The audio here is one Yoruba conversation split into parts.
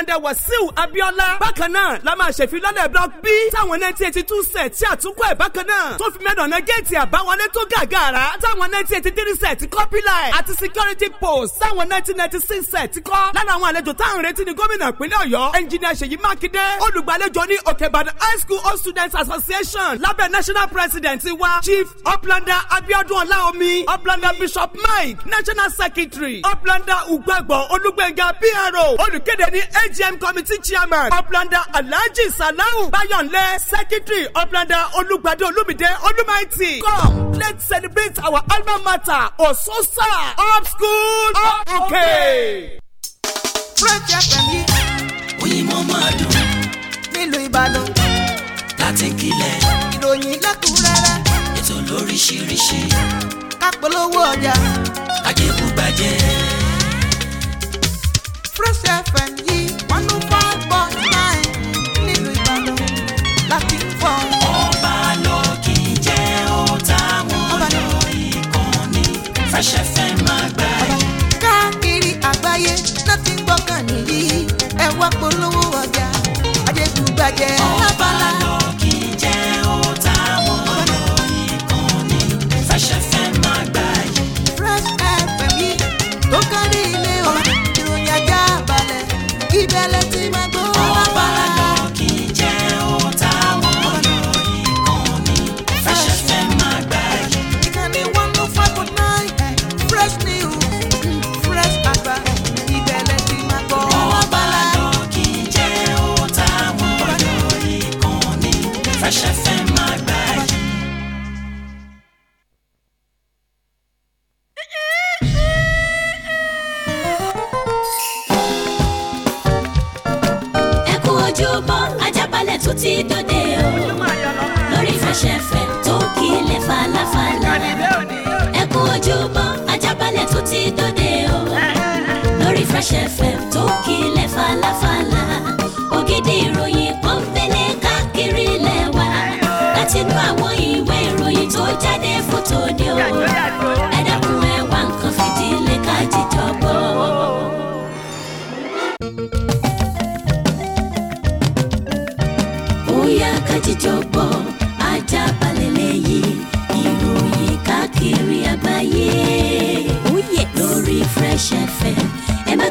ẹ̀ndẹ̀ wàsíù Abiola. bákan náà la máa ṣèfilọ́lẹ̀ block b táwọn nineteen eighty two set tí àtúnkọ́ ẹ̀ bákan náà tó fi mẹ́nàna géètì àbáwọlé tó gàgàrà táwọn nineteen eighty three set kọ́ pílà àti security post táwọn nineteen ninety six set kọ́ lára àwọn àlejò táwọn retí ni gómìnà ìpínlẹ̀ ọ̀yọ́ ẹnjìnìà ṣèyí mákindé olùgbàlejò ní òkè high school all students association lábẹ́ national president wa chief uplander abiodun ọláomi uplander bishop mike national secretary uplander ugbàgbọ́ olùgbẹ̀ngà pro olùkéde agm committee chairman Oplanda alhaji salau bayọ̀nlé secretary Oplanda olùgbàdé olùmìdé olùmáìtì come let's celebrate our alma mater ososa up school up okay. fresh fm yìí òyìnbó máa dùn nílùú ìbàdàn láti kílẹ̀ ìròyìn lẹ́kùnrẹ́rẹ́ ètò lóríṣiríṣi kápolówó ọjà ajẹ́kùgbàjẹ́ fresh fm yìí. Fresh FM. Fresh FM tó kílẹ̀ falafala ògidì ìròyìn kan fẹ́lẹ̀ káàkiri ilẹ̀ wa láti inú àwọn ìwé ìròyìn tó jáde fótó ni o ẹ dákun ẹ wá nǹkan fìdílé ká jíjọ gbọ́. bóyá ká jíjọ gbọ́ ajá balẹ̀ lẹ́yìn ìròyìn káàkiri àgbáyé oh lórí Fresh FM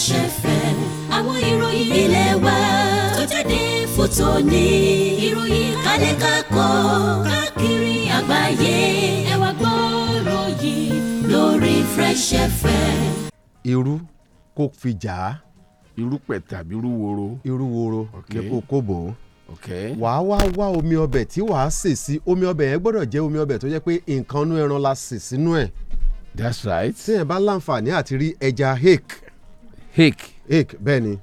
Fresh FM àwọn ìròyìn ilé wa tó jáde fún tòní ìròyìn kálẹ̀ kakọ́ káàkiri àgbáyé ẹ wá gbọ́rọ̀ yìí lórí Fresh FM. irú kò fi jà á. irú pẹ̀ tàbí irú woro. irú woro ni kò kò bò ó wàá wá wá omi ọbẹ̀ tí wàá sè sí omi ọbẹ̀ yẹn gbọ́dọ̀ jẹ́ omi ọbẹ̀ tó jẹ́ pé nǹkan inú ẹran la sè sínú ẹ̀. that's right. tí ẹ bá láǹfààní àti rí ẹja hake hake. hake bẹ́ẹ̀ ni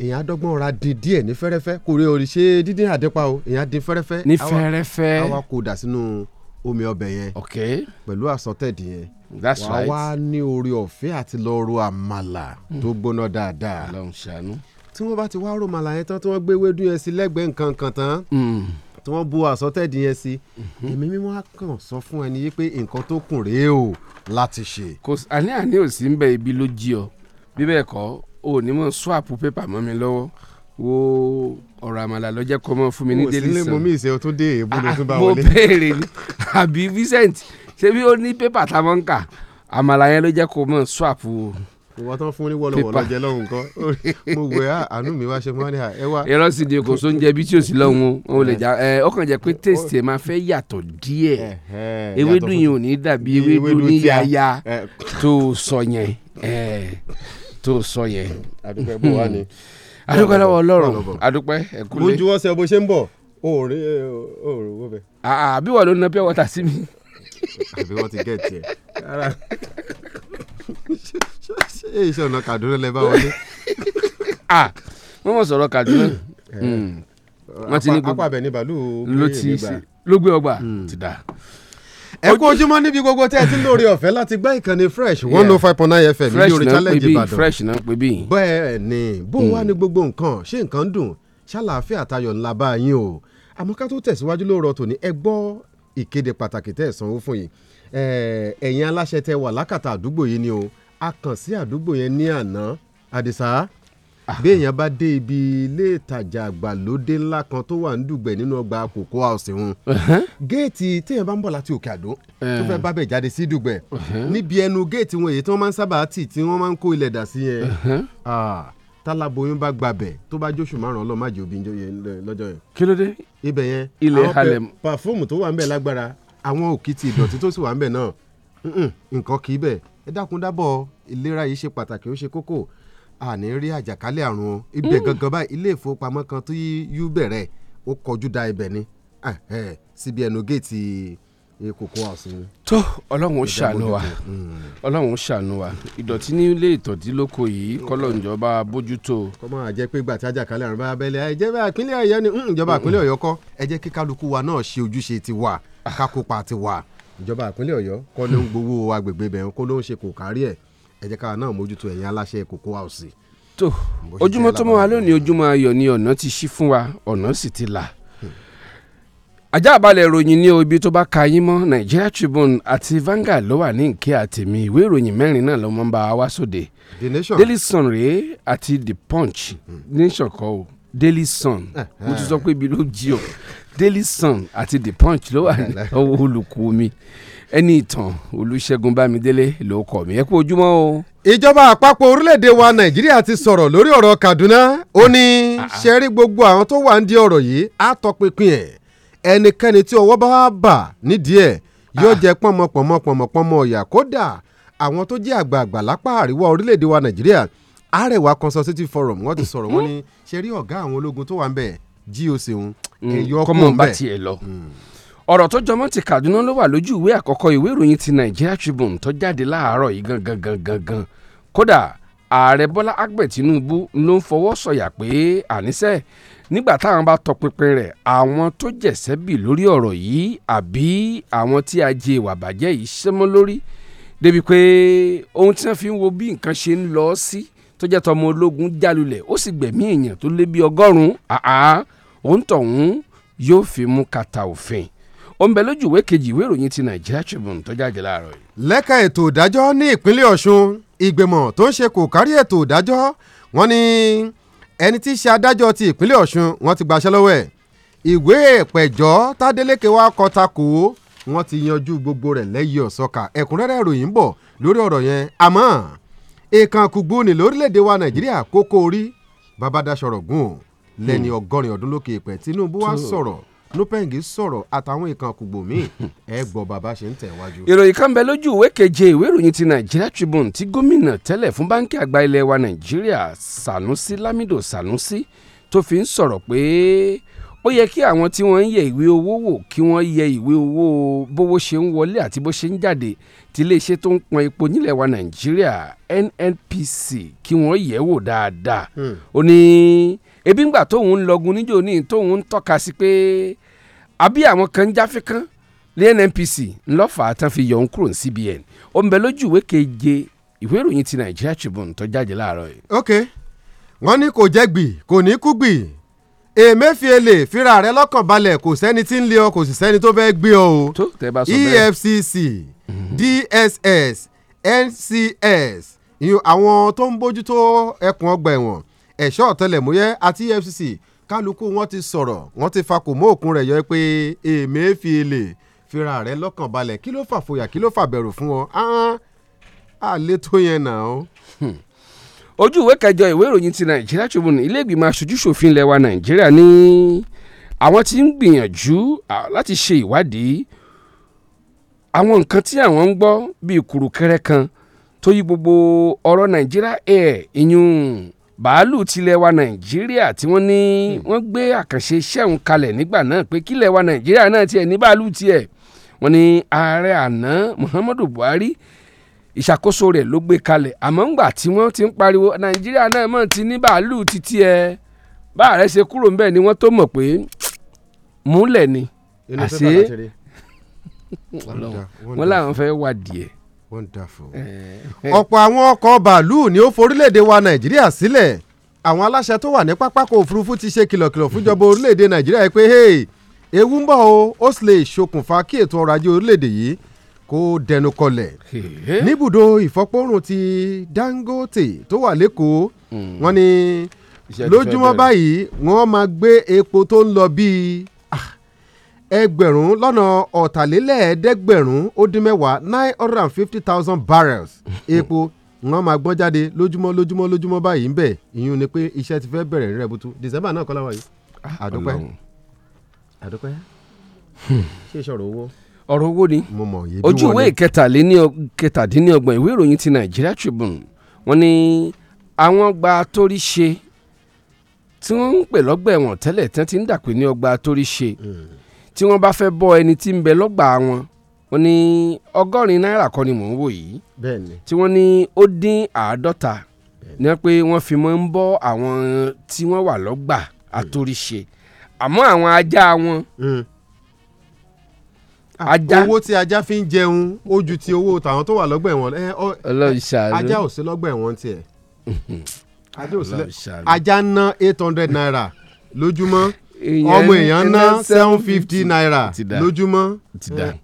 èèyàn adọ́gbọ́n ra dín díẹ̀ ní fẹ́rẹ́fẹ́ kò rí orí ṣe dídín àdépa o èèyàn dín fẹ́rẹ́fẹ́. ní fẹ́rẹ́fẹ́ àwa kò dà sínú omi ọbẹ̀ yẹn pẹ̀lú àsọtẹ́ẹ̀dì yẹn that's right wàá wá ní orí ọ̀fẹ́ àti lọ ro àmàlà tó gbóná dáadáa tí wọ́n bá ti wá ro àmàlà yẹn tán tí wọ́n gbé ewédú yẹn sí lẹ́gbẹ̀ẹ́ nǹkan kan tán mm. tí wọ́n bu àsọtẹ́ẹ̀dì yẹn sí èmi mm-hmm. mímọ́ á kàn sọ fún ẹni yìí pé nǹkan tó kùn rèé o láti ṣe. kò àní àní ò sí ń bẹ ibi ló jí ọ bí bẹ́ẹ̀ kọ́ o ò ní mọ̀ swap pépà mọ́ mi lọ́wọ́ wo ọ̀rọ̀ àmàlà lọ́jẹ́ kọ́ mọ́ fún mi ní délé sàn. mo mi ìṣe o dé èébú ló tún bá wọlé. mo béèrè ni àbí Vincent ṣé bí ó ní pépà tá a mọ̀ ń kà àmàlà yẹn ló jẹ́ kó mọ̀ swap o wọ́n tán fún ní wọ́lọ́wọ́lọ́ jẹ lọ́hùn kan mo wẹ̀ á ah, àánú mi wá ṣe mọ́ ní à ẹ di kò só ń jẹ bí tí ò sí lọ́hùn o ò lè já ẹ ọkàn jẹ pé tèsì ẹ máa fẹ́ yàtọ̀ díẹ̀ ewédú yìí ò ní dàbí ewédú níyàyà tó sọ yẹn tó sọ yẹn. àdúpẹ́ hmm. bó wà ní. àdúpẹ́ lọ́wọ́ ọlọ́run àdúpẹ́ ẹ̀kúlé. mo juwọ́ sẹ́ bó ṣe ń bọ̀ o ò rí o ò rí owó bẹ́ẹ̀. àbí wà ló na pure water sí mi. àbí wọ́n ti gẹ̀ẹ́tì ẹ̀. ṣé iṣẹ́ ọ̀nà Kaduna lẹ bá wọlé. wọ́n mọ̀ sọ̀rọ̀ Kaduna. Hmm. wọ́n ti ní gbogbo apá abẹ ní bàálù ló gbé ọgbà hmm. ti dà ẹ kú ojúmọ́ níbi gbogbo tẹ́ ẹ ti ń lórí ọ̀fẹ́ láti gbá ìkànnì fresh one oh five point nine fm ní orí challenge ìbàdàn fresh náà pé bí. bẹ́ẹ̀ ni bó wà hmm. ní gbogbo nǹkan ṣé nǹkan dùn ṣàlàáfíà tayọ̀ ńlá bá yín o àmọ́ ká tó tẹ̀síwájú lóòrọ̀ tòní ẹ gbọ́ ìkéde pàtàkì tẹ́ ẹ̀ sanwó fún yìí ẹ̀yin aláṣẹ tẹ́ wà lákàtà àdúgbò yìí ni o a kàn sí àdúgbò yẹn ní àná àdìsá bí èèyàn bá dé ibi ilé ìtajà àgbàlódé ńlá kan tó wà ń dùgbẹ̀ nínú ọgbà kòkó house wọn géètì téèyàn bá ń bọ̀ láti òkè àdó tó fẹ́ bá bẹ̀ jáde sí dùgbẹ̀ níbi ẹnu géètì wọn èyí tí wọ́n máa ń sábà tì tí wọ́n máa ń kó ilẹ̀ dà sí yẹn táláboyún bá gbàbẹ̀ tó bá jóṣù márùn ọlọ́ọ̀ má jẹ́ obì lọ́jọ́ yẹn. kí ló dé. ibẹ̀ yẹn ilẹ̀ halẹ̀ mu. pàfóòmù tó wà ń bẹ̀ lágbára àwọn òkìtì ìdọ̀tí tó sì wà ń bẹ̀ náà nǹkan kì í bẹ̀ ẹ dákun dábọ̀ ìlera yìí ṣe pàtàkì ó ṣe kókó a àní rí àjàkálẹ̀ àrùn o ibẹ̀ hmm. gangan báyìí ilé ìfowópamọ́ kan tó yú bẹ̀rẹ̀ ó kọjú da ibẹ̀ ni síbi ẹnu géètì kòkó ọ̀sìn ni. tó ọlọ́run ṣàánú wa hmm. ọlọ́run ṣàánú wa ìdọ̀tí nílé ìtọ̀dí lóko yìí kọ́lọ́njọba bójútó. kọ́ máa jẹ́ pé gbàtí àjàkálẹ̀ àrùn bá abẹ́lé ẹ jẹ́ bá ìpínlẹ̀ ọ̀yọ́ ni hmm, ìjọba ìpínlẹ̀ ọ̀yọ́ kọ́ ẹ jẹ́ kí kálukú wa náà ṣe ojúṣe tiwa ah. kákópa tiwa ìjọba ìpínlẹ̀ ọ̀yọ́ kọ́ ló ń gbowó agbègbè bẹ̀rẹ̀ kó ló ń ṣe kò kárí ẹ̀ ẹ jẹ́ káwa náà mójútó ẹ̀yin aláṣẹ Cocoa House. tó ojúmọ́ tó mọ́ wa lónìí ojúmọ́ ayọ̀ ni ọ̀nà ti ṣí fún wa ọ̀nà sì ti là ajá balẹ̀ ìròyìn ní ibi tó bá ka yín mọ́ Nigeria Tribune àti Vanguard ló wà ní ìké àtẹ̀mí ìwé ìròyìn mẹ́rin náà ló mọ́ ń bá wa sóde Daily Sun rèé àti The Punch hmm. Nation kọ́ o Daily Sun eh, eh. mo ti sọ pé ibi ló jí o Daily Sun àti The Punch ló wà ní olùkú mi ẹni ìtàn olùṣègùn bámidélé ló kọ mí ẹ kú ojúmọ́ o. ìjọba àpapọ̀ orílẹ̀-èdè wa nàìjíríà ti sọ̀rọ̀ lórí ọ̀rọ̀ kaduna ó ní ṣe rí gbogbo àwọn tó wà ń di ọ̀rọ̀ yìí á tọpinpin ẹ̀ ẹnikẹ́ni tí ọwọ́ bá bà nídìí ẹ̀ yóò ah. jẹ́ pọ̀nmọpọ̀nmọpọ̀nmọ ọ̀yà kódà àwọn tó jẹ́ àgbààgbà lápá àríwá orílẹ̀-èdè wa nàìjíríà Arewa Consultative Forum wọ́n ti sọ̀rọ̀ wọ́n ní ṣe rí ọ̀gá àwọn ológun tó wà ń bẹ̀ GOC ọ̀rọ̀ tó jọmọ́ ti Kaduna ló wà lójú ìwé àkọ́kọ́ ìwé ìròyìn ti Nigeria Tribune tó jáde láàárọ̀ yìí gangan gangan gan kódà ààrẹ Bọ́lá Ahmed Tinubu ló ń fọwọ́ sọ̀yà pé àníṣe nígbà táwọn bá tọpinpin rẹ̀ àwọn tó jẹ̀ṣẹ́bì lórí ọ̀rọ̀ yìí àbí àwọn tí ajé ìwà bàjẹ́ yìí ṣẹ́mọ́ lórí débi pé ohun tí wọ́n fi ń wo bí nǹkan ṣe ń lọ sí tó jẹ́ tọmọ ológun jálulẹ̀ ó sì gbẹ̀mí èèyàn tó lé bí ọgọ́rùn-ún àá òǹtọ̀hún yóò fi mú kàtà òfin ó ń bẹ lójú ìwé kejì ìwé ìròyìn ti Nigeria Tribune tó jáde láàárọ̀ yìí. lẹ́ka ètò ìdájọ́ ní ìpínlẹ̀ Ọ̀ṣun ìgbìmọ̀ tó ń ṣe kò kárí ètò ìdájọ́ wọn ni ẹni tí í ṣe adájọ́ ti ìpínlẹ̀ Ọ̀ṣun wọn ti gbaṣẹ́ lọ́wọ́ ẹ̀ ìwé ìpẹ̀jọ́ tádélékè wa kọ takò wọn ti yanjú gbogbo rẹ̀ lẹ́yìn ọ̀sọ́ka ẹ̀kúnrẹ́rẹ́ ìròyìn ń bọ̀ lórí ọ̀rọ̀ yẹn àmọ́ ìkànkùgbù ní lórílẹ̀‐èdè wa Nàìjíríà kókó orí babadaṣọ̀rọ̀ gùn ò lẹ́ni hmm. ọgọ́rin ọdún lókè ìpẹ́ Tinubu wá sọ̀rọ̀ lupeng sọ̀rọ̀ àtàwọn ìkànkùgbò míì ẹ gbọ́ bàbá ṣe ń tẹ̀ wájú. ìròyìn kan bẹ lójú ìwé keje ìwé ìròyìn ti Nigeria Tribune tí gómìnà tẹ́lẹ̀ fún báńkì àgbà ilẹ̀ wa Nàìjíríà Sanusi Lamido Sanusi tó fi ń sọ̀rọ̀ pé ó yẹ kí àwọn tí wọ́n ń yẹ ìwé owó wò kí wọ́n yẹ ìwé owó bówó ṣe ń wọlé àti bó ṣe ń jáde tí iléeṣẹ́ tó ń pọn epo nílẹ̀ wa Nàìjíríà NNPC kí wọ́n yẹ̀ wò dáadáa hmm. ó ní ebi ńgbà tóun ń lọgun níjò ní tóun ń tọ́ka sí pé àbí àwọn kan ń jáfe kán ní NNPC ńlọ́fà tán fi yọ̀ ń kúrò ní CBN ó ń bẹ lójú ìwé keje ìwé ìròyìn ti Nigeria Tribune tó jáde láàárọ̀ yìí. ok wọ́n ní kò jẹ́ gbì kò ní kú gbì Emefiele fira rẹ lọ́kàn balẹ̀ kò sẹ́ni tí ń lé ọ kò sì sẹ́ni tó fẹ́ẹ́ gbé ọ o EFCC DSS NCS àwọn tó ń bójútó ẹkùn ọgbà ẹ̀wọ̀n ẹ̀ṣọ́ ọ̀tẹlẹ̀múyẹ́ àti EFCC kálukú wọn ti sọ̀rọ̀ wọn ti fakò mọ́ òkun rẹ̀ yọ pé èmẹ́fìlè fira rẹ̀ lọ́kàn balẹ̀ kí ló fàfòyà kí ló fàbẹ̀rù fún ọ àlẹ́ tó yẹn nà ó. Hmm. ojú ìwé kẹjọ ìwé ìròyìn ti nàìjíríà tribune ilé ìgbìmọ̀ aṣojúṣòfin ilẹ̀ wa nàìjíríà ní àwọn tí ń gbìyànjú láti ṣe ìwádìí àwọn nǹkan tí àwọn ń gbọ́ bíi kùrùkẹrẹ kan tó yí gbogbo ọ̀rọ̀ nàìjíríà air ìyún bàálù tilẹ̀ wa nàìjíríà tí wọ́n ní hmm. wọ́n gbé àkànṣe iṣẹ́ òun kalẹ̀ nígbà náà pé kílẹ̀ wa nàìjíríà náà tiẹ̀ ní bàálù tiẹ̀ wọ́n ní ààrẹ àná muhammadu buhari ìṣàkóso rẹ̀ ló gbé kalẹ̀ àmọ́ ńgbà tí wọ́n ti ń pariwo nàìjíríà náà mọ̀ ti ní bàálù títí ẹ̀ bá ààrẹ ṣe kúrò ńbẹ̀ ni wọ́n tó mọ̀ pé múlẹ̀ ni àṣé wọ́n làwọn fẹ́ wádìí ẹ̀ wonderful. Eh, eh. ọ̀pọ̀ àwọn ọkọ̀ bàálù ni ó forílẹ̀-èdè wa nàìjíríà sílẹ̀ àwọn aláṣẹ tó wà ní pápákọ̀ òfurufú ti ṣe kìlọ̀kìlọ̀ fúnjọba orílẹ̀-èdè nàìjíríà pé ewu ń bọ̀ o ó sì lè ṣokùnfà kí ètò ọrọ̀ ajé orílẹ̀-èdè yìí kó dẹnu kọlẹ̀ níbùdó ìfọpọ́rùn ti Dangote tó wà lẹ́kọ̀ọ́ wọn ni lójúmọ́ báyìí wọ́n máa gbé epo tó ń lọ bíi ẹgbẹ̀rún lọ́nà ọ̀tàlélẹ́ẹ̀ẹ́dẹ́gbẹ̀rún ó dín mẹ́wàá nine hundred and fifty thousand barrels epo wọ́n máa gbọ́n jáde lójúmọ́ lójúmọ́ lójúmọ́ báyìí ń bẹ̀ ìyún ni pé iṣẹ́ ti fẹ́ bẹ̀rẹ̀ rẹ̀ butu december náà kọ́lá wa yìí àdúpẹ́ ah, àdúpẹ́ hmm. ṣé ìṣòro owó. ọ̀rọ̀ owó ni ojú ìwé kẹtàdínlọ́gbọ̀n ìwé ìròyìn ti Nigeria Tribune wọ́n ní àwọn gba torí ṣe tí wọ́n ń pè lọ́gbà ẹ̀wọ̀n tẹ́lẹ̀ tí wọ́n ti ń dàpé ní ọgbà torí ṣe. Hmm tí wọ́n bá fẹ́ bọ́ ẹni tí ń bẹ lọ́gbà wọn wọ́n ní ọgọ́rin náírà kọ́ ni mò ń wò yìí tí wọ́n ní ó dín àádọ́ta ní pé wọ́n fi máa ń bọ́ àwọn tí wọ́n wà lọ́gbà àtòrìṣe àmọ́ àwọn ajá wọn. Mm ajá owó tí ajá fi ń jẹun ó ju ti owó tàwọn tó wà lọ́gbà ẹ̀wọ̀n ẹ ọ ajá ò sí lọ́gbà ẹ̀wọ̀n tiẹ̀ ajá ò sí lọ́gbà ẹ̀wọ̀n ajá ná eight hundred naira lójúmọ́ ọmọ èèyàn ná seven fifty naira lójúmọ́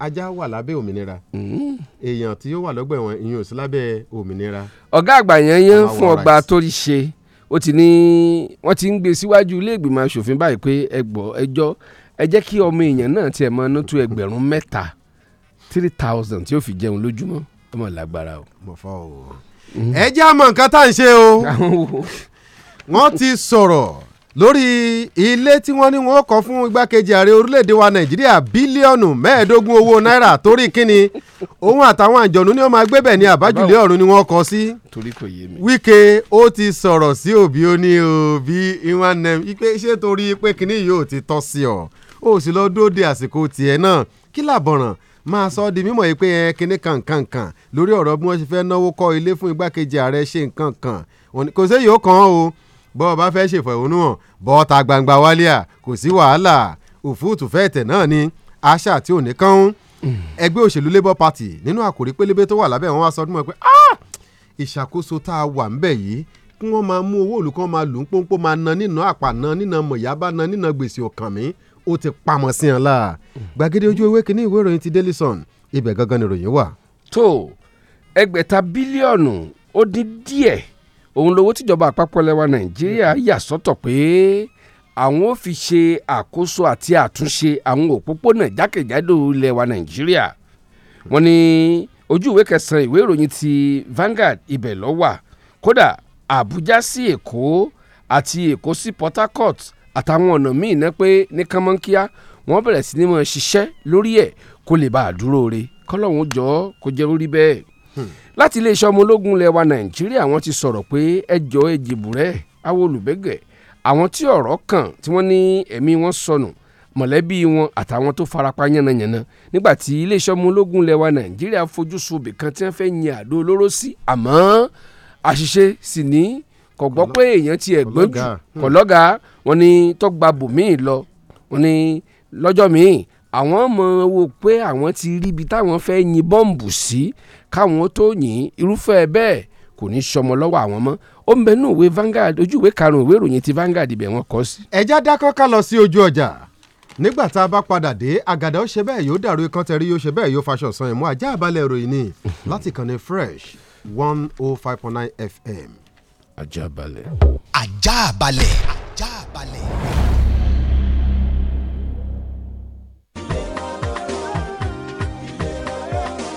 ajá wà lábẹ́ òmìnira hmm. èèyàn tí ó wà lọ́gbà ẹ̀wọ̀n ìyẹn ò sí lábẹ́ òmìnira. ọ̀gá àgbà yẹn yẹn fún ọgbà tó rí ṣe ó ti ní wọ́n ti ń gbé síwájú ilé ìgbìmọ̀ asòfin báyìí pé ẹ gbọ́ ẹjọ́ ẹ jẹ́ kí ọmọ èèyàn náà tiẹ̀ máa ná tó ẹgbẹ̀rún mẹ́ta three thousand tí ó fi jẹun lójúmọ́ ọmọ lágbára o. Hmm. ẹ jẹ́ àmọ̀ nǹkan tá à ń ṣe o wọ́n ti sọ̀rọ̀ lórí ilé tí wọ́n ní wọ́n kọ́ fún igbákejì ààrẹ orílẹ̀‐èdè wa nàìjíríà bílíọ̀nù mẹ́ẹ̀ẹ́dógún owó náírà torí kíni òun àtàwọn àjọ̀nú ni wọ́n máa gbé bẹ̀ ní àbájùlé ọ̀run ni wọ́n kọ́ sí. wíkẹ́ ó ti sọ̀rọ̀ sí òbí ó ní òbí iwọn nẹ́m ipe ṣé torí pé kíní yóò ti tọ́ sí ọ ó sì lọ dóde àsìkò tiẹ̀ náà kí làbọ̀ràn máa sọ ọ́ di mímọ̀ yìí pé ẹ kíní kankankan lórí ọ̀rọ̀ bí wọ́n ṣe fẹ́ náwó kọ́ ilé fún igbákejì ààrẹ ṣe nǹkan kan kò séyìí ó kàn án o bọ́ ọ bá fẹ́ ṣèfẹ̀hónúhàn bọ́ ta gbangba wálé à kò sí wàhálà òfúùtù fẹ́ẹ̀tẹ̀ náà ni àṣà àti òní kan ẹgbẹ́ òṣèlú labour party nínú àkòrí pélébé tó wà lábẹ́ wọn wá sọ ọdún mọ́ pé ìṣàkóso tá a wà ń bẹ̀ yìí kí wọ́n máa mú owó olùkọ́ máa lù ú pọ́npọ́n máa na nínà àpà na nínà mọ̀yábá na nínà gbèsè ọ̀kàn mi ó ti pamọ́ sí ẹ̀ la gbàgede ojú ewé kínní ìwé ìròyìn ti daily sun ibẹ̀ gangan ni ìròyìn wà. tó ẹgbẹ̀ta bílíọ̀nù ó dín díẹ̀ òun lowó tíjọba àpapọ̀ lẹ́wà nàìjíríà yà sọ́tọ̀ pé àwọn ò fi ṣe àkóso àti àtúnṣe àwọn òpópónà jákèjádò lẹ́wà nàìjíríà wọ́n ní ojú ìwé kẹsàn-án ìwé ìròyìn ti Vanguard ibẹ̀ ló wà kódà Àbújá sí Èkó àti Èkó sí Port Harcourt àtàwọn ọ̀nà míì ná pé ní kánmọ́nkíá wọ́n bẹ̀rẹ̀ sí ní mọ̀ ṣiṣẹ́ lórí ẹ̀ kó lè bá dúró re kọ́lọ́hún jọ kó jẹ́ orí bẹ́ẹ̀ láti iléeṣẹ́ ọmọ ológun lẹwa nàìjíríà wọ́n ti sọ̀rọ̀ pé ẹjọ́ ejìbùrẹ́ awolùbẹ́gẹ̀ àwọn tí ọ̀rọ̀ kàn tí wọ́n ní ẹ̀mí wọn sọnù mọ̀lẹ́bí wọn àtàwọn tó farapa yánnayànna nígbà tí iléeṣẹ́ ọmọ ológun lẹwa nàìjíríà fojú sunbì kan tí wọ́n fẹ́ yin àdó olóró sí àmọ́ àṣìṣe sì ní kò pé èèyàn ti ẹ̀gbọ́n jù kò hmm. wọn ni tó bòmíì lọ wọn ni lọ́jọ́ míì àwọn mọ̀ wò pé àwọn ti rí ibi táwọn fẹ́ yin bọ́ǹbù sí káwọn ó tó yìn irúfẹ́ bẹ́ẹ̀ kò ní sọmọ lọ́wọ́ àwọn mọ́ ó ń bẹ nínú ìwé Vanguard ojú ìwé karùn-ún ìwé ìròyìn ti Vanguard ibẹ̀ wọ́n kọ́ sí. ẹja dákọ́ ká lọ sí ojú ọjà nígbà tá a bá padà dé àgàdà ó ṣe bẹ́ẹ̀ yóò dàrú ikán tẹ̀rí yóò ṣe bẹ́ẹ̀ yóò faṣọ san ìmú ajá àbálẹ̀ ìròyìn ni láti kàn ní fresh one oh five point nine fm. ajá balẹ̀. ajá balẹ̀. ajá balẹ̀.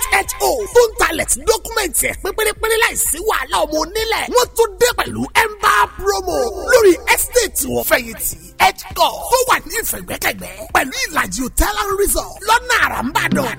CHO fún talent dọ́kúmẹ̀ntì ẹ̀ pínpínlẹ́pínlẹ́ láìsí wàhálà ọmọ onílẹ̀ wọ́n tún dé pẹ̀lú ẹ̀mbá promo lórí ẹ́sítéètì wọ́n fẹ̀yìntì edgeco tó wà ní ìfẹ̀gbẹ́kẹ̀gbẹ́ pẹ̀lú ìlàjì hotel and resort lọ́nà àràmbàdàn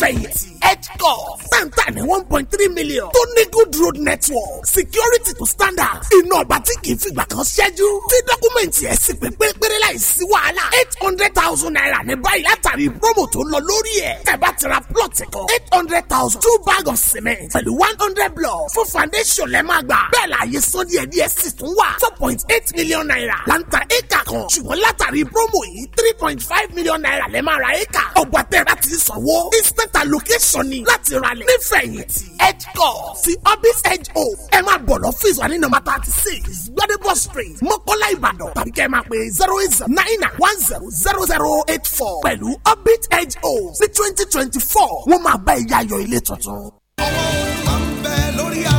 fẹ̀yìntì edgecore santa ní one point three million tó ní good road network security to standard iná ọba tí kì í fìgbà kan ṣẹ́jú tí dọ́kúmẹ̀ntì ẹ̀ sì pé pérépéré láì sí wàhálà eight hundred thousand naira ní báyìí látàrí promo tó lọ lórí ẹ̀ tẹ̀bá tira plot kan eight hundred thousand two bag of cement pẹ̀lú one hundred block fún foundation lẹ́ máa gbà bẹ́ẹ̀ la àyè san díẹ̀ díẹ̀ sì tún wà four point eight million naira láǹtà éka kan ṣùgbọ́n látàrí promo yìí three point five million naira lẹ́ máa ra éka ọgbà tẹ̀ra ti sanwó instant location tẹ̀sán ni láti ralẹ̀ nífẹ̀yìntì edgore sí orbis edgo ẹ máa bọ̀ lọ́fíìsì wa ní nọ́mbà thirty six gbadebo street mọ́kọ́lá ìbàdàn tàbí kẹ́ ẹ máa pè zero eight zero nine nine one zero zero zero eight four pẹ̀lú orbit edgo sí twenty twenty four wọ́n máa bá ẹ̀yà ayọ̀ ilé tuntun. ọwọ́ máa ń bẹ lórí àná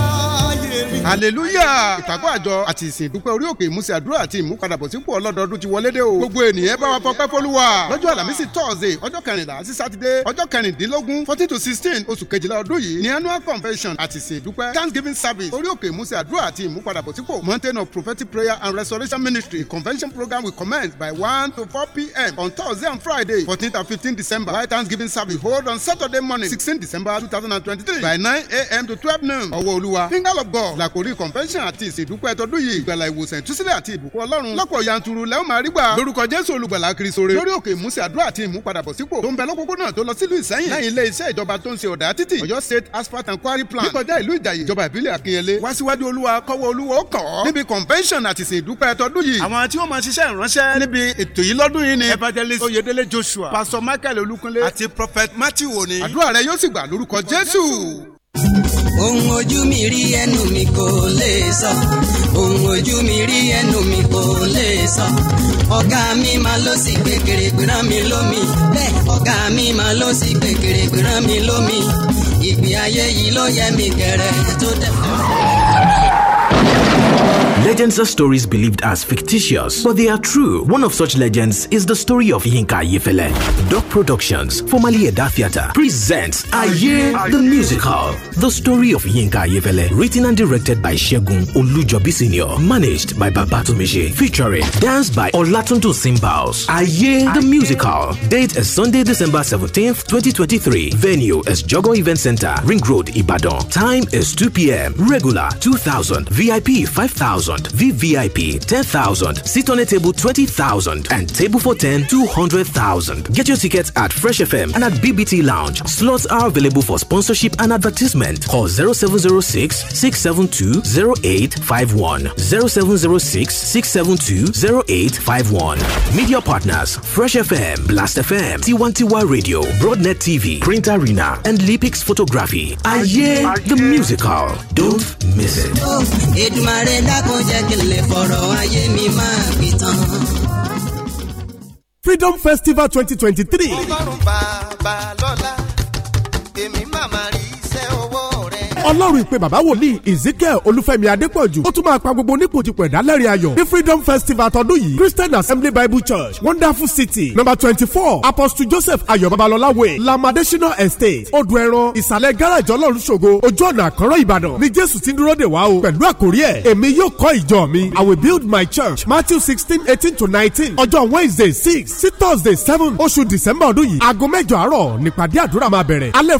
hallelujah ìpàgọ́ àjọ àti ìsìn dúpẹ́ orí òkè ìmúsí àdúrà àti ìmúpadàbọ̀sípò ọlọ́dọọdún ti wọlé dé o gbogbo ènìyàn bá wa fọpẹ́ fọlúwa lọ́jọ́ àlàmísì tọ́ọ̀sì ọjọ́ kẹrìnlá sí sátidé ọjọ́ kẹrìndínlógún fourteen to sixteen oṣù kejìlá ọdún yìí ni annual convention àti ìsìn dúpẹ́ thanksgiving service orí òkè ìmúsí àdúrà àti ìmúpadàbọ̀sípò mountain of prophetic prayer and restoration ministry convention program will commence by one to four pm on thursday and friday fourteen to fifteen december while thanksgiving service hold on saturday morning sixteen december two thousand and twenty-three by nine am to twelve noon ọwọ́ olúwa finger of god làkó àkórí convention àti ìsìndúpẹ́ tọdún yìí ìgbàlà ìwòsàn ìtúsílẹ̀ àti ìbùkún ọlọ́run lọ́pọ̀ yanturu lẹ́wọ̀n máa rí gbà lórúkọ jésù olùgbàlà kirisore lórí òkè ìmúsẹ̀ àdúrà àti ìmúpadàbọ̀sípò tó ń bẹ lọ́pọ̀pọ̀nà tó lọ sílùú ìsẹ́yìn lẹ́yìn ilé iṣẹ́ ìjọba tó ń ṣe ọ̀dà títì ọ̀yọ́ state asphalt and quarry plan níkọjá ìlú ìjàyè ìjọba ìbílẹ̀ akínyẹlé wá síwájú olúwa kọ́wọ́ olúwa ó kàn ọ́ níbi convention àti ìsìndúpẹ́ tọdún yìí àwọn tí wọ́n máa ṣiṣẹ́ ìránṣẹ́ níbi ètò yìí lọ́dún yìí ni evangelist oyedele joshua pastor michael olúkunlé àti prophet matthew oni àdúrà rẹ yóò sì gbà lórúkọ jésù ohun ojú mi rí ẹnu mi kò lè sọ ohun ojú mi rí ẹnu mi kò lè sọ ọ̀gá mi máa ló sì gbẹ̀gẹ̀rẹ̀ gbìrán mi lómi bẹ́ẹ̀ ọ̀gá mi máa ló sì gbẹ̀gẹ̀rẹ̀ gbìrán mi lómi ìgbé ayé yìí ló yẹ mi gẹ̀rẹ́ tó dẹ̀ Legends are stories believed as fictitious, but they are true. One of such legends is the story of Yinka Yefele. Doc Productions, formerly Eda Theatre, presents Aye the Musical. The story of Yinka Yefele, written and directed by Shegun Olujobi Sr., managed by Babatomishi, featuring dance by Olatunto Simbaos. Aye the Musical. Date is Sunday, December 17th, 2023. Venue is Jogo Event Center, Ring Road, Ibadan. Time is 2 p.m. Regular 2000, VIP 5000. 10,000. VVIP 10,000. Sit on a table 20,000. And table for 10 200,000. Get your tickets at Fresh FM and at BBT Lounge. Slots are available for sponsorship and advertisement. Call 0706 672 0706 672 Media partners Fresh FM, Blast FM, T One One Radio, Broadnet TV, Print Arena, and Lipix Photography. Aye, the musical. Don't miss it. jẹ́ kí n lè fọ̀rọ̀ ayé mi máa fi tán. Freedom Festival twenty twenty three ọlọ́run ìpè bàbá wòlíì ezekiel olúfẹ́mi adépọ̀jù ó tún máa pa gbogbo onípojìpọ̀ ìdálẹ́rìn ayọ̀ ní freedom festival tọdún yìí christian assembly bible church wonderful city number twenty four apostle joseph ayọ̀ babalọ́lá way lamadesina estate odò ẹran ìsàlẹ̀ gáràjì ọlọ́run ṣògo ojú ọ̀nà àkọ́rọ́ ìbàdàn ni jésù ti ń dúró dè wá o pẹ̀lú àkórí ẹ̀ èmi yóò kọ́ ìjọ mi i will build my church matthew sixteen eighteen to nineteen ọjọ́ wednesday six sí thursday seven oṣù december ọdún yìí aago mẹ́jọ àárọ̀ nípàdé àdúrà máa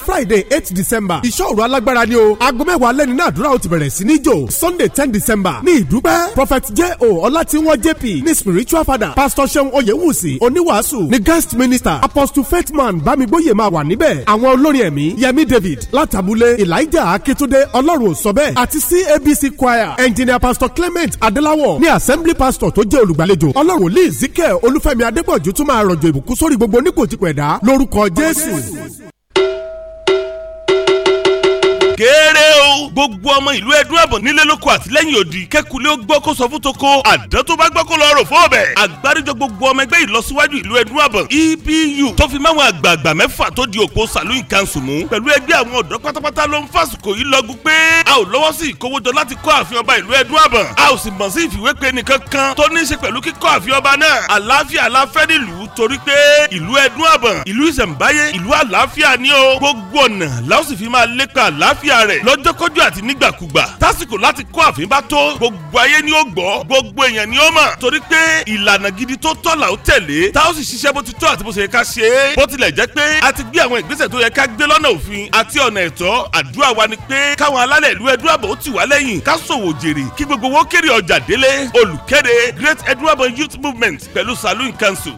friday eight december ìṣọ́ òru o aago mẹ́wàá lẹ́ni náà àdúrà ó ti bẹ̀rẹ̀ sí ní jò sunday ten december ní ìdúpẹ́ prophet j o ọlátiwọn jp ní spiritual father pastor seun oyewusi oníwàásù ní guest minister apostle faithman bámigbóyè máa wà níbẹ̀ àwọn olórin ẹ̀mí yẹmi david látàbúlé elijah akitunde ọlọ́run sọ́bẹ̀ àti cabc choir engineer pastor clement adelawo ní assembly pastor tó jẹ́ olùgbàlejò ọlọ́run lee zikẹ́ olúfẹ́mi adégbọ̀jú tún máa rọ̀jò ìbùkún sórí gbogbo oníkòtìpẹ̀dá lórúkọ jésù kéré o. gbogbo ọmọ ìlú ẹdún ẹ̀bùn nílé lóko àtìlẹ́yìn òdì kẹ́kulé ó gbọ́ kó sọ fún toko àdán tó bá gbọ́ kó lọ rò fún ọbẹ̀. àgbáríjọ gbogbo ọmọ ẹgbẹ́ ìlọsíwájú ìlú ẹdún ẹ̀bùn ebu tó fi máwọn àgbààgbà mẹ́fà tó di òpó saloon council mú pẹ̀lú ẹgbẹ́ àwọn ọ̀dọ́ pátápátá ló ń fàsìkò yìí lọ́gùn pé a ò lọ́wọ́ sí ìkówójọ láti kọ́ àfin ọba ìlú ẹdún ẹ̀bùn a ò sì mọ̀ sí ìfìwépè nìkan kan tó ní í ṣe pẹ̀lú kíkọ́ àfin ọba náà àlàáfíà aláfẹ́ nílùú torí pé ìlú ẹdún ẹ̀bùn ìlú ìṣẹ̀ǹbáyé ìlú àlàáfíà ni ó gbogbo ọ̀nà la ó sì àlàáfíà rẹ̀ lọ́jọ́kọ́jọ́ àti nígbàkúgbà tásìkò láti kó ààfin bá tó gbogbo ayé ni ó gbọ́ gbogbo èèyàn ni ó mọ̀ torí pé ìlànà gidi tó tọ́ là ó tẹ̀lé tá ó sì ṣiṣẹ́ bó ti tọ́ àti bó ṣe yẹ ká ṣe é bó tilẹ̀ jẹ́ pé a ti gbé àwọn ìgbésẹ̀ tó yẹ ká gbé lọ́nà òfin àti ọ̀nà ẹ̀tọ́ àdúrà wa ni pé káwọn alálẹ̀ ìlú ẹ̀dúràbọ̀ ó ti wá lẹ́yìn ká ṣòwò jèrè kí gbogbo owó kéré ọjà délé olùkéde Great Ẹ̀dúràbọ̀ Youth Movement pẹ̀lú Saloon Council.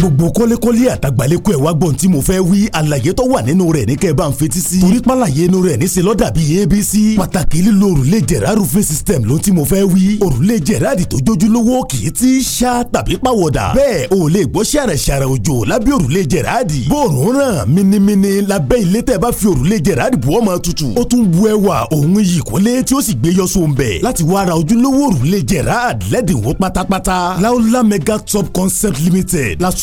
gbogbo kọ́lékọ́lé àtàgbàlékò ẹ̀ wá gbọ́n tí mo fẹ́ wí àlàyé tó wà nínú rẹ̀ ní kẹ́ẹ̀ bá ń fetí sí. torí pàlàyé inú rẹ̀ ní ṣe bíi abc pàtàkì lílo òrùlé jẹ̀rá roofing system ló tí mo fẹ́ wí. òrùlé jẹ̀rá àdì tó jójúlówó kì í ti ṣá tàbí pàwọ̀dà. bẹ́ẹ̀ o lè gbọ́ ṣàrẹ̀ ṣàrẹ̀ òjò lábẹ́ òrùlé jẹ̀rá àdì. bóòrùn ràn minimini fi òrùlé jẹ̀rá àdì bù ó máa tutù. ó tún bu ẹwà òun yìí kọ́lé tí ó sì gbé yọ sóun bẹ̀. láti wá ra ojúlówó òrùlé jẹ̀rá mega top concept limited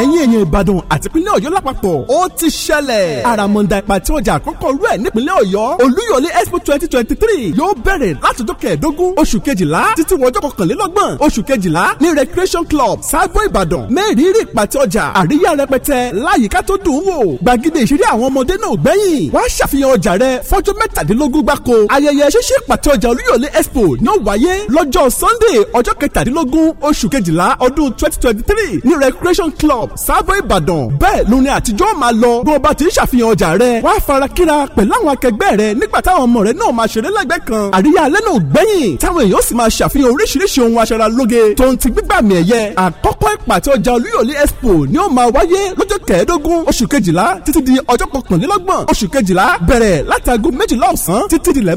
ẹ̀yin èèyàn ìbàdàn àti ìpínlẹ̀ ọ̀yọ́ lápapọ̀ ó ti ṣẹlẹ̀ àràmọ̀ǹdà ìpàtí ọjà àkọ́kọ́ rú ẹ̀ ọ̀yọ́ olúyọ̀lé expo twenty twenty three yóò bẹ̀rẹ̀ látọjọ́ kẹẹ̀ẹ́dógún oṣù kejìlá títí wọjọ́ kọkànlélọ́gbọ̀n oṣù kejìlá ní recreation club sábọ̀ ìbàdàn mẹ́rìírí ìpàtí ọjà àríyá rẹpẹtẹ láyìíká tó dùn wò gbàgede ìṣeré àwọn ọmọdé náà gbẹ̀yìn wá ṣàfihàn ọjà rẹ fọ́jọ́ mẹ́tàdínlógún gbáko ayẹyẹ ṣíṣe ìpàtí ọjà olúyọ̀lé expo ní ó wáyé lọ́jọ́ sunday ọjọ́ kẹtàdínlógún oṣù kejìlá ọdún twenty twenty three ní recreation club shop sábọ̀ ìbàdàn bẹ́ẹ̀ ló ní àtijọ́ máa lọ bí wọ́n bá ti ń ṣàfihàn ọjà rẹ̀ wá fara kíra pẹ̀lú àwọn akẹgbẹ́ rẹ̀ nígbà táwọn ọmọ rẹ̀ náà máa ṣeré lẹ́gbẹ̀ẹ́ kan àríyá alẹ́ náà gbẹ̀yìn táwọn èèyàn sì máa ṣàfihàn oríṣiríṣi ohun aṣaralóge tó ń ti gbígbàmì ẹ̀yẹ àkọ́kọ́ ìpàtẹ ọjà olúyọ̀lé expo ni ó máa wáyé lọ́jọ́ kẹẹ̀ẹ́dógún oṣù kejìlá títí di ọjọ́ kọkànlélọ́gbọ̀n oṣù kejìlá bẹ̀rẹ̀ látago méjìlá ọ̀sán títí dilẹ̀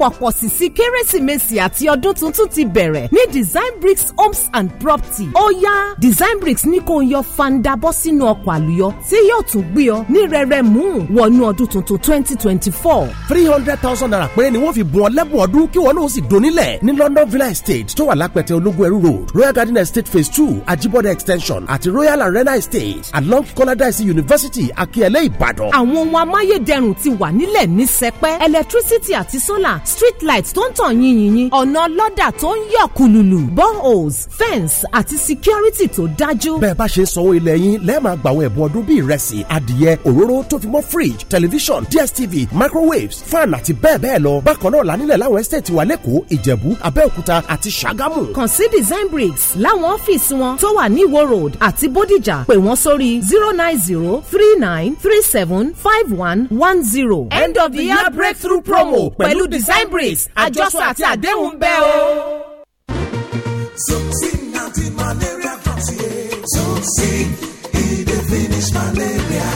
àpọ̀pọ̀ sì sí kérésìmesì àti ọdún tuntun ti bẹ̀rẹ̀ ní design bricks homes and property ó yá design bricks ní kò ń yọ fanda bọ́ sínú ọkọ̀ àlùyọ tí yóò tún gbé ọ ní rẹ̀rẹ̀ mú wọnú ọdún tuntun twenty twenty four. three hundred thousand naira péré ni wọ́n fi bùn ọ lẹ́bùn ọdún kí wọ́n náà sì donílẹ̀ ní London Villa Estate tó wà lápẹ̀tẹ̀ ológun ẹrú road Royal Garden Estate phase two Ajibode extension àti Royal Arena Estate along Kọ́ládàísí University Akíẹlẹ́ Ìbàdàn. àwọn ohun amáyédẹrùn ti wà nílẹ̀ ní sẹpẹ́ ẹlẹtírísítì àti solar street light tó ń tàn yìnyín ọ̀nà lọ́dà tó ń yọ̀ kùlùlù boreholes fence àti security tó dájú. bẹ́ẹ̀ bá ṣe sanwó ilẹ̀ yín lẹ́ẹ̀ máa gbàwọn ẹ̀bùn ọdún bíi ìrẹsì adìyẹ òróró tó fi mọ́ fridge television dstv microwaves fan àti bẹ́ẹ̀ bẹ́ẹ̀ lọ bákan náà lánílẹ̀ láwọn estate wà lẹ́kọ̀ọ́ ìjẹ̀bú abẹ́òkúta àti ṣàgámù. kàn sí design bricks láwọn ọ́fíìsì wọn tó wà ní ìwó road àti bódìjà pè wọ́n sórí zero nine zero three nine three seven five one one zero. end of the year breakthrough promo pẹ̀lú design fine breeze àjọsọ àti àdéhùn bẹ́ẹ̀ o. Zoxyn anti-malaria capsule. Zoxyn, e finish malaria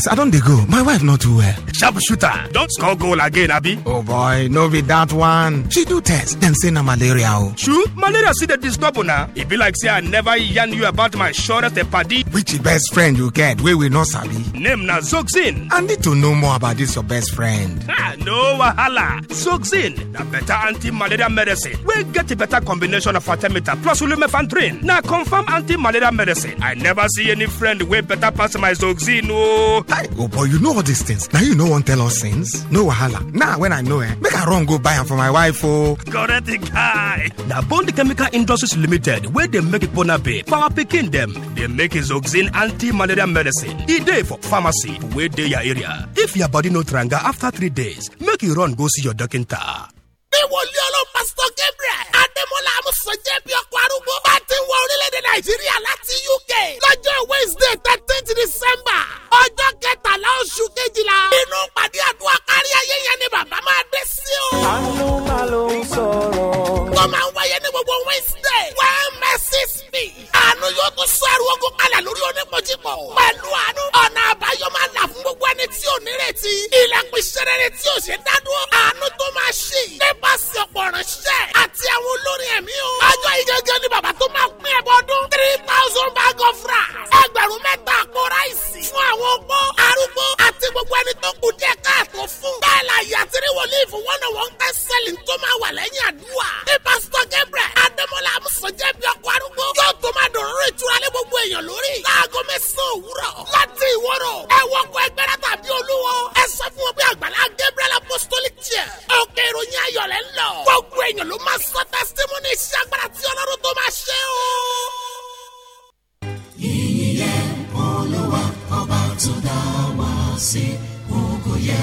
guys, I don't dey go. My wife not too well. Sharp shooter. don't score goal again, Abby. Oh boy, no be that one. She do test, then say na malaria o. Oh. True, malaria See the disturb now. E be like say I never yarn you about my shortest party. Which best friend you get wey we no sabi? Name na Zoxin. I need to know more about this your best friend. no wahala. Zoxin The better anti-malaria medicine We get a better combination of artemether plus lumefantrine. Now confirm anti-malaria medicine. I never see any friend way better pass my Zoxin Oh. Hey, oh boy, you know all these things. Now you know one tell us things. No wahala. Now when I know it, eh, make a run go buy them for my wife. Oh, correct the guy. Now Bond Chemical Industries Limited, where they make it bona be, Power picking them. They make Zoxin anti-malaria medicine. It day for pharmacy where they your area. If your body no tranga after three days, make you run go see your doctor. They want yellow pastor nàìjíríà láti uk lọ́jọ́ wednesday thirteenth december ọjọ́ kẹtàlá oṣù kejìlá inú pàdé àdúrà kárí ayé yẹn ni bàbá máa dé sí o. àánú máa ló ń sọ̀rọ̀. tó máa ń wáyé ní gbogbo wednesday wẹ́ẹ́ mẹ́sì me? àánú yóò tún sọ ẹrù ogun kalẹ̀ lórí onípojúpọ̀. pẹ̀lú àánú ọ̀nà àbáyọ máa là fún gbogbo ẹni tí ò nírètí. ilẹ̀kùn ìṣerere tí ò ṣe dádúró. àánú tó máa ṣe. nípasẹ̀ ọ̀pọ̀ ránṣẹ́ àti àwọn olórin ẹ̀mí o. ọjọ́ ìgẹ́gẹ́ ni bàbá tó máa pín ẹ̀bọ ọdún. three thousand bag of rice. ẹgbẹ̀rún mẹ́ta àpò ráìsì. fún àwọn opó arúgbó àti gbogbo ẹni tó kù díẹ̀ káàtó fún. bẹ́ẹ̀ la yàtìrí wòlíì wọn ń tẹ́ sẹ́lì tó máa wà lẹ́yìn àdúrà. ní pásítọ̀ Gabriel Adémọ́lá amusanje bí darúgbó. yóò tó máa dọ̀rọ̀ rẹ̀ tura lé gbogbo èèyàn lórí. láago mẹ́sàn-án òwúrọ̀. láti ìwọ́rọ̀ ẹ wọ́kọ̀ ẹgbẹ́rẹ́ tàbí olúwo. ẹ sọ fún wọn pé àgbàlá Gabriel apostolic chair. òkè ìròyìn ayọ̀ lẹ́ lọ. gbogbo èèyàn ló máa sọ testimony iṣẹ́ agbára tí ọlọ́run tó máa ṣe o. yìnyín yẹ olúwa ọba tó dá wa sí ògo yẹ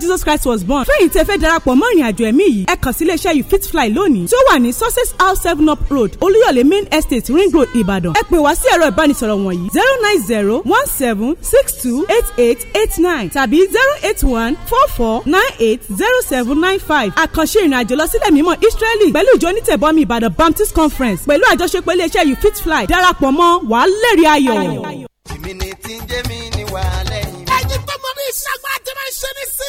Jesus Christ was born fẹ́yìn tẹ́ fẹ́ darapọ̀ mọ́ ìrìnàjò ẹ̀mí yìí ẹ kàn sí iléeṣẹ́ you fit fly lónìí tí ó wà ní success house seven up road olúyọ̀lé main estate ring road Ìbàdàn ẹ pè wá sí ẹ̀rọ ìbánisọ̀rọ̀ wọ̀nyí zero nine zero one seven six two eight eight eight nine tàbí zero eight one four four nine eight zero seven nine five àkànṣe ìrìnàjò lọ sílẹ̀ mímọ́ Israeli pẹ̀lú ìjọ onítẹ̀bọmi Ìbàdàn Baptist conference pẹ̀lú àjọṣepọ̀ iléeṣẹ́ you fit fly darapọ̀ mọ́ wàá lẹ́rìí ní sí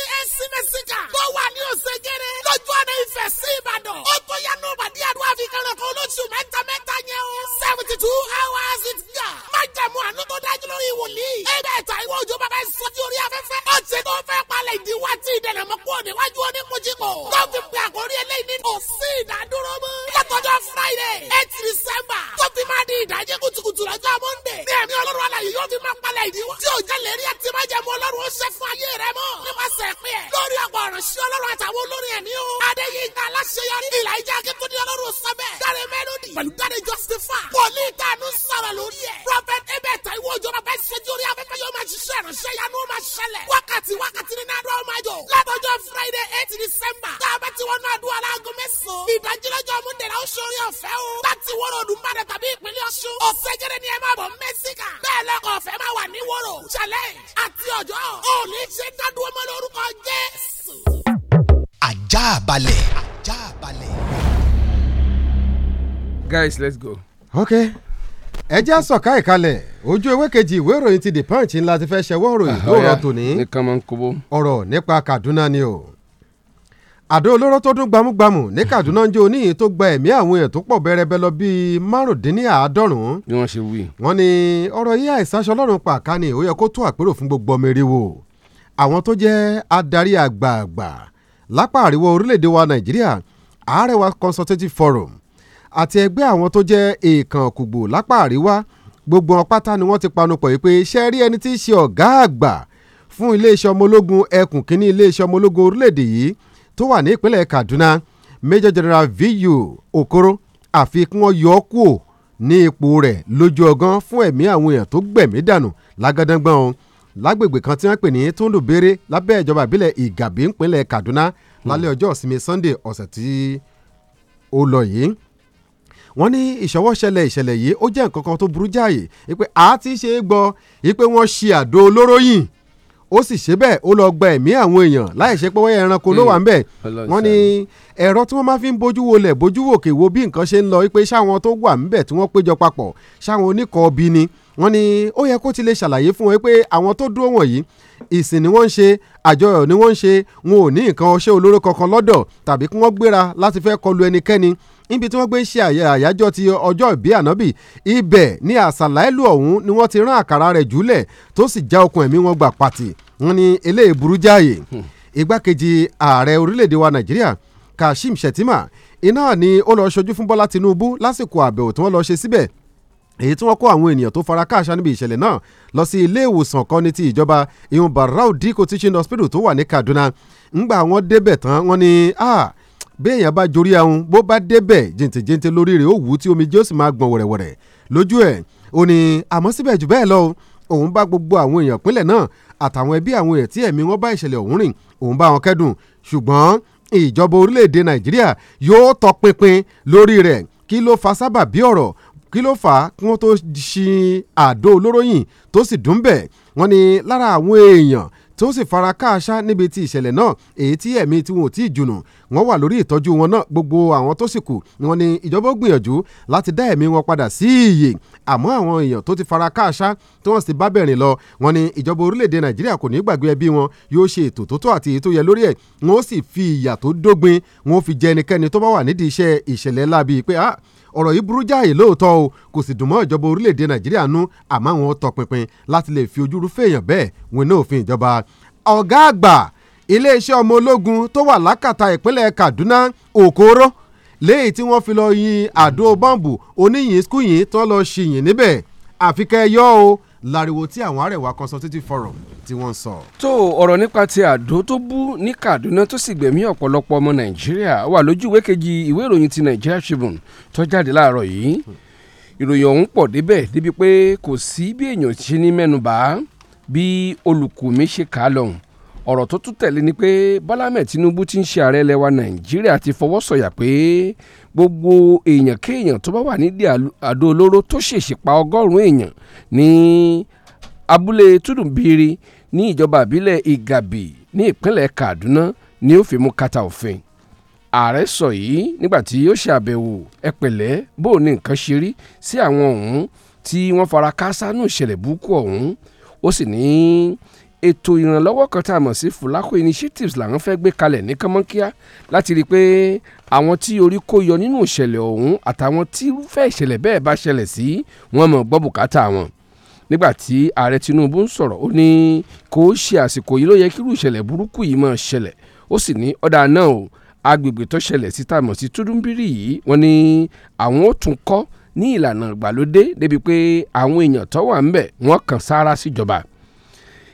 Ifẹ̀ sí Ìbàdàn. Ó tó yánú ìbàdí àdúrà fi kẹ́rọ̀ kan olóṣù mẹ́ta mẹ́ta yẹn o. seventy two hours it ga. Má jẹ̀mú àánú tó dájú lórí wòlíì. Ẹ bẹ́ẹ̀ ta ìwọ òjò bàbá sọ sí orí afẹ́fẹ́. Ó ti tó fẹ́ palẹ̀ ìdíwọ́ tí ìdẹ̀nàmọ́ kúrò níwájú oníkùnjìkọ̀. Lọ́ọ̀fì pé àkórí eléyìí ní kò sí ìdádúró mọ́ lọ́jọ́ friday eight december tó fi máa di ìdájí kùtùkùtù lọ́jọ́ monday ní ẹ̀mí ọlọ́run alayé yóò fi máa palẹ̀ ìdíwọ́ tí òjá lérí ẹ̀ tí máa jẹ́ mọ́ ọlọ́run ó ṣe fún ayé rẹ mọ́ nípasẹ̀ pé ẹ̀ lórí ọ̀pọ̀ ọ̀ràn sí ọlọ́run àtàwọn olórin ẹ̀mí o adéyínká aláṣeyọrí ìlà ìjà akíkúndé ọlọ́run sọ́bẹ̀ dáre mélòdì pẹ̀lú dáre justifa wòlíì tánú sọ̀rọ̀ lórí ẹ̀ prophet ebe taiwo òjòba bẹ́ẹ̀ ṣẹ́jú orí afẹ́fẹ́ yóò máa ṣiṣẹ́ ìránṣẹ́ yanu ó máa ṣẹlẹ̀ wákàtí wákàtí nínú àdúrà ó máa jò látọjọ́ friday eight december tá a bá ti wọnú àdúrà láago mẹ́sàn-án ìdájílọ́jọ́ múndẹ̀lá ó sórí ọ̀fẹ́ o. láti wọ́rọ̀ ọdún bàdàn tàbí ìpínlẹ̀ ọ̀ṣun. ọ̀sẹ̀ jẹ́rẹ́ ni ẹ máa bọ̀ mẹ́síkà. bẹ́ẹ̀ lẹ́kọ̀ọ́ ọ̀fẹ́ máa wà ní wọ́rọ̀ challenge àti ọjọ́. ó ṣe dádúró mọ́ lórúkọ jésù. ajá balẹ̀. ajá balẹ̀. guys let's go. okay ẹ já sọ̀ká ìkalẹ̀ ojú ewé kejì ìwé ìròyìn ti the punch ńlá ti fẹ́ ṣẹwọ́ ìròyìn ah, lóòrọ̀ tòní ọ̀rọ̀ nípa Kaduna ni o àdó olóró tó dún gbámúgbámú ní Kaduna ń jẹ́ oníyìn tó gba ẹ̀mí àwọn èèyàn tó pọ̀ bẹ́rẹ́bẹ́ lọ bíi márùndínláàádọ́rùn-ún. ni wọ́n ṣe wí. wọ́n ní ọ̀rọ̀ yìí àìsàṣọ ọlọ́run pàká ni ó yẹ kó tó àpérò fún gbogbo ọmọ eré wo àwọn tó jẹ́ adarí àgbààgbà lápá àríwá orílẹ̀-èdè wa Nàìjíríà Àárẹ̀wá Consultative Forum àti ẹgbẹ́ àwọn tó jẹ́ èèkàn kùgbò lápá àríwá ni wọ́n ti panupọ̀ yìí pé ṣe rí ẹni tí í ṣe ọ̀gá àgbà fún iléeṣẹ́ tó wà ní ìpínlẹ̀ Kaduna Major General VU Okoro àfi kí wọ́n yọ ọ́ kúò ní ipò rẹ̀ lójú ọgán fún ẹ̀mí àwọn èèyàn tó gbẹ̀mí dànù lágàdàngbọ̀n o lágbègbè kan tí wọ́n pè ní Tundubere lábẹ́ ìjọba ìbílẹ̀ Ìgàbí ńpínlẹ̀ Kaduna lálẹ́ hmm. ọjọ́ ìsinmi Sunday ọ̀sẹ̀ tí ó lọ yìí wọ́n ní ìṣọwọ́ṣẹlẹ̀ ìṣẹ̀lẹ̀ yìí ó jẹ́ nǹkan kan tó burú jáàyè pé àá ti ṣe é gbọ́ pé wọ́n ṣe àdó olóró yìí ó sì ṣe bẹ́ẹ̀ ó lọ gba ẹ̀mí àwọn èèyàn láì ṣe pé wọ́n ẹranko ló hmm. wà ń bẹ̀ wọ́n ní ẹ̀rọ tí wọ́n máa fi ń bójú wo lẹ̀ bójú wò kè wo bí nǹkan ṣe ń lọ wípé ṣáwọn tó wà ń bẹ̀ tí wọ́n péjọ papọ̀ ṣáwọn oníkọ̀ọ́bí ni wọ́n ní ó yẹ kó ti lè ṣàlàyé fún wọn pé àwọn tó dúró wọ̀nyí ìsìn ni wọ́n ń ṣe àjọyọ̀ ni wọ́n ń ṣe wọn ò ní nǹkan ọṣẹ́ olóró kankan lọ́dọ̀ tàbí kí wọ́n gbéra láti fẹ́ kọlu ẹnikẹ́ni níbi tí wọ́n gbé ń ṣe àyájọ́ ti ọjọ́ ìbí ànábì ibẹ̀ ní àṣàlá ọ̀hún ni wọ́n ti rán àkàrà rẹ̀ jùlẹ̀ tó sì já okùn ẹ̀mí wọn gbà pàtì wọ́n ní eléyìí burú jáàyè hmm. igbákejì ààrẹ orílẹ̀-èdè wa nàìjíríà kashim shettima iná ni ó lọ ṣojú fún bọ́lá tinubu lásìkò àbẹ̀wò tí wọ́n lọ ṣe síbẹ̀ èyí tí wọ́n kó àwọn ènìyàn tó fara káàṣá níbi ìṣẹ̀lẹ̀ náà lọ sí ilé ìwòsàn kan ní ti ìjọba ìhun barau diko teaching hospital tó wà ní kaduna ńgbà wọ́n débẹ̀ tán wọ́n ní ah béèyàn bá jorí ahun bó bá débẹ̀ jìntìjìntì lórí rẹ̀ ó wù ú tí omijé ó sì máa gbọ̀n wẹ̀rẹ̀wẹ̀rẹ̀ lójú ẹ̀ ó ní àmọ́ síbẹ̀ jù bẹ́ẹ̀ lọ òun bá gbogbo àwọn èèyàn pínlẹ̀ náà àtàwọn ẹbí àwọn èèyàn tí ẹ̀mí wọn bá ìṣẹ̀lẹ̀ ọ̀hún rìn òun bá wọn kẹ́dùn ṣùgbọ́n ìjọba orílẹ̀-èdè nàìjíríà yóò tọpinpin lórí rẹ̀ kí ló fa sábàbí ọ̀rọ̀ kí ló fà á kí wọ́n tó ṣi àdó olóròyìn tó sì dùn bẹ̀ wọ́n ní lára àwọn èèyàn tó sì fara káàṣá níbi tí ìṣẹ̀lẹ̀ náà èyí tí ẹ̀mí tí wọn ò tí ì jùnà wọ́n wà lórí ìtọ́jú wọn náà gbogbo àwọn tó sì kù wọ́n ní ìjọba ó gbìyànjú láti dá ẹ̀mí wọn padà sí ìyè àmọ́ àwọn èèyàn tó ti fara káàṣá tí wọ́n sì bá bẹ̀rìn lọ wọ́n ní ìjọba orílẹ̀-èdè nàìjíríà kò ní gbàgbé ẹbí wọn yóò ṣe ètò tó tọ́ àti èyí tó yẹ lórí ẹ̀ wọ́n ó sì fi ìyà tó dógbin wọ́n ó fi jẹ ẹnikẹ́ni tó bá wà nídìí iṣẹ́ ìṣẹ̀lẹ̀ láabi pé ah ọ̀rọ̀ yìí burú jáàyè lóòótọ́ o kò sì dùn mọ́ ìjọba orílẹ̀-èdè nàìjíríà nú àmọ́ àwọn tọpinpin láti lè fi ojúrú fèèyàn bẹ́ẹ̀ wọnà òfin ìjọba. ọ̀gá àgbà iléeṣẹ́ ọmọ ológun tó wà lákàtà ìpínlẹ̀ kaduna òkòrò léyìí tí wọ́n fi lọ yin àdó bọ́ǹbù oníyìn skúyìn tán lọ ṣìyìn níbẹ̀ àfikẹ́ yọ o láriwo tí àwọn Arewa Consultative Forum tí wọ́n sọ. tó ọ̀rọ̀ nípa ti àdó tó bú ní Kaduna tó sì gbẹ̀mí ọ̀pọ̀lọpọ̀ ọmọ Nàìjíríà wà lójú ìwé kejì ìwé ìròyìn ti Nigeria Tribune tó jáde láàárọ̀ yìí ìròyìn ọ̀hún pọ̀ débẹ̀ débi pé kò sí bí èèyàn ṣe ní mẹ́nubà bí olùkùnmí ṣe kà á lọ́hùn ọ̀rọ̀ tó tún tẹ̀lé ni pé Bọ́lá Ahmed Tinubu ti ń ṣe ààrẹ ilẹ̀ wa Nàìjíríà ti fọwọ́ sọ̀yà pé gbogbo èèyàn kéèyàn tó bá wà nídìí àdó olóró tó ṣèṣì pa ọgọ́rùn-ún èèyàn ní abúlé túdùnbírí ní ìjọba àbílẹ̀ ìgàbì ní ìpínlẹ̀ kaduna ni ó fi mú kàtà òfin ààrẹ sọ yìí nígbà tí ó ṣàbẹ̀wò ẹ̀pẹ̀lẹ́ bó ní nǹkan ṣe rí sí àwọn ọ̀hún tí wọ́n fara káásá nù ìṣẹ̀lẹ̀ burúkú ọ̀hún ó sì ní ètò ìrànlọ́wọ́ kan tá a mọ̀ sí fúlákò initiatives làwọn fẹ́ gbé kalẹ̀ ní kánmọ́kíá láti rí i pé àwọn tí orí kó yọ nínú ìṣẹ̀lẹ̀ ọ̀hún àtàwọn tí irúfẹ́ ìṣẹ̀lẹ̀ bẹ́ẹ̀ bá ṣẹlẹ̀ sí wọ́n mọ̀ gbọ́ bùkátà wọn nígbà tí ààrẹ Tinubu ń sọ̀rọ̀ ó ní kò ó ṣe àsìkò yìí ló yẹ kírú ìṣẹ̀lẹ̀ burúkú yìí máa ṣẹlẹ̀ ó sì ní ọ̀dà náà o agbègbè tó ṣẹlẹ̀ sí tàmọ̀ sí Tudunbiri yìí wọ́n ní àwọn ó tún kọ́ ní ìlànà ìgbàlódé débi pé àwọn èèyàn tó wà ńbẹ̀ wọ́n kàn sára síjọba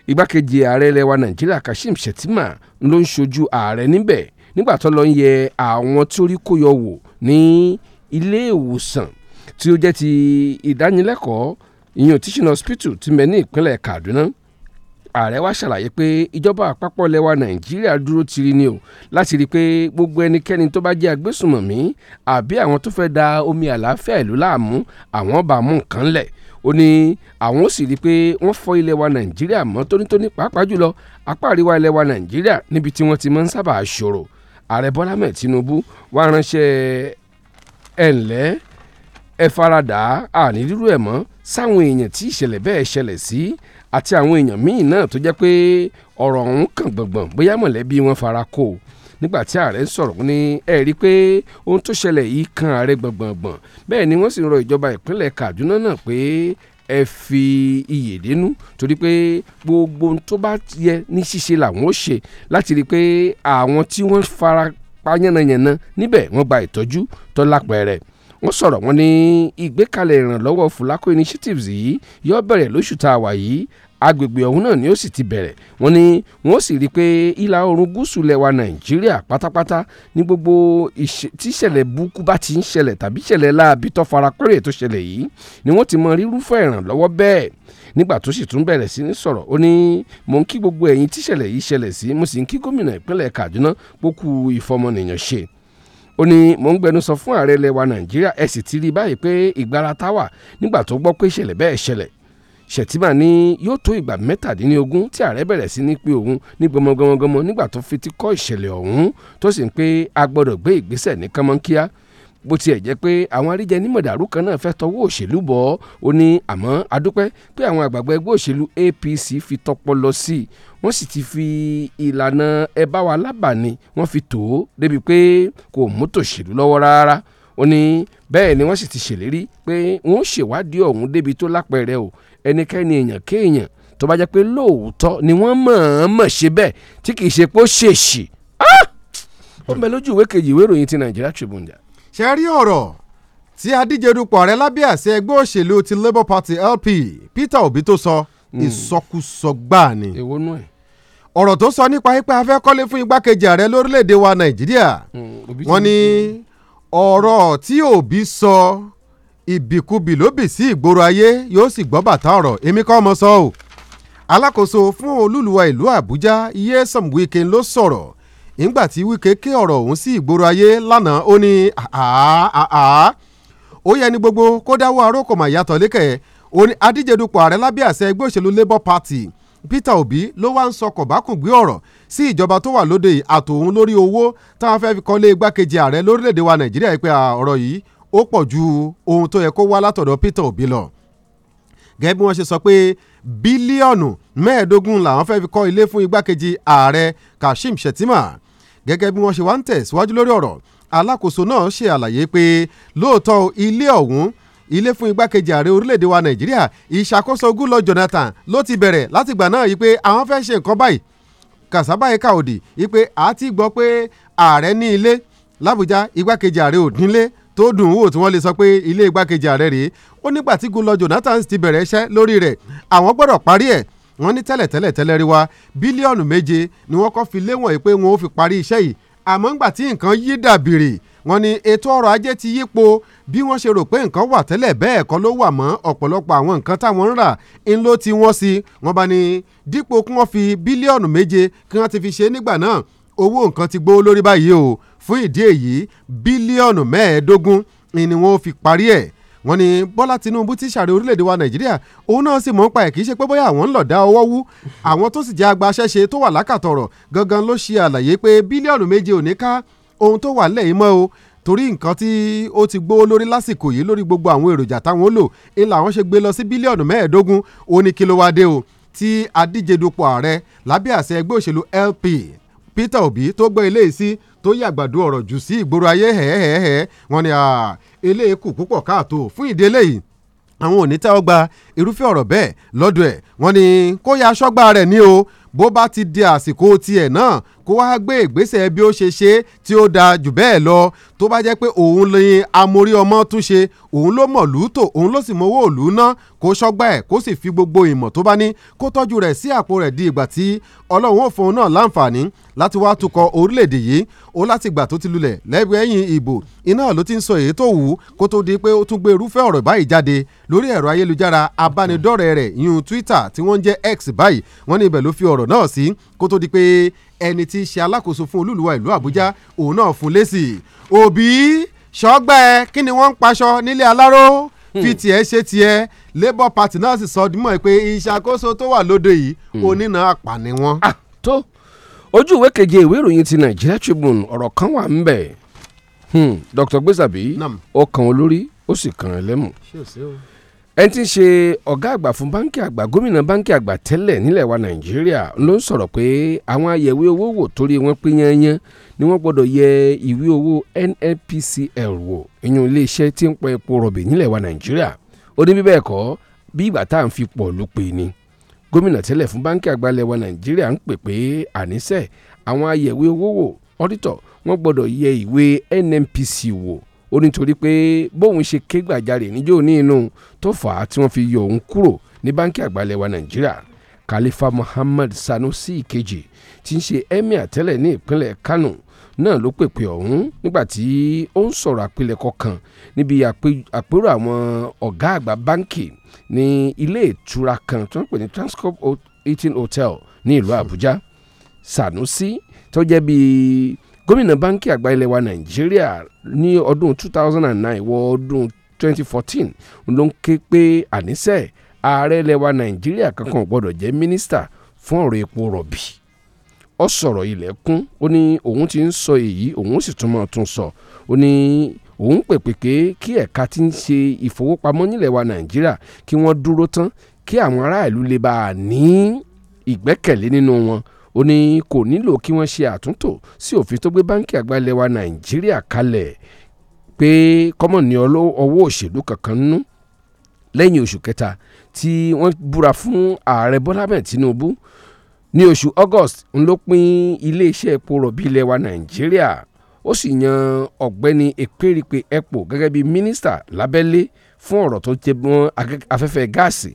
igbákejì ààrẹ ilẹ̀ Nàìjíríà Kashim Shettima ló ń ṣojú ààrẹ níbẹ̀ nígbà tó lọ ń yẹ àwọn tí ó rí kó wò ní ilé ìwòsàn tí ó jẹ́ ti ìdánilẹ́kọ̀ọ́ ìyẹn teaching hospital ti mẹ́ ní ìpínlẹ̀ Kaduna ààrẹ wa ṣàlàyé pé ìjọba àpapọ̀ lẹwa nàìjíríà dúró tiri ni o láti rí i pé gbogbo ẹnikẹ́ni tó bá jẹ́ agbésùmọ̀mí àbí àwọn tó fẹ́ da omi àlàáfíà ìlú láàmú àwọn bá mú nǹkan lẹ̀ ó ní àwọn ó sì rí i pé wọ́n fọ ilẹ̀ wa nàìjíríà mọ́ tónítóní pàápàá jùlọ apá àríwá ilẹ̀ wa nàìjíríà níbi tí wọ́n ti máa ń sábà ṣòro ààrẹ bọ́lá mẹ́ẹ̀ tinubu wá ránṣẹ́ ẹ̀ńlẹ́ ẹ faradà àní rírú ẹ̀ mọ́ sáwọn èèyàn tí ìṣẹ̀lẹ̀ bẹ́ẹ̀ ṣẹlẹ̀ sí àti àwọn èèyàn míì náà tó jẹ́ pé ọ̀rọ̀ ọ̀hún kàn gbọ̀ngbọ̀n bóyá mọ̀lẹ́bí wọn fara kó o nígbà tí ààrẹ ń sọ̀rọ̀ ní ẹ rí i pé ohun tó ṣẹlẹ̀ yìí kan ààrẹ gbọ̀ngbọ̀ngbọ̀n bẹ́ẹ̀ ni wọ́n sì rọ ìjọba ìpínlẹ̀ Kaduna náà pé ẹ fi iyè dénú torí pé gbogbo ohun tó bá yẹ ní ṣíṣe làwọn ó ṣe láti rí i pé àwọn tí wọ́n fara pa yánnayànna níbẹ̀ wọ́n gba ìtọ́jú tó lápẹẹrẹ wọ́n sọ̀rọ̀ wọn ní ìgbékalẹ̀ ìrànlọ́wọ́ fúlákó initiatives yìí yóò bẹ̀rẹ̀ lóṣù tá a wà yìí agbègbè ọ̀hún náà ni ó sì ti bẹ̀rẹ̀ wọ́n ní wọ́n sì rí i pé ìlà oòrùn gúúsù lẹwa nàìjíríà pátápátá ní gbogbo tíṣẹ̀lẹ̀ burúkú bá ti ń ṣẹlẹ̀ tàbí ṣẹlẹ̀ láabi tó fara kórè tó ṣẹlẹ̀ yìí ni wọ́n ti mọ rírúfẹ́ ìrànlọ́wọ́ bẹ́ẹ̀ nígbà tó sì tún bẹ̀rẹ̀ sí ní sọ̀rọ̀ ó ní mò ń kí gbogbo ẹ̀yin tíṣẹ̀lẹ̀ yìí ṣẹlẹ̀ sí mo sì ń kí gómìnà ìpínlẹ̀ kaduna pókú ìfọmọnìyàn ṣe ó ní mò ń gbẹnusọ fún ààrẹ ilẹ̀ wa nàìjíríà ẹ sì ti rí báyìí pé ìgbára táwà nígbà tó gbọ́ pé ìṣẹ̀lẹ̀ bẹ́ẹ̀ ṣẹlẹ̀ Shettima ní yóò tó ìgbà mẹ́tàdínlógún tí ààrẹ bẹ̀rẹ̀ sí ní pé òun ní gbọmọgbọmọgbọmọ nígbà tó fi ti kọ́ ìṣẹ̀lẹ̀ ọ̀hún tó sì ń pé a gbé ìgbésẹ̀ ní kánmọ́nkíá bó tiẹ̀ jẹ́ pé àwọn aríjẹ ní mọ̀dàrú kan náà fẹ́ tọwọ́ òṣèlú bọ̀ ọ́ ó ní àmọ́ adúpẹ́ pé àwọn àgbààgbà ẹgbẹ́ òṣèlú APC fi tọpọlọ sí i wọ́n sì ti fi ìlànà ẹ wa lábàání wọ́n fi tò ó débi pé kò mú tòṣèlú lọ́wọ́ rárá ó ní bẹ́ẹ̀ ni wọ́n sì ti ṣèlérí pé wọ́n ṣèwádìí ọ̀hún débi tó lápẹ̀rẹ̀ o ẹnikẹ́ni èèyàn kéèyàn tó bá jẹ́ pé lóòótọ́ ni wọ́n mọ̀ọ́mọ̀ ṣe bẹ́ẹ̀ tí kì í ṣe pé ó ṣèṣì ah! ó ń bẹ lójú ìwé kejì ìwé ìròyìn ti Nigeria Tribune jà ṣe rí ọ̀rọ̀ tí adíjedupò ààrẹ lábẹ́ àṣẹ ẹgbẹ́ òṣèlú ti labour party lp peter obi tó sọ hmm. ìsọkúsọ gbáà ni ọ̀rọ̀ tó sọ nípa pípẹ́ afẹ́ kọ́lé fún igbákejì ààrẹ lórílẹ̀‐èdè wa nàìjíríà hmm, wọ́n ní ọ̀rọ̀ tí obi sọ ìbìkúbì ló bì sí ìgboro ayé yóò sì gbọ́ bàtà ọ̀rọ̀ èmi kọ́ ọmọ sọ o alákòóso fún olúluwa ìlú àbújá iyesom wike ló sọ̀rọ̀ nígbà tí Wike ké ọ̀rọ̀ ọ̀hún sí ìgboro ayé lánàá ó ní ó yẹ ni gbogbo kó dáwọ́ arókò mà yàtọ̀ lékẹ̀ ó ní adíjedupò ààrẹ lábẹ́ àṣẹ ẹgbẹ́ òṣèlú Labour Party Peter Obi ló wá ń sọ kọ̀bákùngbé ọ̀rọ̀ sí ìjọba tó wà lóde àtòun lórí owó táwọn fẹ́ fi kọ́lé igbákejì ààrẹ lórílẹ̀‐èdè wa Nàìjíríà yìí pé ọ̀rọ̀ yìí ó pọ̀ ju ohun tó yẹ kó wá látọ̀dọ̀ Peter Obi lọ gẹ́gẹ́ bí wọ́n ṣe sọ pé bílíọ̀nù mẹ́ẹ̀ẹ́dógún làwọn fẹ́ fi kọ́ ilé fún igbákejì ààrẹ Kashim Shettima gẹ́gẹ́ bí wọ́n ṣe wá ń tẹ̀síwájú lórí ọ̀rọ̀ alákòóso náà ṣe àlàyé pé lóòótọ́ ilé ọ̀hún ilé fún igbákejì ààrẹ orílẹ̀-èdè wa nàìjíríà ìṣàkóso goodluck jonathan ló ti bẹ̀rẹ̀ látìgbà náà yìí pé àwọn fẹ́ ṣe nǹkan báyìí kàsábà ẹ̀ka òdì yìí pé a ti gbọ́ pé ààrẹ ní ilé làbújá igbákejì ààrẹ ò nílé tó dùn wò tí wọ́n lè sọ pé ilé igbákejì ààrẹ rèé ó nígbà tí goodluck jonathan ti bẹ̀rẹ̀ iṣẹ́ lórí rẹ̀ àwọn gbọ́dọ̀ parí ẹ̀ wọ́n ní tẹ́lẹ̀tẹ́lẹ̀ tẹ́lẹ̀ rí wa bílíọ̀nù méje ni wọ́n kọ́ fi léwọ̀n yìí pé wọn ò fi parí iṣẹ́ yìí àmọ́ ńgbà tí nǹkan yí dàbìrì wọ́n ní ètò ọrọ̀ ajé ti yípo bí wọ́n ṣe rò pé nǹkan wà tẹ́lẹ̀ bẹ́ẹ̀ kọ́ ló wà mọ́ ọ̀pọ̀lọpọ̀ àwọn nǹkan táwọn ń rà ń ló ti wọ́n sí wọ́n bá ní dípò kí wọ́n fi bílíọ̀nù méje kí wọ́n ti fi ṣe nígbà náà owó nǹkan ti gbówó lórí báyìí o fún ìdí èyí bílíọ̀nù mẹ́ẹ̀ẹ́dógún ni wọ́n fi parí ẹ̀ wọ́n ní bọ́lá tinubu ti ṣàrẹ orílẹ̀-èdè wa nàìjíríà òun náà sì mọ̀ ń pa ẹ̀ kì í ṣe pé bóyá àwọn ń lọ dá ọwọ́ wú àwọn tó sì jẹ́ agbaṣẹ́ṣe tó wà lákàtọ̀rọ̀ gangan ló ṣe àlàyé pé bílíọ̀nù méje ò ní ká ohun tó wà lẹ́yìn mọ́ o torí nǹkan tí ó ti gbówó lórí lásìkò yìí lórí gbogbo àwọn èròjà táwọn ó lò ń làwọn ṣe gbé lọ sí bílíọ̀nù mẹ́ẹ̀ẹ́dógún ó ní kí wá dé o tí adíje ààrẹ lábẹ́ àṣẹ ẹgbẹ́ òṣèlú LP Peter Obi tó gbé eléyìí sí tó yàgbàdo ọ̀rọ̀ jù sí ìgboro ayé hẹ́ẹ́hẹ́ẹ́ wọ́n ní eléyìí kù púpọ̀ káàtó fún ìdílé yìí àwọn òní tẹ́wọ́ gba irúfẹ́ ọ̀rọ̀ bẹ́ẹ̀ lọ́dọ̀ ẹ̀ wọ́n ní kó ya aṣọ́gbà rẹ̀ ní o bó bá ti di àsìkò tiẹ̀ náà kó wá gbé ìgbésẹ̀ bí ó ṣe ṣe tí ó dáa jù bẹ́ẹ̀ lọ tó bá jẹ́ pé òun ni amórí ọmọ tún ṣe òun ló mọ̀ lùútò òun ló sì mọwọ́ òlù ná kó ṣọ́gbà ẹ̀ kó sì fi gbogbo ìmọ̀ tó bá ní kó tọ́jú rẹ̀ sí àpò rẹ̀ di ìgbà tí ọlọ́run ó fún un náà láǹfààní láti wá tukọ̀ orílẹ̀-èdè yìí ó láti gbà tó ti lulẹ̀ lẹ́gbẹ̀ẹ́yìn ìbò iná ló ti ń sọ èyí tó wù ú kó tó di pé ó tún gbé irúfẹ́ ọ̀rọ̀ báyìí jáde lórí ẹ̀rọ ayélujára abánidọ́rẹ̀ẹ́ rẹ̀ yún Twitter tí wọ́n ń jẹ́ X báyìí wọ́n ní ibẹ̀ ló fi ọ̀rọ̀ náà sí kó tó di pé ẹni tí í ṣe alákòóso fún olúluwa ìlú àbújá òun náà fún lésì òbí ṣọgbẹ́ kí ni wọ́n ń paṣọ nílé aláró hmm. fi tiẹ̀ ṣe tiẹ̀ labour party náà sì sọ ọ́ dímọ̀ pé ìṣàkóso tó wà lóde yìí hmm. oníná àpàní wọn. Ah, tó ojú ìwé keje ìwé ìròyìn ti Nigeria Tribune ọ̀rọ̀ kan wà ń bẹ̀ hmm, Dr. Gbèsàbí ó kan olórí ó sì kan ẹlẹ́mù. ṣé ẹni tí ń ṣe ọ̀gá àgbà fún báńkì àgbà gómìnà báńkì àgbà tẹ́lẹ̀ nílẹ̀ wa nàìjíríà ló ń sọ̀rọ̀ pé àwọn àyẹ̀wé owó wò torí wọn pé yányán ni wọ́n gbọ́dọ̀ yẹ ìwé owó NNPCL wò ìyún iléeṣẹ́ tí ń pọ epo rọ̀bì nílẹ̀ wa nàìjíríà ó ní bí bẹ́ẹ̀ kọ́ bí ìgbà tá à ń fi pọ̀ ló pe ni gómìnà tẹ́lẹ̀ fún báńkì àgbà ilẹ̀ wa nàìjíríà ń pè pé àníṣe àwọn àyẹ̀wé owó wò ọ́dítọ̀ ó nítorí pé bóun ṣe ké gbàjarè níjó ní inú tó fà á tí wọ́n fi yọ òun kúrò ní báńkì àgbàlẹ̀ wa nàìjíríà khalifa muhammad sanusi ìkejì tí ń ṣe emir tẹ́lẹ̀ ní ìpínlẹ̀ kano náà ló pèpè ọ̀hún nígbà tí ó ń sọ̀rọ̀ àpilẹ̀kọ kan níbi àpérò àwọn ọ̀gá àgbà báńkì ní ilé ìtura kan tó ń pè ní transcorp eating hotel ní ìlú àbújá sanusi tó jẹ́ bíi gómìnà báńkì àgbà ilẹ̀ wa nàìjíríà ní ọdún 2009 wọ ọdún 2014 ló ń ké pé àníṣe ààrẹ ilẹ̀ wa nàìjíríà kankan gbọ́dọ̀ jẹ́ mínísítà fún ọ̀rọ̀ epo rọ̀bì ó sọ̀rọ̀ ilẹ̀kùn ó ní òun ti ń sọ èyí òun sì tún máa tún sọ ó ní òun pèpè kí ẹ̀ka tí ń ṣe ìfowópamọ́ nílẹ̀ wa nàìjíríà kí wọ́n dúró tán kí àwọn aráàlú lè bá ní ìgbẹ́kẹ̀lé nínú wọn ó ní kò nílò kí wọ́n ṣe àtúntò sí òfin tó gbé báńkì àgbà ilẹ̀ wa nàìjíríà kalẹ̀ pé kọ́mọ̀ ní ọwọ́ òṣèlú kankan nú lẹ́yìn oṣù kẹta tí wọ́n búra fún ààrẹ bọ́lá bẹ́ẹ̀ tinubu ní oṣù august ń ló pín iléeṣẹ́ epo rọ̀bì ilẹ̀ wa nàìjíríà ó sì yan ọ̀gbẹ́ni Ekperikpe Ekpo gẹ́gẹ́ bíi mínísítà lábẹ́lé fún ọ̀rọ̀ tó jẹ mọ́ afẹ́fẹ́ gáàsì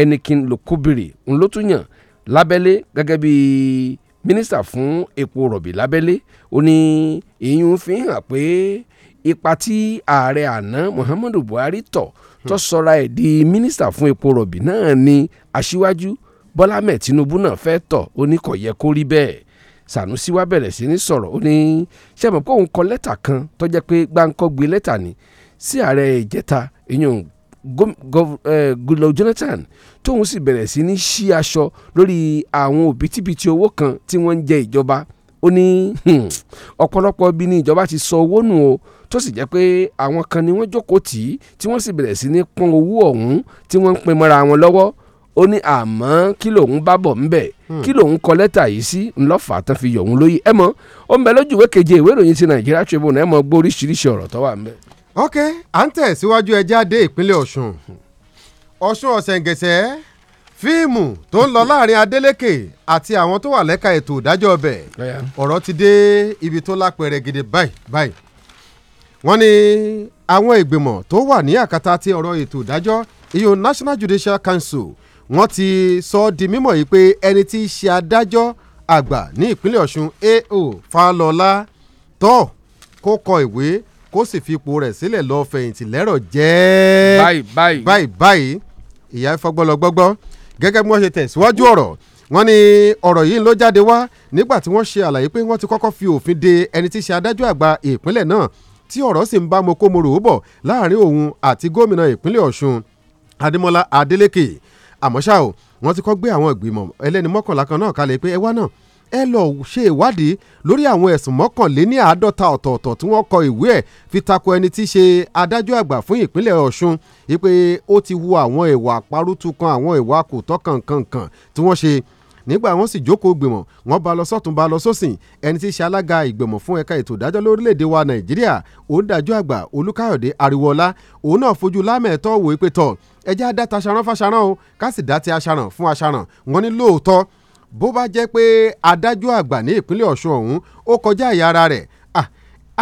Enikin Lukubiri ń ló tún yàn lábẹ́lé gẹ́gẹ́ bí mínísítà fún epo rọ̀bì lábẹ́lé ó ní ìyún fi hàn pé ipa tí ààrẹ àná Muhammadu Buhari tọ̀ hmm. tó sọra ẹ̀ di mínísítà fún epo rọ̀bì náà ni aṣíwájú Bọ́lá mẹ́ẹ̀ Tinubu náà fẹ́ tọ̀ ó ní kò yẹ kó rí bẹ́ẹ̀ Sanusi wá bẹ̀rẹ̀ sí ní sọ̀rọ̀ ó ní sẹ́mi kó òun kọ lẹ́tà kan tó jẹ́ pé gbáǹkọ́ gbé lẹ́tà ni sí ààrẹ ìjẹta ìyún goodluck jonathan tóun sì bẹ̀rẹ̀ sí ní ṣí aṣọ lórí àwọn òbítíbitì owó kan tí wọ́n ń jẹ ìjọba ó ní hmm, ọ̀pọ̀lọpọ̀ bí ní ìjọba ti sọ owó nù o tó sì jẹ́ pé àwọn kan ni wọ́n jókòó tì í tí wọ́n sì bẹ̀rẹ̀ sí ní pọ́n owó ọ̀hún tí wọ́n ń pin mọ́ra wọn lọ́wọ́ ó ní àmọ́ kí lòun bá bọ̀ ńbẹ̀ hmm. kí lòun kọ lẹ́tà yìí sí ńlọ́fà tán fi yọ̀ òun lóyè ẹ mọ́ ó ń bẹ lójú ìwé keje ìwé ìròyìn ti nàìjíríà tribune ẹ mọ́ gbọ́ oríṣiríṣi ọ̀rọ̀ tó wà ńbẹ̀ ok à ń tẹ̀síwájú ẹja dé ìpínlẹ̀ ọ̀ṣun ọ̀ṣun ọ̀sẹ̀ǹgẹ̀sẹ̀ fíìmù tó ń lọ láàrin adeleke àti àwọn tó wà lẹ́ka ètò ìdájọ́ ọbẹ̀ ọ̀rọ̀ ti dé ibi tó lápẹẹrẹ gidi báyìí báyìí wọ́n ní àwọn ìgbìmọ̀ tó wà ní àkàtà ti ọ̀rọ̀ ètò ìdájọ́ iyo National Judicial Council wọ́n ti sọ ọ́ di mímọ̀ yìí pé ẹni tí í ṣe adájọ́ àgbà ní ìpínlẹ̀ ọ̀ṣun A.O. Falọlá tó kó kọ ìwé kó sì fi ipò rẹ̀ sílẹ̀ lọ fẹ̀yìntì lẹ́rọ̀ jẹ́ báyìí báyìí báyìí báyìí ìyá fọgbọ́lọgbọ́gbọ́ gẹ́gẹ́ bí wọ́n ṣe tẹ̀síwájú ọ̀rọ̀ wọ́n ní ọ̀rọ̀ yìí ló jáde wá nígbà tí wọ́n ṣe àlàyé pé wọ́n ti kọ́kọ́ fi òfin de ẹni tí í ṣe adájọ́ àgbà ìpínlẹ̀ náà tí ọ̀rọ̀ sì ń bá mokomoro bọ̀ láàrin òun àti gómìnà ìpínlẹ̀ ọ̀ṣun adémọlá adélèké àmọ́ ṣá o wọ́n ti kọ́ gbé àwọn ìgbìmọ̀ ẹlẹ́ni mọ́kànlá kan náà kalẹ̀ pé ẹ wá náà ẹ lọ ṣe ìwádìí lórí àwọn ẹ̀sùn mọ́kànléní àádọ́ta ọ̀tọ̀ọ̀tọ̀ tí wọ́n kọ ìwé ẹ̀ fi tako ẹni tí í ṣe adájọ́ àgbà fún ìpínlẹ̀ Ọ̀ṣun wípé ó ti hu àwọn ìwà àparùtù kan àwọn ìwà kò tọ́ kankankan tí wọ́n ṣe nígbà wọ́n sì jókòó gbìmọ̀ wọ́n bá lọ sọ́tún bá lọ sósìn ẹni tí í ṣe alága ìgbìmọ̀ fún ẹ̀ka ètò ìdájọ́ lórílẹ̀‐èdè wa Nàìjíríà òǹdàjọ́ àgbà Olúkáyọ̀dé Ariwọlá òun náà fojú lámẹ̀ẹ́tọ́ wò é tọ̀ ẹjẹ́ á dá ta ṣaran fáṣaran o ká sì dá ti aṣaran fún aṣaran wọ́n ní lóòótọ́ bó bá jẹ́ pé adájọ́ àgbà ní ìpínlẹ̀ ọ̀ṣun ọ̀hún ó kọjá ìyá rẹ̀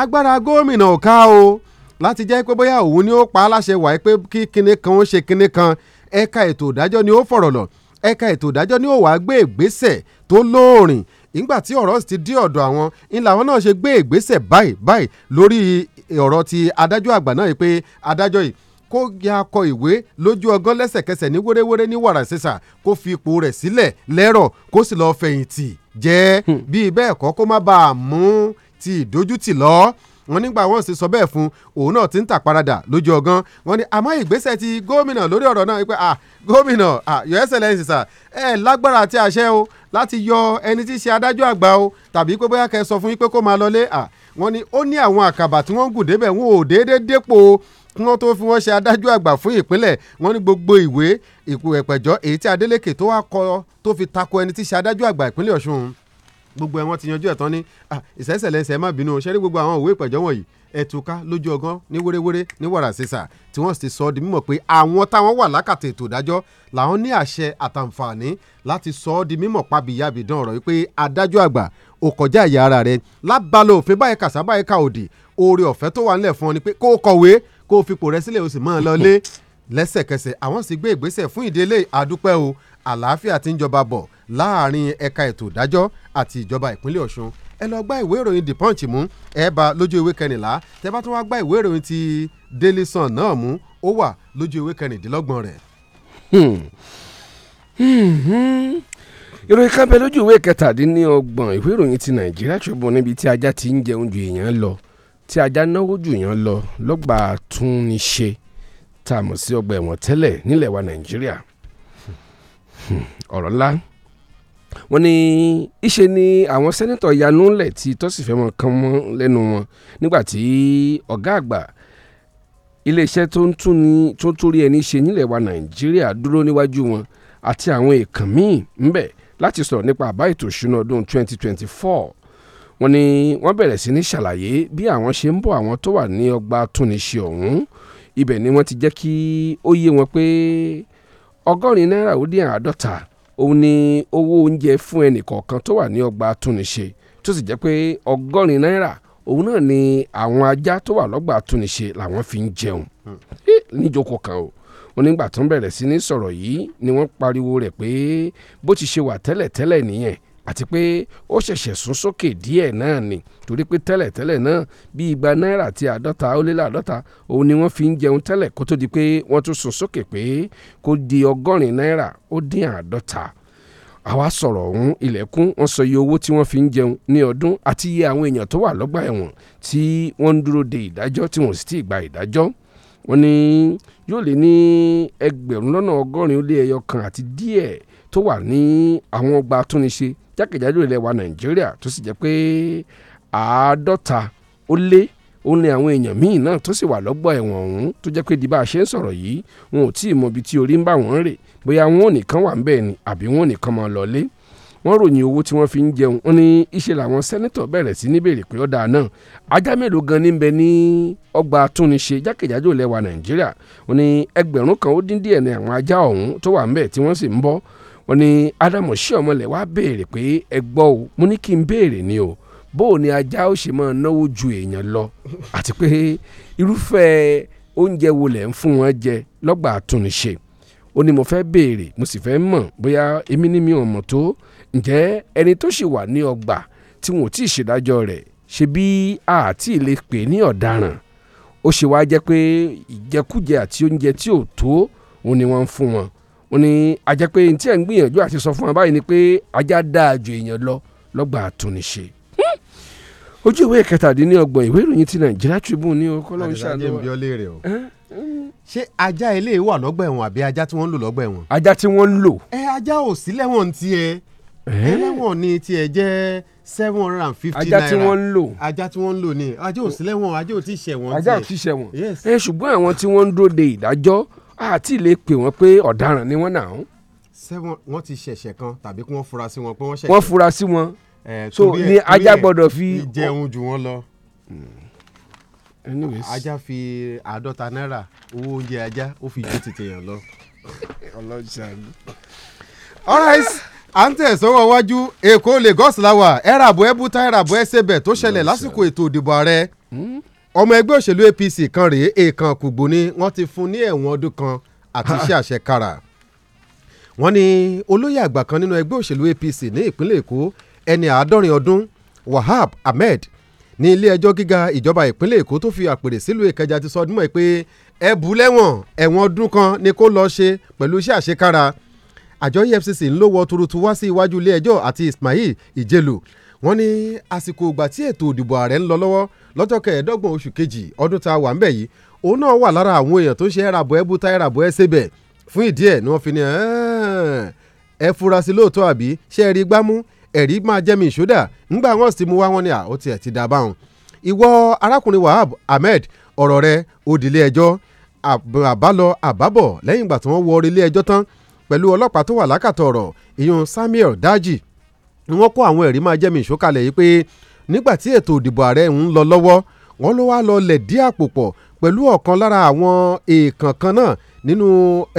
agbára gómìnà ò o láti jẹ́ pé bóyá òun ni ó pa á láṣẹ wáyé pé kí kinní kan ó ṣe kinní kan ẹ̀ka ètò ìdájọ́ ni ó fọ̀rọ̀ lọ ẹ̀ka ètò ìdájọ́ ni ó wàá gbé ìgbésẹ̀ tó lóòrìn ìgbà tí ọ̀rọ̀ ti dé ọ̀dọ̀ àwọn ń làwọn náà ṣe gbé ìgbésẹ̀ báyìí báyìí lórí ọ̀rọ̀ ti adájọ́ àgbà náà yìí pé adájọ́ yìí kó ya akọ ìwé lójú ọgán lẹ́sẹ̀kẹsẹ̀ ní wéréwéré ní wàrà sísà kó fi ipò rẹ̀ sílẹ̀ lẹ́rọ̀ kó sì lọ́ọ́ fẹ̀yìntì jẹ́ hmm. bíi bẹ́ẹ̀ kọ́ kó má bàa mú ti ìdójútì lọ wọn nígbà wọn sì sọ bẹ́ẹ̀ fún òun náà ti ń tà lójú ọgán wọn ni àmọ́ ìgbésẹ̀ ti gómìnà lórí ọ̀rọ̀ náà wípé ah gómìnà ah your excellence sir ẹ lágbára àti àṣẹ o láti yọ ẹni tí í ṣe adájọ́ àgbà o tàbí pé bóyá kẹ́ sọ fún yín pé kó máa lọlé ah wọn ni ó ní àwọn àkàbà tí wọ́n ń gùn débẹ̀ wọn ò déédéé dépò kí wọ́n tó fi wọ́n ṣe adájọ́ àgbà fún ìpínlẹ̀ wọ́n ní gbogbo ìwé ìpẹ̀jọ́ èyí tí Adeleke tó wá kọ tó fi tako ẹni tí ṣe adájọ́ àgbà ìpínlẹ̀ Ọ̀ṣun gbogbo ẹ̀ wọ́n ti yanjú ẹ̀ tán ní ìṣẹ́sẹ̀lẹsẹ̀ má bínú ṣẹ́rí gbogbo àwọn òwe ìpẹ̀jọ́ wọ̀nyí ẹ̀túká lójú ọgán ní wéréwéré ní wàrà sísà tí wọ́n ti sọ ọ́ di mímọ̀ pé àwọn táwọn wà lákàtà ètò ìdájọ́ làwọn ní àṣẹ àtàǹfààní láti sọ ọ́ di mímọ̀ pabìyàbìdán ọ̀rọ̀ wípé adájọ́ àgbà ò kọjá àyè ara rẹ̀ lábala òfin báyìí kàṣà báyìí ka òdì oore ọ̀fẹ́ tó wà nílẹ̀ fún ọ ni pé kó o kọ̀wé kó o fipò rẹ sílẹ̀ o sì mọ́ ọ lọ lé lẹ́sẹ̀kẹsẹ̀ àwọn sì gbé ìgbésẹ̀ fún ìdílé àdúpẹ́ o àlàáfíà ti ń jọba bọ̀ láàrin ẹ̀ka ètò ìdájọ́ àti ìjọba ìpínlẹ̀ Ọ̀ṣun ẹ lọ gbá ìwé ìròyìn the punch mú ẹ bá lójú ìwé kẹrìnlá tẹ bá tún wá gbá ìwé ìròyìn ti daily sun náà mú ó wà lójú ìwé kẹrìndínlọ́gbọ̀n rẹ̀. Hmm. Hmm. ìròyìn kan bẹ lójú ìwé kẹtàdínlọ́gbọ̀n ìwé ìròyìn ti Nàìjíríà Tribune níbi tí ajá ti ń jẹ oúnjẹ èèyàn lọ tí ajá náwó jù yàn lọ lọ́gbà túnníṣe tá a mọ̀ sí ọgbà ẹ̀wọ̀n tẹ́lẹ̀ nílẹ̀ wa nàìjíríà hmm, ọ̀rọ̀ ńlá wọ́n ní ìṣe ni àwọn sẹ́nitọ̀ yanu lẹ̀ tí tọ́sífẹ́ wọn kan mọ́ lẹ́nu wọn nígbà tí ọ̀gá àgbà iléeṣẹ́ tó ń tún rí ẹni ṣe nílẹ̀ wa nàìjíríà dúró níwájú wọn àti àwọn èèkàn míì ńbẹ̀ láti sọ̀rọ̀ nípa àbá ètò ìṣúná ọdún 2024 wọ́n ní wọ́n bẹ̀rẹ̀ sí ní ṣàlàyé bí àwọn ṣe ń bọ́ àwọn tó wà ní ọgbà túnṣe ọ̀hún ibẹ̀ ni wọ́n ti jẹ́ kí ó yé wọn pé ọgọ́rin náírà ó dín àádọ́ta òun ni owó oúnjẹ fún ẹnì kọ̀ọ̀kan tó wà ní ọgbà túnṣe tó sì jẹ́ pé ọgọ́rin náírà òun náà ni àwọn ajá tó wà lọ́gbà túnṣe làwọn fi ń jẹun hmm. níjókòó kan o onígbà tó ń bẹ̀rẹ̀ sí ní sọ̀rọ̀ yìí ni wọ́n pariwo rẹ̀ pé bó ti ṣe wà tẹ́lẹ̀tẹ́lẹ̀ nìyẹn àti pé ó ṣẹ̀ṣẹ̀ sún sókè díẹ̀ náà ni torí pé tẹ́lẹ̀tẹ́lẹ̀ náà bí igba náírà àti àádọ́ta ó lé láàdọ́ta òun ni wọ́n fi ń jẹun tẹ́lẹ̀ kó tó di pé wọ́n tún sún sókè pé kó di ọgọ́rin náírà ó dín àádọ́ta àwa sọ̀rọ̀ ọ̀hún ilẹ̀kùn wọn sọ iye owó tí wọ́n fi ń jẹun ní ọdún àti iye àwọn èèyàn tó wà lọ́gbà ẹ̀wọ̀n tí wọ́n ń dúró de ìdájọ́ tí wọ́n sì ti gba ìdájọ́ wọ́n ní yóò lé ní ẹgbẹ̀rún lọ́nà ọgọ́rin ó lé ẹyọ kan àti díẹ̀ tó wà ní àwọn ọgbà atúnṣe jákèjádò ilẹ̀ wa nàìjíríà tó sì jẹ́ pé àádọ́ta ó lé ó ní àwọn èèyàn míì náà tó sì wà lọ́gbà ẹ̀wọ̀n ọ̀hún tó jẹ́ pé di bá a ṣe ń sọ̀rọ̀ yìí wọn ò tí ì mọ ibi tí orí ń bá wọn rè bóyá wọn ò nìkan wà ń bẹ̀ ni àbí wọn ò nìkan máa lọ lé wọ́n ròyìn owó tí wọ́n fi ń jẹun wọ́n ní iṣẹ́ làwọn sẹ́nẹ́tọ̀ bẹ̀rẹ̀ sí ní pé ọ̀dà náà ajá mélòó gan níbẹ̀ ní ọgbà túnṣe jákèjádò lẹ́wà nàìjíríà wọ́n ní ẹgbẹ̀rún kan ó dín díẹ̀ ní àwọn ajá ọ̀hún tó wà ńbẹ̀ tí wọ́n sì ń bọ́ wọ́n ní ádámù sí ọmọlẹ̀ wá béèrè pé ẹ gbọ́ o mo ní kí n béèrè ni o bó o ní ajá ó ṣe máa náwó ju èèyàn lọ àti pé irúfẹ́ oúnjẹ wo lẹ̀ ń fún wọn jẹ lọ́gbà àtúnṣe ó ní mo fẹ́ béèrè mo sì fẹ́ mọ̀ bóyá èmi ní mi ò mọ̀ tó ǹjẹ́ ẹni tó sì wà ní ọgbà tí wọn ò tí ì ṣèdájọ́ rẹ̀ ṣe bí àti lè pè ní ọ̀daràn ó ṣe wá jẹ́ pé ìjẹkújẹ àti oúnjẹ tí ò tó òun ni wọ́n ń fún wọn ó ní àjẹ́ pé tí ẹ̀ ń gbìyànjú àti sọ fún wa báyìí ni pé ajá dáa ju èèyàn lọ lọ́gbà àtúnṣe hmm. ojú ìwé kẹtàdínlọ́gbọ̀n ìwé ìròyìn ti Nigeria Tribune ní orúkọ lọ́hún ṣàlùwà. àdìsá jẹ́ ìbíọ́lé o ṣé ajá ilé wà lọ́gbà ẹ̀wọ̀n àbí ajá tí wọ́n ń lò lọ́gbà ẹ̀wọ̀n. ajá tí wọ́n ń lò. ẹ ajá ò sí lẹ́wọ̀n tiẹ̀ ẹlẹ́wọ̀n ni tiẹ̀ jẹ́ seven hundred and fifty naira ajá tí wọ́n ń lò ajá tí wọ́n ń lò ni ajá ò sí lẹ́wọ̀n ajá ò tí ì ṣẹ̀wọ̀n tiẹ̀. ajá ò tí ì ṣẹ̀wọ̀n ẹ ṣùgbọ́n àwọn tí wọ́n ń dóde ìdájọ́ àti lè pè wọ́n pé ọ̀daràn ni wọ́n nà án. ṣé wọ́n ti ṣẹ̀ṣẹ̀ kan tàbí kí wọ́n fura sí wọn pé wọ́n ṣẹ̀ṣẹ̀. wọ́n fura sí wọn so ni ajá gbọ́dọ̀ fi. ìjẹun jù wọ́n lọ. Hmm. ajá fi àádọ́ta náírà owó oúnjẹ ajá ó fi ju tètè yàn lọ. ọlọ́jàánú. all right à ń tẹ̀sọ́wọ́ wájú èkó Lagos la wà ẹ̀ràbọ̀ ẹ̀bùtà ẹ̀ràbọ̀ ẹ̀sẹ̀bẹ̀ tó ṣẹlẹ̀ lásìkò ètò ìdìbò ààrẹ. Hmm? ọmọ ẹgbẹ́ òṣèlú APC kan rèé èèkàn kùgbó ni wọ́n ti fún ní ẹ̀wọ̀n ọdún kan àti iṣẹ́ àṣekára wọ́n ní olóyè àgbà kan nínú ẹgbẹ́ òṣèlú APC ní ìpínlẹ̀ Èkó ẹni àádọ́rin ọdún Wahab Ahmed ní ilé ẹjọ́ gíga ìjọba ìpínlẹ̀ Èkó tó fi àpèrè sílùú Ìkẹjà ti sọ ọdún mọ́ ẹ pé ẹ bù lẹ́wọ̀n ẹ̀wọ̀n ọdún kan ni kó lọ́ọ́ ṣe pẹ̀lú iṣẹ́ àṣekára àjọ EFCC ń lówó tuurutu wá sí iwájú ilé ẹjọ́ àti Ismail Ìjẹlù wọ́n ní àsìkò ìgbà tí ètò òdìbò ààrẹ ń lọ lọ́wọ́ lọ́jọ́ kẹẹ̀ẹ́dọ́gbọ̀n oṣù kejì ọdún tá a wà ń bẹ̀ yìí òun náà wà lára àwọn èèyàn tó ń ṣe ẹ̀ràbọ̀ ẹ̀bù tá ẹ̀ràbọ̀ ẹ̀ ṣebẹ̀ fún ìdí ẹ̀ ni wọ́n fi ní ẹ fura sí lóòótọ́ àbí ṣe ẹ̀rí gbámú ẹ̀rí máa jẹ́ mi ìṣódà ńgbà wọn sì mú wá wọn ni à tiẹ̀ ti dá báwọn. ìwọ arákùnrin Ahmed ọ̀rọ̀ rẹ òdìlé ẹjọ́ àbálọ àbábọ̀ lẹ́yìn ìgbà tí wọ́n wọ orí ilé ẹjọ́ Samuel Daji ni wọ́n kó àwọn ẹ̀rí máa jẹ́mi ìṣókalẹ̀ yìí pé nígbà tí ètò ìdìbò ààrẹ ń lọ lọ́wọ́ wọ́n ló wá lọ lẹ̀ dí àpò pọ̀ pẹ̀lú ọ̀kan lára àwọn èèkàn kan náà nínú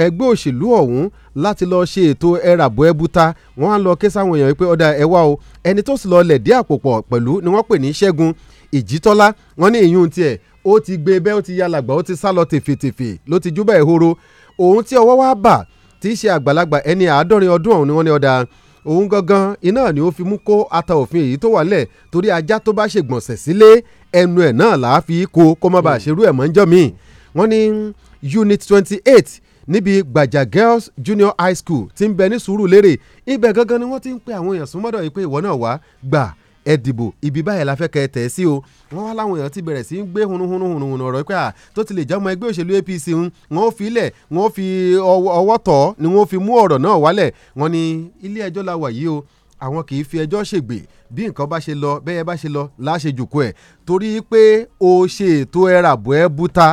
ẹgbẹ́ òṣèlú ọ̀hún láti lọ ṣe ètò ẹràbọ̀ ẹbuta wọ́n á lọ ké sáwọn èèyàn pé ọ̀dà ẹ̀wá o ẹni tó sì lọ lẹ̀ dí àpò pọ̀ pẹ̀lú ni wọ́n pè ní Ṣẹ́gun Ìjítọ́lá wọ́n ní ìyún tiẹ̀ ó ti gbé e bẹ́ẹ̀ ó ti ya làgbà ó ti sá lọ tèfètèfè ló ti júbà ìhoro òun tí ọwọ́ wá bà tí í ṣe àgbàlagbà ẹni àádọ́rin ọdún ọ̀hún ni wọ́n ní ọ̀dà òun gangan iná ni ó fi mú kó ata òfin èyí tó wà lẹ̀ torí ajá tó bá ṣègbọ̀nsẹ̀ sílé ẹnu ẹ̀ náà là á fi kó kó má bàa hmm. ṣerú ẹ̀ mọ́ ń jọ́ mi. wọ́n ní unit twenty eight níbi gbàjà girls junior high school ti ń bẹ ní sùúrù lérè ibẹ̀ gangan ni wọ́n ti ń pe àwọn èèyàn súnmọ́dọ̀ yìí pé ìwọ náà wá gbà ẹ dìbò ibi báyìí la fẹ́ kẹ́ ẹ tẹ̀ sí o wọ́n wá láwọn èèyàn ti bẹ̀rẹ̀ sí í gbé hunuhunuhunuhunu ọ̀rọ̀ pé à tó ti lè jẹ́ ẹgbẹ́ òṣèlú APC ń wọ́n fi ilẹ̀ wọ́n fi ọwọ́ tọ̀ ni wọ́n fi mú ọ̀rọ̀ náà wálẹ̀ wọ́n ní ilé ẹjọ́ la wà yìí o àwọn kì í fi ẹjọ́ ṣègbè bí nǹkan bá ṣe lọ bẹ́ẹ̀ bá ṣe lọ láṣejùkú ẹ̀ torí pé o ṣe ẹ̀ràbọ̀ ẹ̀ búta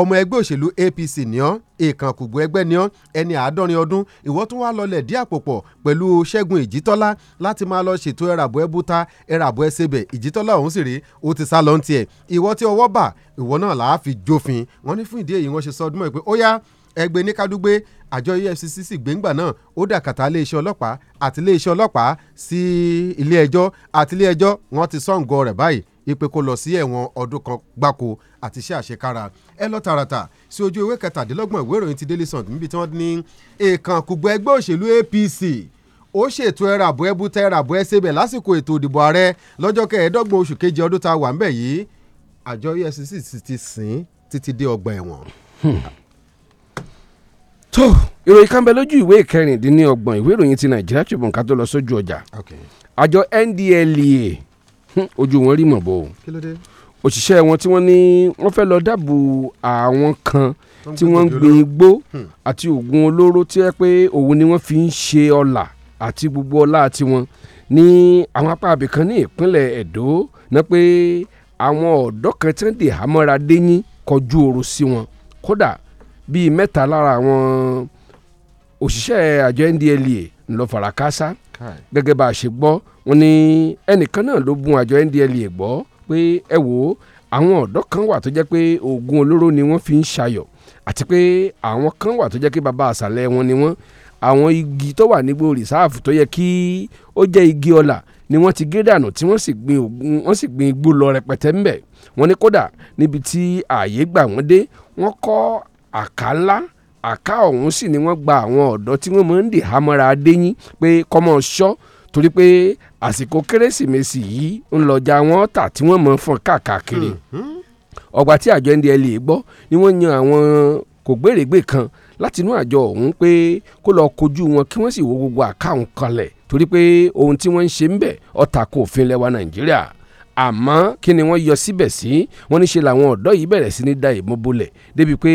ọmọ ẹgbẹ́ òṣèlú APC ni ọ́ ìkànkùgbò ẹgbẹ́ ni ọ́ ẹni àádọ́rin ọdún ìwọ́ tún wá lọlẹ̀ dí àpòpọ̀ pẹ̀lú Ṣẹ́gun Ìjítọ́lá láti máa lọ ṣètò ẹ̀ràbọ̀ ẹ̀bùta ẹ̀ràbọ̀ ẹ̀sẹ̀bẹ̀ Ìjítọ́lá ọ̀hún sì rí ó ti sá lọ tiẹ̀ ìwọ́ tí ọwọ́ bà ìwọ́ náà làá fi jófin wọ́n ní fún ìdí èyí wọ́n ṣe sọ ọdún mọ́ ẹ pé ó yá ẹgbẹ́ e ní kádúgbé àjọ EFCC sì gbéǹgbà náà ó dàkàtà iléeṣẹ́ ọlọ́pàá àti iléeṣẹ́ ọlọ́pàá sí ilé ẹjọ́ àti ilé ẹjọ́ wọ́n ti sọ̀ǹgọ̀ rẹ̀ báyìí ipe kó lọ sí ẹ̀wọ̀n ọdún kan gbáko àti iṣẹ́ àṣekára ẹ lọ tààràtà sí ojú ewé kẹtàdínlọ́gbọ̀n ìwé ìròyìn ti Daily Sun níbi tí wọ́n ní ìkànkùgbọ́ ẹgbẹ́ òṣèlú APC ó ṣètò ẹ̀rọ àbọ̀ ẹ̀bù tẹ ẹ̀rọ àbọ̀ ẹ̀ṣẹ̀ bẹ̀ lásìkò ètò ìdìbò ààrẹ lọ́jọ́ kẹẹ̀ẹ́dọ́gbọ̀n oṣù keje ọdún tá a wà ń bẹ̀ yìí àjọ EFCC ti sìn títí dé ọgbà ẹ̀wọ̀n. tó ìròyìn kan bẹ lójú ìwé ìkẹrìndínlọ́gbọ̀n ìwé ìròyìn ti Nàìjíríà Tribune ká tó lọ sójú ọjà àjọ NDLEA ojú wọn rí mọ̀ o òṣìṣẹ́ wọn tí wọ́n ní wọ́n fẹ́ lọ dáàbò àwọn kan tí wọ́n ń gbin igbó hmm. àti oògùn olóró tí ẹ pé òun ni wọ́n fi ń ṣe ọlà àti gbogbo ọlá tiwọn ní àwọn apá abìkan ní ìpínlẹ̀ Ẹdó náà pé àwọn ọ̀dọ́ kan tí wọ́n dè hámọ́ra déyìn kọjú oorun sí wọn kódà bíi mẹ́ta lára àwọn òṣìṣẹ́ àjọ NDLEA ńlọ fara káásá gẹ́gẹ́ bá a ṣe gbọ́ wọn ni ẹnìkan náà ló bún àjọ NDLEA gbọ́ pé ẹ wò ó àwọn ọ̀dọ́ kan wà tó jẹ́ pé oògùn olóró ni wọ́n fi ń ṣayọ̀ àti pé àwọn kan wà tó jẹ́ pé bàbá àṣàlẹ̀ wọn ni wọ́n àwọn igi tó wà nígbó rìsáàfù tó yẹ kí ó jẹ́ igi ọlà ni wọ́n ti gé dànù tí wọ́n sì gbin ògùn wọ́n sì gbin igbó lọ rẹpẹtẹ ńbẹ̀ wọ́n ní kódà níbi tí ààyè gbà wọ́n dé wọ́n kọ́ àká ńlá àká ọ̀hún sì ni wọ́n gba àwọn ọ̀dọ́ tí wọ́n máa ń dè hámọ́ra adéyín pé kọ́mọ ṣọ́ torí pé àsìkò kérésìmesì yìí ń lọ́jà wọn tà tí wọ́n máa ń fọn káàkiri mm-hmm. ọgbà tí àjọ ndla gbọ́ ni wọ́n yan àwọn kò kan láti inú àjọ ọ̀hún pé kó lọ kojú wọn kí wọ́n sì wo gbogbo àká òun kanlẹ̀ torí pé ohun tí wọ́n ń ṣe ń bẹ̀ ó òfin lẹwa nàìjíríà àmọ́ kí ni wọ́n yọ síbẹ̀ sí wọ́n ní ṣe làwọn ọ̀dọ́ yìí bẹ̀rẹ̀ sí ní da ìbọn bolẹ̀ débi pé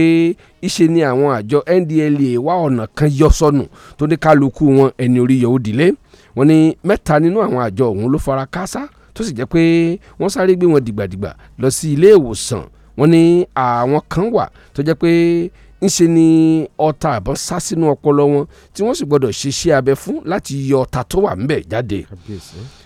ìṣe ni àwọn àjọ NDLEA wá ọ̀nà kan yọ sọnù tó ní kálukú wọn ẹni orí yọ ó dìlé wọ́n ní mẹ́ta nínú àwọn àjọ ọ̀hún ló fara káásá tó sì jẹ́ pé wọ́n sáré gbé wọn dìgbàdìgbà lọ sí ilé ìwòsàn wọ́n ní àwọn kan wà tó jẹ́ pé ńṣe ni ọta àbọ̀ sá sínú ọpọlọ wọn tí wọ́n sì gbọ́dọ̀ ṣiṣẹ́ abẹ fún láti yọ ọta tó wà ńbẹ̀ jáde.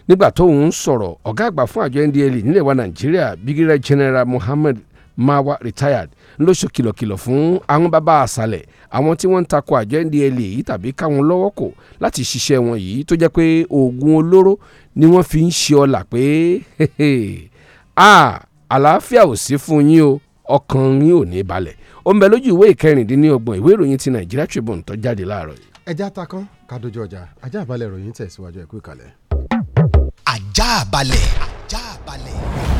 nígbà tó ń sọ̀rọ̀ ọ̀gá àgbà fún àjọ NDLEA nílẹ̀ wa Nàìjíríà Brigadier General Muhammed Mawa retired ló ṣe kìlọ̀kìlọ̀ fún àwọn bàbá àṣàlẹ̀ àwọn tí wọ́n ń takò àjọ NDLEA yìí tàbí káwọn lọ́wọ́ kò láti ṣiṣẹ́ wọn yìí tó jẹ́ pé oògùn olóró ni wọ́n fi ń ṣe ọlà ọkàn yín ò ní balẹ̀ o ń bẹ lójú ìwé ìkẹrìndínlọ́gbọ̀n ìwé ìròyìn ti Nigeria Tribune tó jáde láàárọ̀ yìí. ẹja ta kan ọjà ajá àbálẹ̀ ìròyìn tẹ̀síwájú ẹ̀kú ajá ajá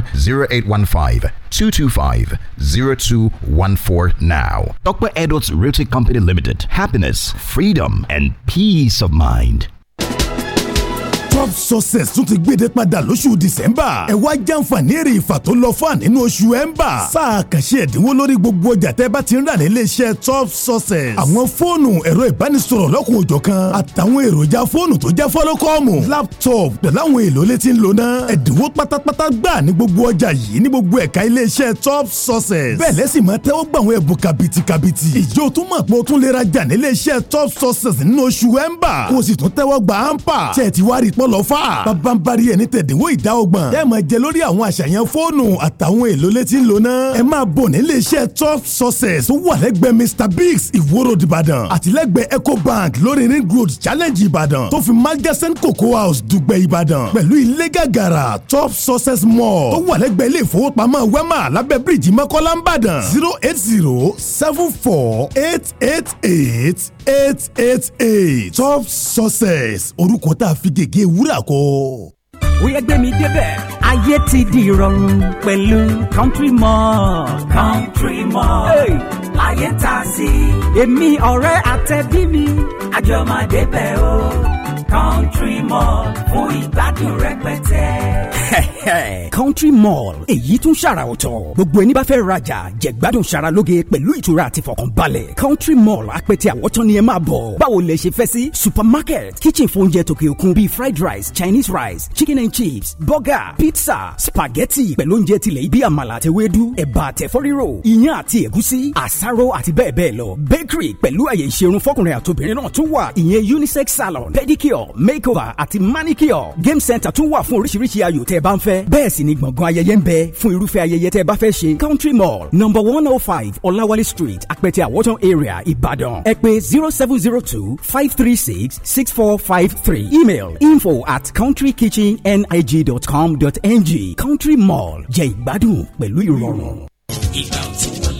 0815 225 0214 now. Dr. Edwards Realty Company Limited. Happiness, freedom, and peace of mind. top success tún ti gbéde padà lóṣù december ẹ wá jàǹfààní èrè ìfà tó lọ fún ànínú oṣù ember sáà kàṣe ẹ̀dínwó lórí gbogbo ọjà tẹ́ bá ti ń rà nílé iṣẹ́ top success àwọn fóònù ẹ̀rọ ìbánisọ̀rọ̀ lọ́kùn òjọ̀ kan àtàwọn èròjà fóònù tó jẹ́ fọ́lọ́kọ́ọ̀mù laptop pẹ̀lú àwọn èlò létí ń lò náà ẹ̀dínwó pátápátá gbà ní gbogbo ọjà yìí ní gbogbo ẹ̀ka ilé top success bẹ́ẹ̀ lẹ́sìn máa tẹ́wọ́ gbà àwọn ẹ̀bùn kàbìtìkàbìtì ìjọ tún mọ̀ pé o top success nínú oṣù ember kó o sì tún tẹ́wọ́ gbà ampa all offer. babambari ẹni tẹ̀dínwó ìdá ọgbọ̀n. tẹ́ ẹ̀ máa jẹ lórí àwọn àṣàyàn fóònù àtàwọn èlò létí ń lona. ẹ máa bọ̀ nílé iṣẹ́ top success tó wà lẹ́gbẹ̀ẹ́ mr biggs ìwòrò ìbàdàn àtìlẹ́gbẹ̀ẹ́ ecobank lórí ring road challenge ìbàdàn tó fi magasin cocoa house dùgbẹ̀ ìbàdàn pẹ̀lú ilé gàgàrà top success mall tó wà lẹ́gbẹ̀ẹ́ ilé ìfowópamọ́ wema lábẹ́ bíríìjì mọ́kọ́lá ń bàdàn zero eight zero seven four eight eight eight eight eight eight top success orúkọ tá a fi gègé wúrà kọ. ó yẹ gbé mi débẹ̀. ayé ti di ìrọ̀rùn pẹ̀lú country mall. country mall. Hey. ayé ta sí. èmi ọ̀rẹ́ àtẹ̀bí mi. àjọ máa débẹ̀ o country mall fún ìgbádùn rẹpẹtẹ country mall èyí tún ṣàrà ọ̀tọ̀ gbogbo ẹni bá fẹ́ rajà jẹ̀gbádùn ṣara pẹ̀lú ìtura àti ìfọ̀kànbalẹ̀ country mall apẹtẹ àwọ̀tán ni ẹ máa bọ̀ báwo lẹ ṣe fẹ́ sí supermarket kitchen fún oúnjẹ tòkè òkun bíi fried rice chinese rice chicken and chips burger pizza spaghetti pẹ̀lú oúnjẹ tilẹ̀ ibi àmàlà àtẹwédú ẹ̀bà àtẹ̀fọ́ rírò iyán àti ẹ̀gúsí àsáró àti bẹ́ẹ̀ bẹ́ẹ̀ lọ bakery pẹ̀lú àyè ìṣerun fọkùnrin àtobìnrin náà tún wà ìyẹn unisex salon pedicure makeover àti manicure game center tún wà fún oríṣiríṣi ayò tẹ tẹ́ bá ń fẹ́ bẹ́ẹ̀ sì ni gbọ̀ngàn ayẹyẹ ń bẹ fún irúfẹ́ ayẹyẹ tẹ́ bá fẹ́ ṣe Country Mall number one oh five Ọláwálé Street Apẹ̀tẹ̀ Àwọ̀tán area Ìbàdàn ẹ pè zero seven zero two five three six six four five three email info at countrykitchennig.com.ng Country Mall jẹ́ ìgbádùn pẹ̀lú ìrọ̀rùn. ìgbà òtún wá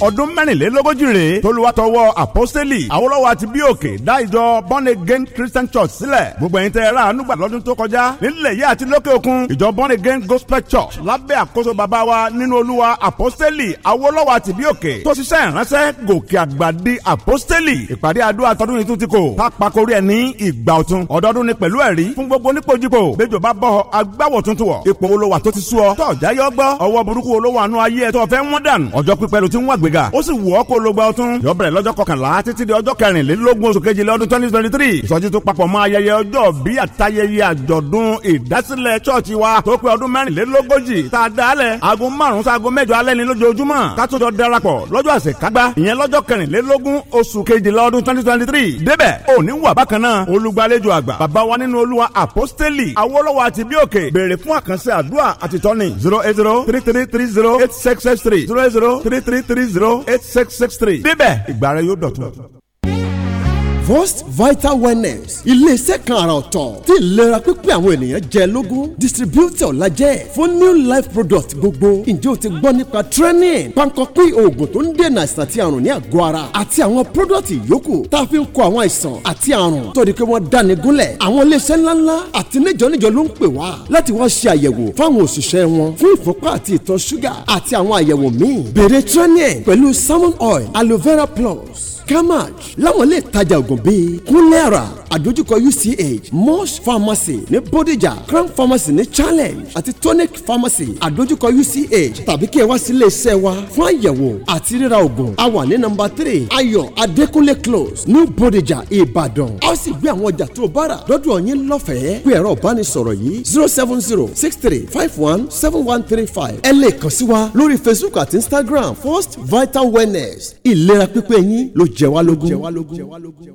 ọdún mẹ́rìnlélógójì rèé tolúwatọwọ́ àpọ́sítélì Awólọ́wọ̀ àti bí òkè dá ìjọ born again Christian Church sílẹ̀ gbogbo ẹ̀yin tẹ́ ẹ rà ànúgbà lọ́dún tó kọjá nílẹ̀ yìí àti lókè òkun ìjọ born again gospel church lábẹ́ àkóso bàbá wa nínú olúwa àpọ́sítélì Awólọ́wọ̀ àti bí òkè tó ṣiṣẹ́ ìránṣẹ́ gòkè àgbà di àpọ́sítélì ìpàdé àdúrà tọdún yìí tún ti kò ni pẹ̀lú ẹ̀rí fún gbogbo oníkojúkò bẹ́jọ bá bọ̀ agbáwọ̀ tuntun wọ̀ ipò olówà tó ti sú ọ tọ́jà yọ gbọ́ ọwọ́ burúkú olówó àánú ayé ẹ̀ tó fẹ́ wọ́n dànù ọjọ́ pípẹ́ mega ó sì wù ọ́ kó lo gba ọtún yóò bẹ̀rẹ̀ lọ́jọ́ kọkànlá títí di ọjọ́ kẹrìnlélógún oṣù kejìlá ọdún twenty twenty three ìsọjí tó papọ̀ mọ́ ayẹyẹ ọjọ́ bí àtayẹyẹ àjọ̀dún ìdásílẹ̀ chọ́ọ̀chì wa tó pé ọdún mẹ́rìnlélógójì tá a dálẹ̀ aago márùn-ún sáago mẹ́jọ alẹ́ ni lójoojúmọ́ ká tó jọ darapọ̀ lọ́jọ́ àṣekágbá ìyẹn lọ́jọ́ kẹrìnlélógún oṣù kejìlá ọdún twenty twenty three débẹ̀ òní wà bákan náà olùgbàlejò àgbà bàbá wa nínú olúwa àpọ́stélì awólọ́wọ̀ zero zero three three three zero six six three zero zero three three three zero eight six six three. níbẹ̀ ìgbà rẹ yóò dọ̀tun advanced vital wellness iléeṣẹ́ kan àrà ọ̀tọ̀ tí ìlera pípé àwọn ènìyàn jẹ lógún distributor lajẹ́ fún new life product gbogbo ǹjẹ́ o ti gbọ́ nípa training pankọ́pín oògùn tó ń dènà àìsàn àti àrùn ní àgọ́ ara àti àwọn product yòókù tá a fi ń kọ àwọn àìsàn àti àrùn tó di pé wọ́n dáni gúnlẹ̀ àwọn iléeṣẹ́ ńláńlá àti níjọ́níjọ́ ló ń pè wá láti wá ṣe àyẹ̀wò fáwọn òṣìṣẹ́ wọn fún ìfúnpá àti ìtọ̀ ṣúgà àti àwọn àyẹ̀wò míì bèrè training pẹ̀lú salmon oil aloe vera plus kamaj láwọn ilé ìtajà ògùn bíi àdójúkọ UCH Mosh Pharmacy ní Bódìjà Crown Pharmacy ní Challenge àti Tonic Pharmacy àdójúkọ UCH tàbí kí ẹ wá sí ilé iṣẹ́ wa fún àyẹ̀wò àti ríra oògùn a wà ní nọ́mbà three Ayọ̀ Adékúnlé Close ní Bódìjà Ìbàdàn a ó sì gbé àwọn ọjà tó o bá rà lọ́dọ̀ lọ́fẹ̀ẹ́ pé ẹ̀rọ ìbánisọ̀rọ̀ yìí zero seven zero six three five one seven one three five ẹ lè kàn sí wa lórí Facebook àti Instagram First Vital Wellness ìlera pípé yín ló jẹ wá lógún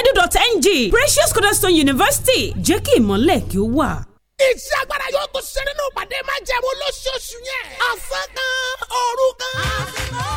edu.ng Precious Cornerstone University jẹ́ kí ìmọ̀lẹ̀ kí ó wà. Iṣẹ́ agbára yóò tún ṣe nínú ìpàdé májẹ̀mú lóṣooṣù yẹn. Àfẹ́ kan, òru kan. Àfẹ́ kan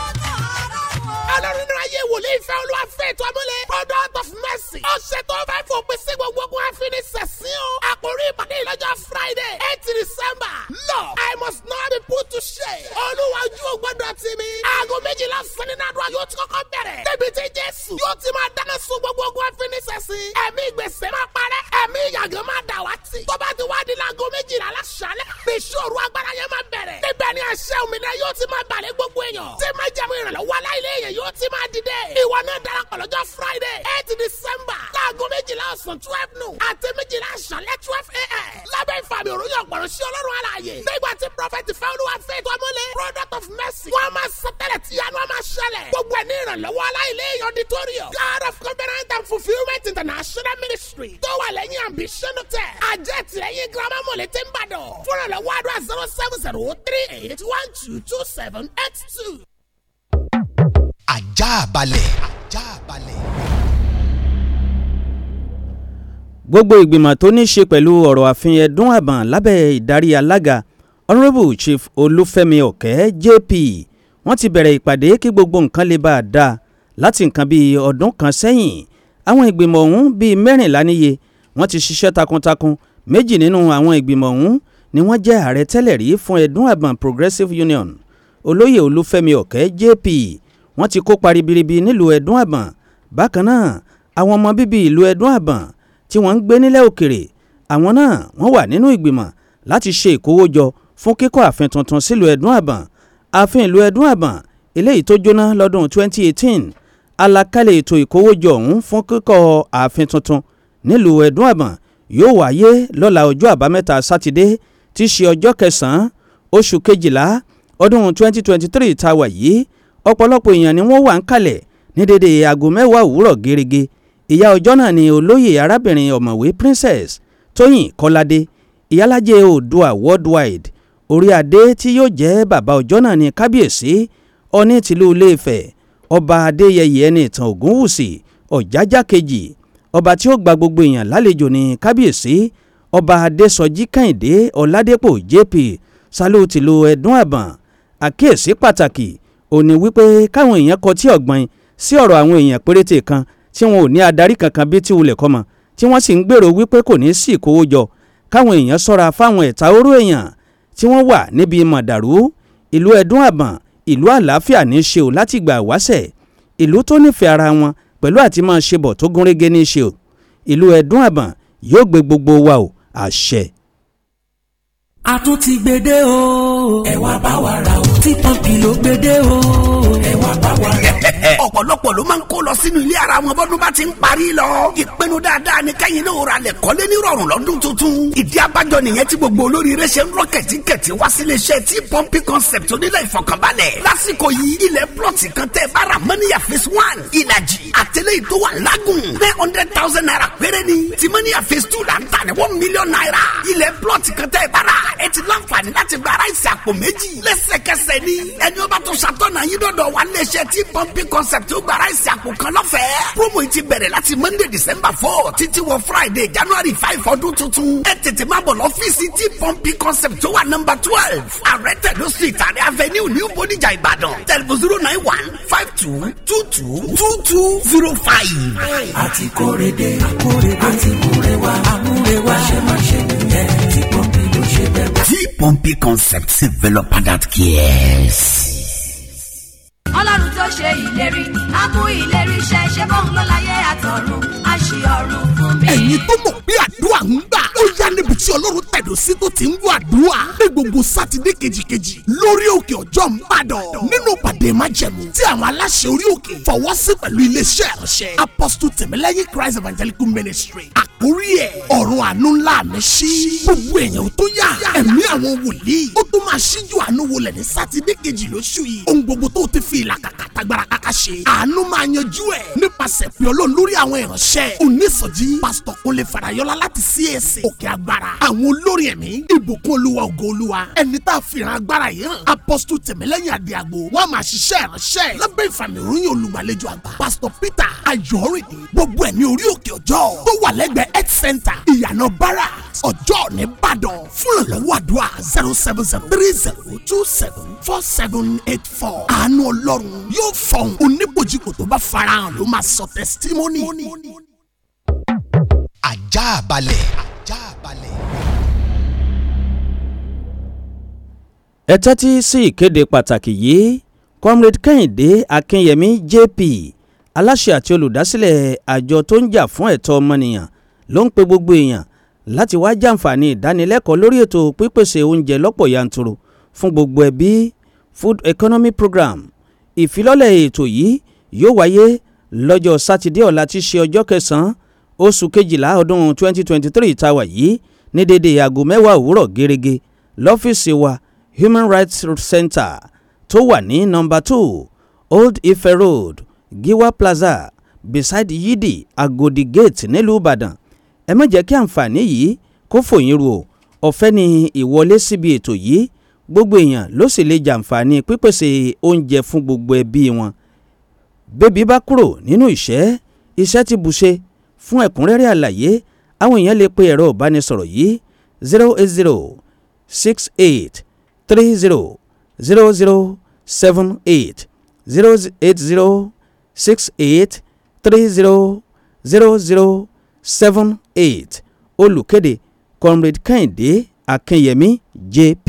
ọlọ́run nínú ayé wòlíì ìfẹ́ olúwa fẹ́ ètò amúlé product of mercy ó ṣètò fẹ́ fòpin sí gbogbo ogun àfinisẹ̀sìn o àkórí ìpàdé ìlọ́jọ́ friday eight december lọ i must not be put to shame olúwa ojú ò gbọ́dọ̀ tì mí aago méjìlá sani náà dùn àyọ̀ tí kọ́kọ́ bẹ̀rẹ̀ débi tí jésù yóò ti máa dáná sun gbogbo ogun àfinisẹ̀sìn ẹ̀mí ìgbésẹ̀ máa parẹ́ ẹ̀mí ìyàgàn máa dà wá tì tó bá ti wá di láago méjìlá aláṣálẹ̀ bí ìṣòro agbára yẹn máa bẹ̀rẹ̀ níbẹ̀ ni àṣẹ òmìnira yóò ti máa bàlẹ́ gbogbo èèyàn tí máa jẹ́ mi ìrànlọ́wọ́ aláìlẹ́yìn yóò ti máa dìde. ìwọ náà darapọ̀ lọ́jọ́ friday eight december láago méjìlá ọ̀sán twelve noon àti méjìlá àṣálẹ́ twelve a.m. lábẹ́ ìfàmì òròyìn ọ̀pọ̀rọ̀ sí ọlọ́run àlàyé. nígbà tí prọfẹ̀tì fẹ́olúwa fẹ́ tọ́mọ́lé product of mercy. wọ́n máa sọ tẹ́lẹ̀ tí yanu á máa ṣẹlẹ̀. gbogbo ẹ̀ ní ìrànlọ́wọ́ aláìlé auditorium. God of Covenant and Fulfilment International Ministry tó wà lẹ́yìn ambition hotel. àjẹ́ tìlẹ́yìn girama mọ̀lẹ́ tí ń bàdàn. fúnra lọ́wọ́ àdúrà zero seven zero three eight one two two seven eight two. Àjààbalẹ̀. Àjààbalẹ̀. gbogbo ìgbìmọ̀ tó ní í ṣe pẹ̀lú ọ̀rọ̀ àfihàn ẹ̀dùn àbàn lábẹ́ ìdarí alága honourable chief olúfẹ́mi ọ̀kẹ́ jp wọ́n ti bẹ̀rẹ̀ ìpàdé kí gbogbo nǹkan lè bá a dáa láti nǹkan bíi ọdún kan sẹ́yìn àwọn ìgbìmọ̀ ọ̀hún bíi mẹ́rìnlá níye wọ́n ti ṣiṣẹ́ takuntakun méjì nínú àwọn ìgbìmọ̀ ọ̀hún ni wọ́n jẹ́ ààrẹ tẹ́lẹ̀ rí fún ẹ̀dùn àbàn progressive union olóyè olúfẹ́mi ọ̀kẹ́ jp wọ́n ti kópa ribiribi nílùú ẹ̀dún àbọ̀n bákan náà àwọn ọmọ bíbí ìlú ẹ̀dún àbọ̀n tí wọ́n ń gbé nílẹ̀ òkèrè àwọn náà wọ́n wà nínú ìgbìmọ̀ láti ṣe ìkówójọ fún kíkọ́ ààfin tuntun sílùú ẹ̀dún àbọ̀n ààfin ìlú ẹ̀dún àbọ̀n eléyìí tó jóná lọ́dún 2018 àlàkalẹ̀ ètò ìkówójọ ọ̀hún fún kíkọ́ ààfin tuntun nílùú ẹ̀dún àbọ̀n yóò wáyé lọ́la ọjọ́ àbámẹ́ta sátidé tí í ṣe ọjọ́ kẹsàn-án oṣù kejìlá ọdún 2023 tá wà yìí ọ̀pọ̀lọpọ̀ èèyàn ni wọ́n wà ń kalẹ̀ ní dédé aago mẹ́wàá òwúrọ̀ gẹ́rẹ́gẹ́ ìyá ọjọ́ náà ni olóyè arábìnrin ọ̀mọ̀wé princess tóyìn kọ́ládé ìyálàjẹ oòdùà worldwide orí adé tí yóò jẹ́ bàbá ọjọ́ náà ni kábíyèsí ọní tìlú iléèfẹ̀ ọba adéyẹyẹ ẹni ìtàn ògúnwùsì ọ̀jájá kejì ọba tí ó gba gbogbo èèyàn lálejò ní kábíyèsí ọba adésọjí kẹ́hìndé ọládépò jp salú tìlú ẹ̀dùn àbàn àkíyèsí pàtàkì ò ní wípé káwọn èèyàn kọtí ọ̀gbọ́n sí ọ̀rọ̀ àwọn èèyàn péréte kan tí wọn ò ní adarí kankan bí tí wulẹ̀ kọ́mọ tí wọ́n sì ń gbèrò wípé kò ní sí ìkówójọ káwọn èèyàn sọ́ra fáwọn ẹ̀ta oró èèyàn tí wọ́n wà níbi mọ̀dàrú ìlú ẹ̀dún àbọ̀n ìlú àlàáfíà ní ṣe ò láti gbà wáṣẹ̀ ìlú tó nífẹ̀ẹ́ ara wọn pẹ̀lú àti máa ṣe bọ̀ tó gún régé ní ṣe ò ìlú ẹ̀dún àbọ̀n yóò gbé gbogbo wa ò àṣẹ. a tún ti gbede o ẹ wá bá wa ra o tí pọ́ǹpì ló gbédè o ẹ wá bá wa rẹ̀. ọ̀pọ̀lọpọ̀ ló máa ń kó lọ sínú ilé ara wọn bọ́dún bá ti ń parí lọ. ìpinnu dáadáa ni kẹ́yìn náà ra lẹ̀ kọ́lé ní rọrùn lọ́dún tuntun. ìdí abájọ nìyẹn tí gbogbo olóríire ṣe ń rọ kẹ̀tíkẹ̀tí wá sílé iṣẹ́ tí pọ́ǹpì concept onílẹ̀ ìfọkànbalẹ̀. lásìkò yìí ilẹ̀ plọ̀tì kan tẹ́ bára mọ́níyà phase one ìlàjì àtẹlẹ́ ìtò wà lágùn nine hundred thousand naira péré ni ti mọ́níyà phase two là one million naira. ilẹ̀ plọ̀tì kan tẹ́ bára ẹ ti láǹfààní láti gba aráàlú àpò méjì lẹ́sẹ̀kẹsẹ̀ ni ẹni ó bá tó ṣàtọ̀nà sọ̀rọ̀ wa léṣe tí pọ́ńpì concept ó gbàrà ìsì àpò kan lọ́fẹ̀ẹ́. promo yìí ti bẹ̀rẹ̀ láti monday december four títí wọ friday january five ọdún tuntun. ẹ tètè máa bọ̀ lọ́fíìsì tí pọ́ńpì concept tó wà number twelve àrẹ tẹ̀lé street àrẹ avenue new bodijà ìbàdàn tẹlifu zero nine one five two two two two two zero five. àti kórede àkórede àti múrewa àmúrewa ṣe máa ṣe nìyẹn tí pọ́ńpì ló ṣe bẹ́ẹ̀. tí pọ́ńpì concept developer that cares ọlọ́run tó ṣe ìlérí á mú ìlérí ṣẹ ṣe fóun ló láyé àtọ̀run á ṣe ọ̀run fún mi. ẹ̀yin tó mọ̀ pé àdúrà ń gbà ó yá níbi tí ọlọ́run tẹ̀dó sí tó ti ń gbọ́ àdúrà ní gbogbo sátidé kejìkejì lórí òkè ọjọ́ ń bàdàn nínú pàdé májẹ̀mú tí àwọn aláṣẹ orí òkè fọwọ́ sí pẹ̀lú iléeṣẹ́ ìránṣẹ́ apostle tẹ̀mẹ́lẹ́yìn christ evangelical ministry àkórí ẹ̀ ọ̀run àánú ńlá mi ṣí gbogbo èèyàn tó yà ẹ̀mí àwọn wòlíì ó tó máa ṣíjú àánú wọlé ní sátidé kejì lóṣù yìí ohun gbogbo tó ti fi ìlàkàkà tagbára kàkà ṣe àánú máa yanjú ẹ̀ nípasẹ̀ pé ọlọ́run lórí àwọn ìránṣẹ́ onísọjí pásítọ̀ kúnlé fàdáyọ́lá láti csc òkè agbára àwọn olórí ẹ̀mí ìbùkún olúwa ògo olúwa ẹni tá a fìràn agbára yìí hàn apọ́sítù tẹ̀mẹ́lẹ́yìn àdìàgbò wọ́n á máa ṣiṣẹ́ ìránṣẹ́ lábẹ́ ìfàmìròyìn olùgbàlejò àgbà pásítọ̀ peter ayọ̀rìndé gbogbo ẹ̀mí orí òkè ọjọ́ tó wà lẹ́gbẹ̀ẹ́ health center ìyànà bára ọjọ́ nìbàdàn fún ìrànlọ́wọ́ àdúrà zero seven zero three zero two seven four seven eight four àánú ọlọ́run yóò fọ̀hún oníbòjìkò tó bá farahàn ló máa sọ testimony ajá balẹ̀. ẹ tẹ́tí sí ìkéde pàtàkì yìí comrade kẹ́hìndé akínyẹmí jp aláṣẹ àti olùdásílẹ̀ àjọ tó ń jà fún ẹ̀tọ́ ọmọnìyàn ló ń pe gbogbo èèyàn láti wá jàǹfààní ìdánilẹ́kọ̀ọ́ lórí ètò pípèsè oúnjẹ lọ́pọ̀ yanturu fún gbogbo ẹbí food economy program ìfilọ́lẹ̀ ètò yìí yóò wáyé lọ́jọ́ sátidé ọ̀la tí ṣe ọjọ́ kẹsàn-án oṣù kejìlá ọdún 2023 tá a wà yìí ní déédéé aago mẹ́wàá òwúrọ̀ gẹ́gẹ́ lọ́fíìsì wa Human Rights Center tó wà ní nọ́mbà 2 Old Ife Road Giwa Plaza beside Yidi Agodi Gate nílùú Ìbàdàn ẹ má jẹ́ kí àǹfààní yìí kó fòyín ru o ọ̀fẹ́ ni ìwọlé síbi ètò yìí gbogbo èèyàn ló sì lè jàǹfààní pípèsè oúnjẹ fún gbogbo ẹbí wọn bébí bá kúrò nínú ìṣẹ́ iṣẹ́ ti bù ṣe fún ẹ̀kúnrẹ́rẹ́ àlàyé àwọn èèyàn lè pe ẹ̀rọ ìbánisọ̀rọ̀ yìí zero eight zero six eight three zero zero zero seven eight zero eight zero six eight three zero zero zero seven eight olùkéde comrade kẹ́hìndé akínyẹmí jp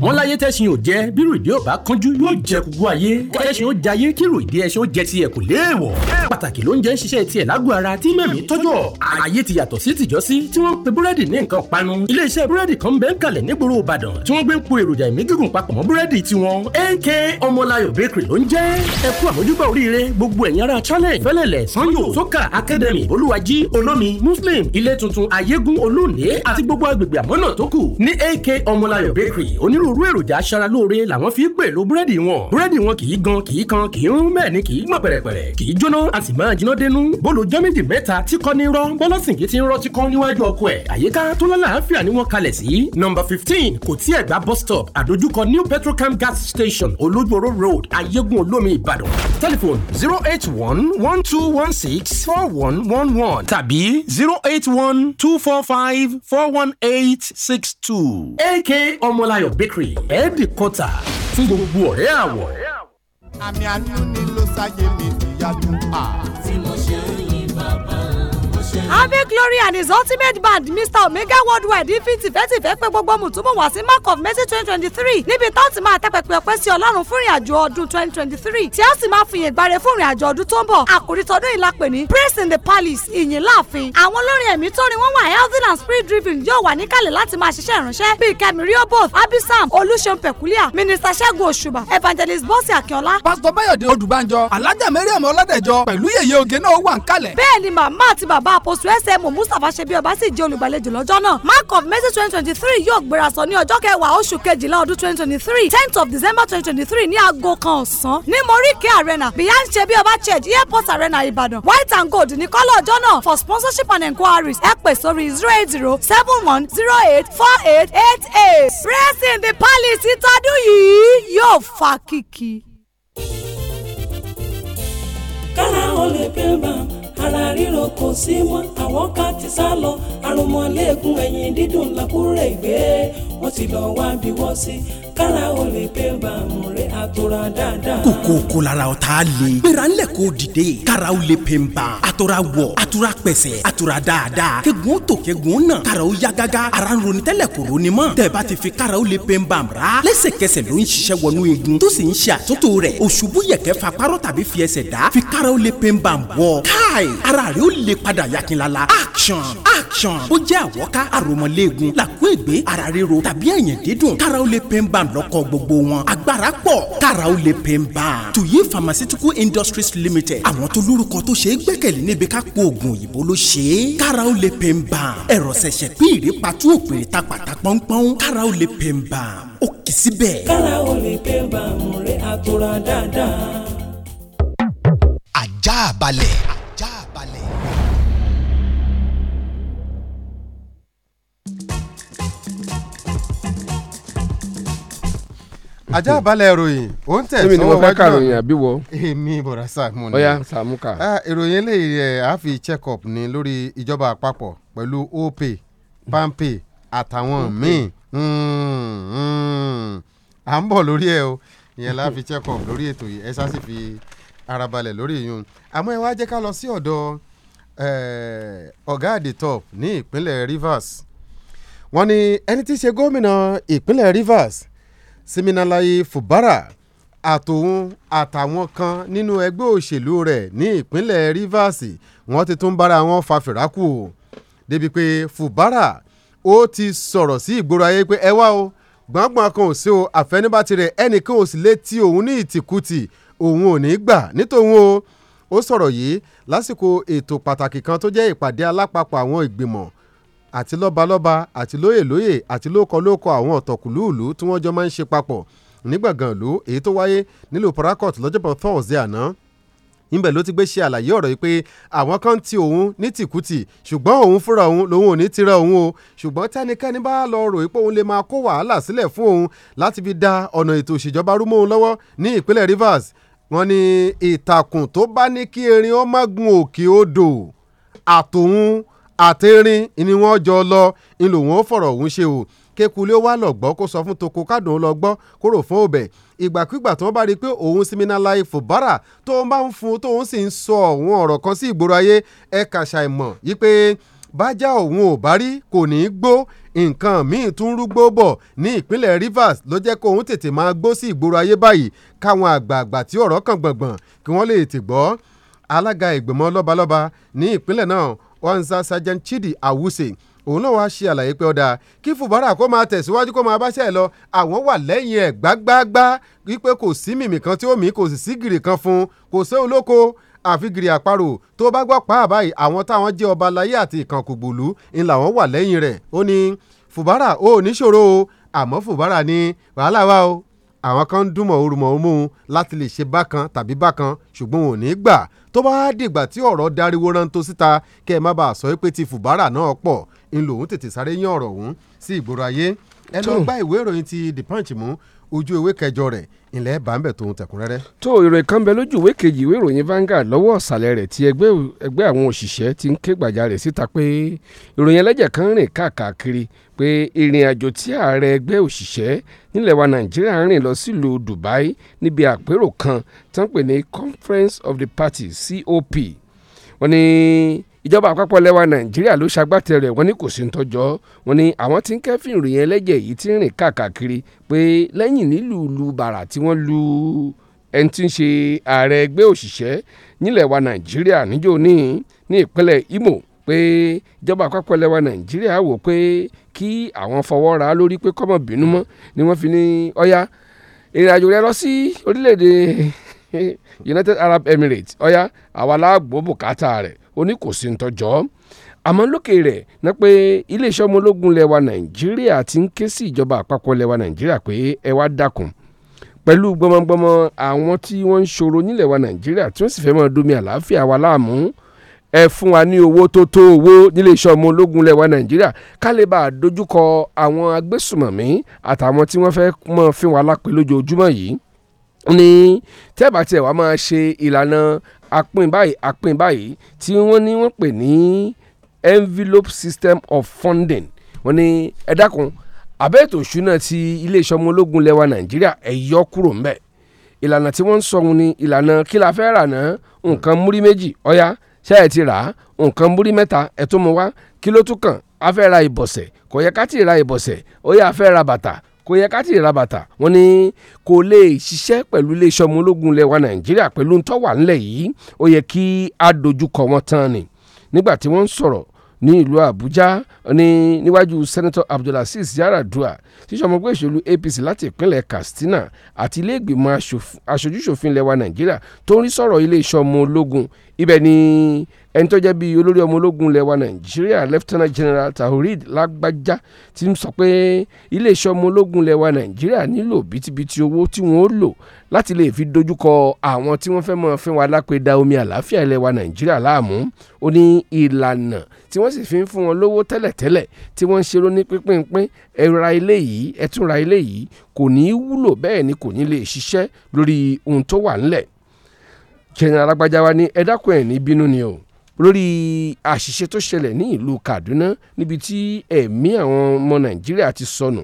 wọn láyé tẹ́sìn ò jẹ́ bí ròdì ò bá kánjú yóò jẹ gbogbo ayé kẹ́sìn ó jayé kí ròdì ẹṣin ó jẹ tiẹ̀ kò léèwọ̀ pàtàkì ló ń jẹ́ ń ṣiṣẹ́ tiẹ̀ lágùn ara tí mẹ́mí tọ́jọ́ ayé ti yàtọ̀ sí tìjọ́sí tí wọ́n pe búrẹ́dì ní nǹkan panu iléeṣẹ́ búrẹ́dì kan bẹ́ẹ̀ kalẹ̀ nígboro Ìbàdàn tí wọ́n gbé ń po èròjà ìmí gígùn papọ̀ mọ́ búrẹ́dì tiwọn AK Ọmọláyọ̀ bakery ló ń jẹ́ ẹ kú àmójúbà oríire gbogbo ẹ̀yin ará challenge fẹ́lẹ̀lẹ̀ sanyo soka academy olúwají olómi muslim ilé tuntun ayégún olóòní àti gbogbo agbègbè àmọ́nà tó kù ní AK Ọmọláyọ̀ bakery onírú onírúurú èròjà aṣaralóore làwọn fi pèlò búrẹ́dì wọn búrẹ́dì wọn kì gan kì kan kì í rún ni kì gbọ̀n pẹ̀rẹ̀pẹ̀rẹ̀ kì jóná a sì máa jiná dénú bólú jọ́mídì mẹ́ta tí kọ́ ní rọ́ bọ́lọ́sìnkì ti ń rọ́ ti kọ́ níwájú ọkọ ẹ̀ àyíká tó lálàáfíà ni wọ́n kalẹ̀ sí nọ́mbà fifteen kò tí ẹ̀gbá bus stop àdójúkọ new petrocam gas station olójúoró road ayégun olómi ìbàdàn telephone zero eight one one two one six four one one one tàbí zero eight one two four five four one eight six two. ak ọmọláyọ̀ bakery bakery ẹ̀ẹ́dìkọ́tà fún gbogbo ọ̀rẹ́ àwọ̀. àmì àánú ni ló ṣàyè mi ìyá tó Abi Glory and his ultimate band Mr Omega Worldwide fi tìfẹ́tìfẹ́ pé gbogbo mùtúmù wá sí Mark of Mercy twenty twenty three níbi tó ti máa tẹ́pẹ̀pẹ́ ọpẹ́ sí Ọlọ́run fún ìrìnàjò ọdún twenty twenty three tí a sì máa fi yẹn gbáre fún ìrìnàjò ọdún tó ń bọ̀ àkòrí tọdún yìí la pè ní praise in the palace ìyìn láàfin àwọn olórin ẹ̀mí tó ni wọ́n wà healthy and spirit driven yóò wà níkàlẹ̀ láti máa ṣiṣẹ́ ìránṣẹ́ bíi Kẹ́mi Rioboth Abisam Olúṣeun Pẹ̀kúlíà Minister Ṣẹ́gun Òṣùbà Evangelist Bọ́sẹ̀ Akínọlá. Pásítọ̀ Báyọ̀dé Odùbánjọ Alájà Mẹ́rìàmọ́ Ọládẹ̀jọ pẹ̀lú yèyé oge náà wà ń kalẹ̀. Bẹ́ẹ̀ ni màmá àti bàbá àpòsù sm mustapha ṣebí ọba sì jẹ́ olùgbàlejò lọ́jọ́ náà mark of mercy twenty twenty three yóò gbérasọ ní ọjọ́ kẹwàá oṣù kejìlá ọdún twenty twenty three tenth of december twenty twenty three ní aago kan ọ̀sán ní morike arena beyond ṣebí ọba church airport arena ìbàdàn white and gold ní kọ́lọ̀ ọjọ́ náà for sponsorship and inquiries. ẹ pè sórí zero eight zero seven one zero eight four eight eight eight praising the palace ìtọ́dún yìí yóò fa kìkì. kára ó lè pè ara ríro kò sí mọ́ àwọn ká ti sá lọ àrùnmọ́lẹ́gùn ẹ̀yìn dídùn làkúrẹ́ ìgbé wọ́n ti lọ wá bí wọ́n sí kára o lè pé bàmù rẹ̀ àtòrà dáadáa. kòkó kò lára o tá a gbéra ńlẹ̀ kò dìde. kára o lè pè ń ban. àtòrà wọ̀ àtòrà pẹ̀sẹ̀ àtòrà dáadáa. kegun tó kegun náà. kára o ya gágá. ara ń ronú tẹ́lẹ̀ kò ronú mọ́. tẹ̀bá ti fi kára o lè pè ń ban ra. lẹ́sẹ̀kẹsẹ̀ ló ń ṣiṣẹ́ wọnú igun. tó sì ń ṣe àtúntò rẹ̀. òṣùbù yẹ̀kẹ́ fa párọ̀ tàbí fi ẹsẹ̀ dá. fi kára o lè pè ń ban bọ̀. káì action action. ó jẹ́ àwọ̀ká àròmọ̀lẹ́gun làkún ìgbé ara ríro tàbí ẹ̀yìn dídùn kára ó lè pain balm lọ́kọ̀ gbogbo wọn agbára pọ̀ kára ó lè pain balm. tuyi pharmaceutical industries limited àwọn tó lórúkọ tó ṣe é gbẹ́kẹ̀lé níbi ká po oògùn òyìnbó ló ṣe é kára ó lè pain balm ẹ̀rọ ṣẹ̀ṣẹ̀ pín ìrèpàtú òpèrè tapàtà pọ́npọ́n kára ó lè pain balm ó kì í síbẹ̀. kára ó lè pain balm rẹ̀ àtòrà dáadáa. ajá balẹ̀ ajá hmm. balẹ̀ ìròyìn ó ń tẹ̀ sọ́wọ́ wájú náà ìròyìn àbí wọ. èmi bọ̀dá sàmú ni ọ̀ya sàmú kà. Ah, ìròyìn eléyìí ẹ̀ eh, á check up ni lórí ìjọba àpapọ̀ pẹ̀lú opay palmpay àtàwọn míì hmm, hmm. à ń bọ̀ lórí ẹ̀ o ìyẹn la check up lórí ètò yìí ẹ sá sì fi ara balẹ̀ lórí ìyún àmọ́ ẹ wá jẹ́ ká lọ sí ọ̀dọ̀ eh, ọ̀gá àdè top ní ìpínlẹ̀ Rivers wọ́n ní ẹni tí í ṣe gómìnà ìpínlẹ̀ Rivers siminalayi fubara àtòun àtàwọn kan nínú ẹgbẹ́ òṣèlú rẹ̀ ní ìpínlẹ̀ rivers wọ́n ti tún bára wọn fa fìràkù o débi pé fubara ó ti sọ̀rọ̀ sí ìgboro ayé pé ẹ wá o gbọ̀ngbọ̀n kan ò sí o àfẹnibà tirẹ̀ ẹnìkan ò sì létí òun ní ìtìkùtì òun ò ní gbà nítòun o ó sọ̀rọ̀ yìí lásìkò ètò pàtàkì kan tó jẹ́ ìpàdé alápapọ̀ àwọn ìgbìmọ̀ àti lọ́balọ́ba àti lóyèlóyè àti lókọlókọ àwọn ọ̀tọ̀kùlúùlú tí wọ́n jọ máa ń ṣe papọ̀ nígbàgàn ìlú èyí tó wáyé nílùú Parakot lọ́jọ́bọ̀ Thursday àná níbẹ̀ ló ti gbé ṣe àlàyé ọ̀rọ̀ yìí pé àwọn kan ti òun ní tìkútì ṣùgbọ́n òun fúnra òun lòun ò ní tira òun o ṣùgbọ́n tẹ́nikẹ́ni bá lọ rò pé òun lè máa kó wàhálà sílẹ̀ fún òun láti fi da ọ̀nà ètò ìṣèjọba rú òun lọ́wọ́ ní ìpínlẹ̀ Rivers wọ́n ní ìtàkùn tó bá ní kí erin ó má gun òkè odò àtòun àtẹ̀rín ni wọ́n jọ lọ ńlò wọ́n fọ̀rọ̀ òun ṣe o kékulé ó wá lọ gbọ́ kó sọ fún toko kádùn ó lọ gbọ́ kó rò fún òbẹ̀ ìgbàkúgbà tó ń bá rí i pé òun siminalayi fòbárà tó ń bá ń fún tóun sì ń sọ òun ọ̀rọ̀ kan sí ìgboro ayé ẹ kàṣà ìmọ̀ yí pé bájá òun ò bá rí kò ní í gbó nǹkan míì tún rúgbó bọ̀ ní ìpínlẹ̀ Rivers ló jẹ́ kóun tètè máa gbó sí ìgboro ayé báyìí káwọn àgbààgbà tí ọ̀rọ̀ kan gbọ̀ngbọ̀n kí wọ́n lè tè gbọ́ alága ìgbìmọ̀ lọ́balọ́ba ní ìpínlẹ̀ náà ọ̀nsa sergeant chidi awuse òun náà wá ṣe àlàyé pé ọ̀dà kí fubara kó máa tẹ̀síwájú kó máa báṣẹ́ lọ àwọn wà lẹ́yìn ẹ̀ gbágbáágbá wípé kò sí mímì kan tí ó mì kò sì sí gìrì kan fún kò sí olóko àfigiri àparò tó bá gbọ́ pa àbáyé àwọn táwọn jẹ́ ọba láyé àti ìkànkùgbòlú ń làwọn wà lẹ́yìn rẹ̀ ó ní fubara ó níṣòro o àmọ́ fubara ní wàhálà wa o àwọn kan ń dúnmọ̀ orúmọ̀ ọmú láti lè ṣe bákan tàbí bákan ṣùgbọ́n wọn gbà tó bá dìgbà tí ọ̀rọ̀ dariwo rántó síta kẹ́ ẹ má bàa sọ pé ti fùbárà náà pọ̀ ń lòun tètè sáré yán ọ̀rọ̀ ọ̀hún sí ìgboro ayé ẹ lọ gbá ìwé ìròyìn ti the punch mú ojú ewé kẹjọ rẹ̀ ilẹ̀ bàǹbẹ̀ tó ń tẹ̀kúnrẹ́rẹ́. tó ìròyìn kan bẹ lójú ìwé kejì ìwé ìròyìn Vanguard lọ́wọ́ ọ̀sàlẹ̀ rẹ̀ tí ẹgbẹ́ ẹgbẹ́ àwọn òṣìṣẹ́ ti ń ké gbàjarè síta pé ìròyìn ẹlẹ́jẹ̀ kan rìn káàkiri pé ìrìn àjò tí ààrẹ ẹgbẹ́ òṣìṣẹ́ nílẹ̀ wa Nàìjíríà ń rìn lọ sílùú Dubai níbi àpérò kan tó ń pè ní Conference of the Parties COP wọ́n ní ìjọba àpapọ̀ lẹwa nàìjíríà ló ṣagbátẹrù ẹ̀ wọ́n ní kò sí ń tọ́jọ́ wọ́n ni àwọn tí ń kẹ́fìn ìròyìn ẹlẹ́jẹ̀ yìí ti rìn káàkiri pé lẹ́yìn nílùú lu bàrà tí wọ́n lu ẹni tí ń ṣe ààrẹ ẹgbẹ́ òṣìṣẹ́ nílẹ̀ wa nàìjíríà níjó ní ní ìpínlẹ̀ imo pé ìjọba àpapọ̀ lẹwa nàìjíríà wò pé kí àwọn fọwọ́ ra lórí pé kọ́mọ bínú mọ́ ni wọ́n fi ní ọ̀yá ìrìnàjò rẹ United Arab Emirates ọ̀yá àwa láàgbó bùkátà ó ní kò sí ń tọ́jọ́ àmọ́ lókè rẹ̀ ná pé iléeṣẹ́ ọmọ ológun lẹwa nàìjíríà ti ń ké sí ìjọba àpapọ̀ lẹwa nàìjíríà pé ẹ wá dákun pẹ̀lú gbọmọgbọmọ àwọn tí wọ́n ń ṣòro nílẹ̀ wa nàìjíríà tí wọ́n sì fẹ́ máa domi àlàáfíà wa láàmú ẹ fún wa ní owó tó tó owó nílé ọmọ ológun lẹ̀ nàìjíríà ká lè bá a dojúkọ àwọn agbésùmọ̀mí àtàwọn tí wọ́n fẹ́ máa fín wa lápẹ́ lójoojúmọ́ yìí ní tẹ́ẹ̀bà tiẹ̀ wá máa ṣe ìlànà apín báyìí apín báyìí tí wọ́n ní wọ́n pè ní envelope system of funding wọ́n ní ẹ dákun abẹ́ ètò ìṣúná ti iléeṣẹ́ ọmọ ológun lẹwa nàìjíríà ẹ yọ kúrò ńbẹ̀ ìlànà tí wọ́n ń sọ ni ìlànà kí la fẹ́ rà náà nǹkan múrí méjì ọ̀ya ṣé ẹ ti rà á nǹkan múrí mẹ́ta ẹ tó mọ wá kí ló tún kàn a ra ìbọ̀sẹ̀ kò yẹ ká ti ra ìbọ̀sẹ̀ ó yẹ a ra bàtà kò yẹ ká ti ra bàtà wọn ni kò lè ṣiṣẹ́ pẹ̀lú iléeṣẹ́ ọmọ ológun wa nàìjíríà pẹ̀lú ń tọ́wà ńlẹ̀ yìí ó yẹ kí a dojúkọ wọn tán ni nígbà tí wọ́n ń sọ̀rọ̀ ní ìlú àbújá ní níwájú sẹ́nẹ́tọ̀ abdulaziz yaradua ṣíṣe ọmọ ẹgbẹ́ ìṣèlú apc láti ìpínlẹ̀ katsina àti ilé ìgbìmọ̀ aṣojúṣòfin nàìjíríà tó ń rí sọ̀rọ̀ iléeṣẹ́ ọmọ ológun ibẹ̀ ni ẹni tó jẹ́ bíi olórí ọmọ ológun lẹwa nàìjíríà lieutenant general taoreed lágbájá ti ń sọ pé iléeṣẹ́ ọmọ ológun lẹwa nàìjíríà nílò bítíbitì owó tí wọ́n ó lò láti lè fi dojúkọ àwọn tí wọ́n fẹ́ mọ̀ fún wa lápẹ̀dá omi àlàáfíà lẹwa nàìjíríà láàmú ó ní ìlànà tí wọ́n sì fi ń fún wọn lówó tẹ́lẹ̀tẹ́lẹ̀ tí wọ́n ń ṣe ló ní pínpínpín ẹ ra ilé yìí ẹ tún ra ilé yìí kò ní í wúlò bẹ́ẹ̀ ni kò ní lè ṣiṣẹ́ lórí ohun tó wà ńlẹ̀ general alágbájá wa ní ẹ ẹ̀ ní bínú ni o lórí àṣìṣe tó ṣẹlẹ̀ ní ìlú Kaduna níbi tí ẹ̀mí àwọn ọmọ Nàìjíríà ti sọnù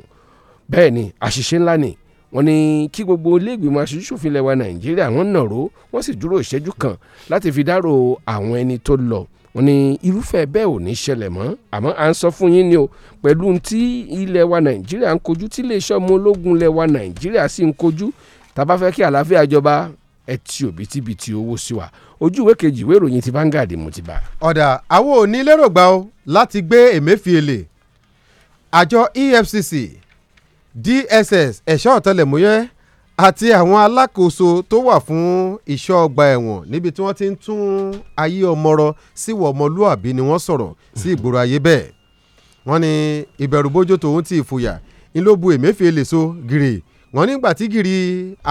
bẹ́ẹ̀ ni àṣìṣe ńlá ni wọ́n ní kí gbogbo iléègbìmọ̀ aṣojúṣòfin ilẹ̀ wa Nàìjíríà wọ́n nàró wọ́n sì dúró ìṣẹ́jú kan láti fi dárò àwọn ẹni tó lọ wọ́n ní irúfẹ́ bẹ́ẹ̀ ò ní ṣẹlẹ̀ mọ́ àmọ́ à ń sọ fún yín ni o pẹ̀lú tí ilẹ̀ wa Nàìjíríà ń kojú tí iléeṣẹ́ ọmọ ológun ilẹ̀ Nàìjíríà sì ń kojú tá a bá fẹ́ kí àlàáfíà jọba ẹ ti òbítíbitì owó sí wa ojú ìwé kejì ìwé ìròyìn ti Vanguard mo ti bá. ọ̀dà àwọn ò lérògbà o láti gbé Emefiele àjọ EFCC DSS ẹ̀ṣọ́ ọ̀tẹlẹ̀múyẹ́ àti àwọn alákòóso tó wà fún ìṣọ́ ọgbà ẹ̀wọ̀n níbi tí wọ́n ti ń tún ayé ọmọrọ síwọ̀ ọmọlúàbí ni wọ́n sọ̀rọ̀ sí ìgboro ayé bẹ́ẹ̀ wọ́n ní ìbẹ̀rùbojo tòun ti ìfòyà ńlọ́bu Emefiele so gírè wọ́n nígbà tí gìrì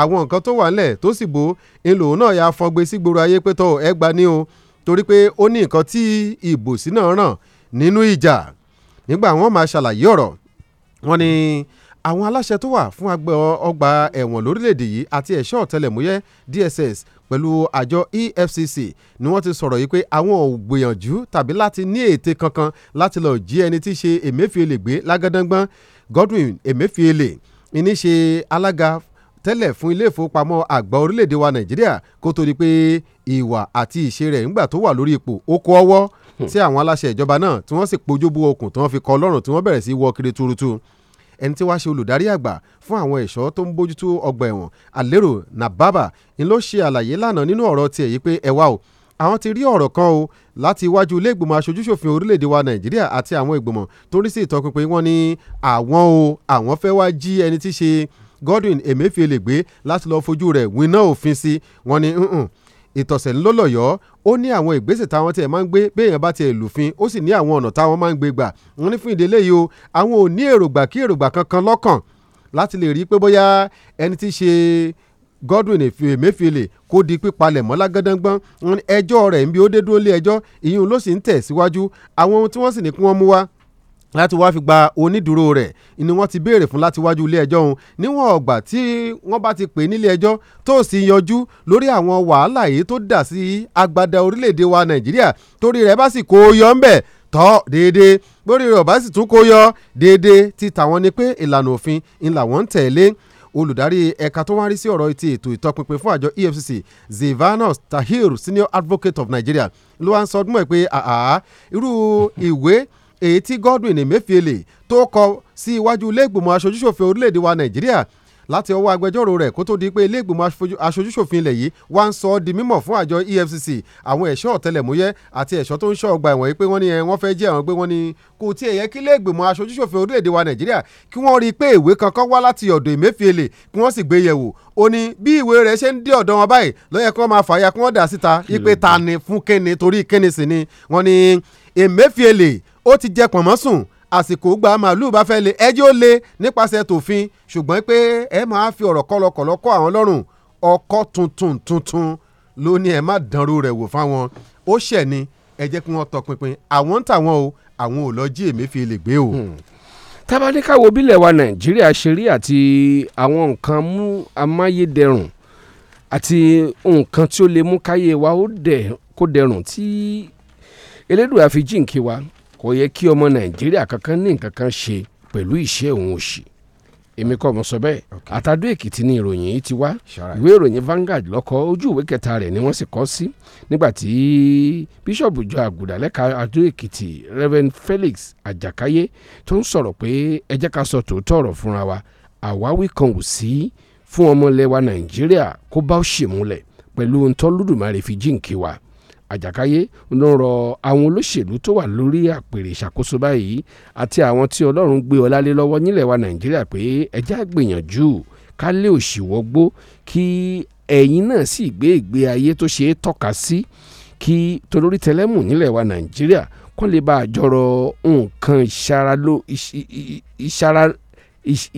àwọn nǹkan tó wà ńlẹ̀ tó sì bò ńlò náà yà fọ́n gbé sígboro ayé pé tọ́ ẹ gba ní o torí pé ó ní nǹkan tí ìbòsí náà ràn nínú ìjà nígbà wọn máa ṣàlàyé ọ̀rọ̀ wọ́n ní àwọn aláṣẹ tó wà fún ọgbà ẹ̀wọ̀n lórílẹ̀‐èdè yìí àti ẹ̀ṣọ́ ọ̀tẹlẹ̀múyẹ́ DSS pẹ̀lú àjọ EFCC ni wọ́n ti sọ̀rọ̀ yìí pé àwọn ò gbìyànjú tàbí láti ní ète kankan láti lọ jí ẹni tí í ṣe Emefiele gbé lágádángbọ́n Godwin Emefiele ìníṣe alága tẹ́lẹ̀ fún ilé ìfowópamọ́ àgbà orílẹ̀-èdè wa nàìjíríà kó tó di pé ìwà àti ìṣe rẹ̀ ńgbà tó wà lórí ipò ó kó ọwọ́ tí hmm. àwọn aláṣẹ ìjọba náà tí wọ́n sì pojú bú okùn tí wọ́n fi kọ́ lọ́rùn tí wọ́n bẹ̀rẹ̀ sí wọ́ kiri tuurutu ẹni tí wàá ṣe olùdarí àgbà fún àwọn ẹ̀ṣọ́ tó ń bójútó ọgbà ẹ̀wọ̀n alérò nàbàbà ni ló ṣe àlàyé lánàá nínú ọ̀rọ̀ tiẹ̀ yìí pé ẹ wá o àwọn ti rí ọ̀rọ̀ kan o láti iwájú ilé ìgbìmọ̀ aṣojúṣòfin orílẹ̀-èdè wa nàìjíríà àti àwọn ìgbìmọ̀ tó rí sí ìtọpinpin wọn ní àwọn o àwọn fẹ́ wá jí ẹni tí í ṣe Godwin Emefiele gbé láti lọ́ọ́ fojú rẹ̀ winá òfin sí wọn ni ìtọ̀sẹ̀ ńlọ́lọ́yọ́ ó ní àwọn ìgbésẹ̀ táwọn tiẹ̀ máa ń gbé béèyàn bá tiẹ̀ lùfin ó sì ní àwọn ọ̀nà táwọn máa ń gbé gbà wọn ní fún ìdílé yìí o àwọn ò ní èrògbà kí èrògbà kankan lọ́kàn láti lè rí pé bóyá ẹni tí ṣe Godwin Emefiele kó di pípalẹ̀ mọ́ lágádángbọ́n ẹjọ́ rẹ̀ ń bí ó dé dúró lé ẹjọ́ ìyún ló sì ń tẹ̀ síwájú àwọn ohun tí wọ́n sì ní kí wọ́n mú wá láti wáá fi gba onídùúró rẹ̀ ni wọ́n ti béèrè fún láti wájú ilé ẹjọ́ òun níwọ̀n ọ̀gbà tí wọ́n bá ti pè nílé ẹjọ́ tó sì yanjú lórí àwọn wàhálà yìí tó dà sí agbada orílẹ̀-èdè wa Nàìjíríà torí rẹ̀ bá sì kó o yọ ń bẹ̀ tọ́ déédéé lórí rẹ̀ ọ̀bá sì tún kó o yọ déédéé ti tàwọn ni pé ìlànà òfin ńlá wọn ń tẹ̀lé olùdarí ẹ̀ka tó wá rí sí ọ̀rọ̀ ti ètò ìtọpinpin fún àjọ EFCC zivanos tahir senior advocate of Nigeria ló wá ń sọ ọdún mọ́ ẹ pé àhà irú ìwé èyí tí Godwin Emefiele tó kọ sí iwájú ilé ìgbìmọ̀ aṣojúṣòfin orílẹ̀-èdè wa Nàìjíríà láti ọwọ́ agbẹjọ́rò rẹ̀ kó tó di pé ilé ìgbìmọ̀ aṣojúṣòfin ilẹ̀ yìí wá ń sọ ọ́ di mímọ̀ fún àjọ EFCC àwọn ẹ̀ṣọ́ ọ̀tẹlẹ̀múyẹ́ àti ẹ̀ṣọ́ tó ń ṣọ́ ọgbà ẹ̀wọ̀n yìí pé wọ́n ní wọ́n fẹ́ jẹ́ àwọn pé wọ́n ní kò tí ẹ̀ yẹ kí ilé ìgbìmọ̀ aṣojúṣòfin orílẹ̀-èdè wa Nàìjíríà kí wọ́n rí i pé ìwé kankan wá láti ọ̀dọ̀ Emefiele kí wọ́n sì gbé e yẹ̀wò ó ní bí ìwé rẹ̀ ṣe ń dé ọ̀dọ̀ wọn báyìí ló kí wọ́n máa fàáyà kí wọ́n dà síta ipe ta ni fún kíni torí kíni sì ni wọ́n ní Emefiele ó ti jẹ pọ̀nmọ́sùn àsìkò gba màálù bá fẹ́ le ẹjẹ́ ó le nípasẹ̀ tòfin ṣùgbọ́n pé ẹ máa fi ọ̀rọ̀ kọlọkọ̀lọ́ kọ́ àwọn lọ́rùn ọkọ̀ tuntun tuntun ló ní ẹ má dànrú rẹ̀ wò fáwọn ó ṣẹ̀ ni ẹ jẹ́ kí wọ́n tọpinpin àwọn ń tàwọn o àwọn ò lọ jí Emefiele gbé o. Hmm. tábàdíkàwọ bílẹ̀ wa Nàìjíríà ṣe rí àti àwọn nǹkan mú amáyédẹrùn àti nǹkan tí ó lè mú káyé wa ó dẹ̀ kó dẹrùn tí elédùn àfi jíǹkí wa kò yẹ kí ọmọ nàìjíríà kankan ní nǹkan kan ṣe pẹ̀lú ìṣe òun òṣì èmi kọ́ mo sọ bẹ́ẹ̀ àtàdó èkìtì ni ìròyìn yìí ti wá ìwé ìròyìn Vanguard lọ́kọ ojú ìwé kẹta rẹ̀ ni wọ́n sì kọ sí nígbà tí bíṣọ̀bù ìjọ àgùdà lẹ́ka àdó èkìtì Reverend Felix Àjàkáyé tó ń sọ̀rọ̀ pé ẹ jẹ́ ká sọ tòótọ́ ọ̀rọ̀ fúnra wa àwáwí kan ò sí fún ọmọ ilẹ̀ wa nàìjíríà kó bá ṣèmúlẹ̀ pẹ̀lú ohun fi jíǹkí wa àjàkáyé ló ń rọ àwọn olóṣèlú tó wà lórí àpèrè ìṣàkóso báyìí àti àwọn tí ọlọ́run gbé ọlá lé lọ́wọ́ nílẹ̀ wa nàìjíríà pé ẹjẹ́ àgbìyànjú ká lé òṣì wọgbó kí ẹ̀yin náà sì gbé ìgbé ayé tó ṣe é tọ́ka sí kí tolórí tẹlẹ́mù nílẹ̀ wa nàìjíríà kó lè bá àjọrọ̀ nǹkan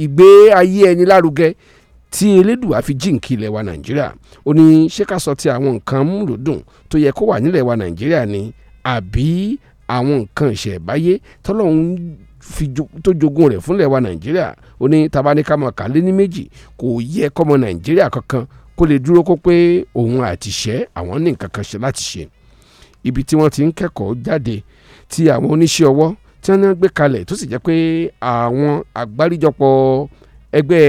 ìgbé ayé ẹni lárugẹ tí elédùà fi jíǹkì ilẹ̀ wa nàìjíríà ó ní ṣé ká sọ ti àwọn nǹkan múlòdùn tó yẹ kó wà nílẹ̀ wa nàìjíríà ni àbí àwọn nǹkan ìṣẹ̀báyé tọ́lọ́hún fi tó jogún rẹ̀ fúnlẹ̀ wa nàìjíríà ó ní tabaníkàmọ́ kálé ní méjì kò yẹ kọ́mọ nàìjíríà kankan kó lè dúró kó pé òun àtìṣẹ́ àwọn ní nǹkan kan ṣe láti ṣe ibi tí wọ́n ti ń kẹ́kọ̀ọ́ jáde ti àwọn oníṣẹ́ ọwọ́ tí wọ́n gbé kalẹ̀ tó sì jẹ́ pé àwọn àgbáríjọpọ̀ ẹgbẹ́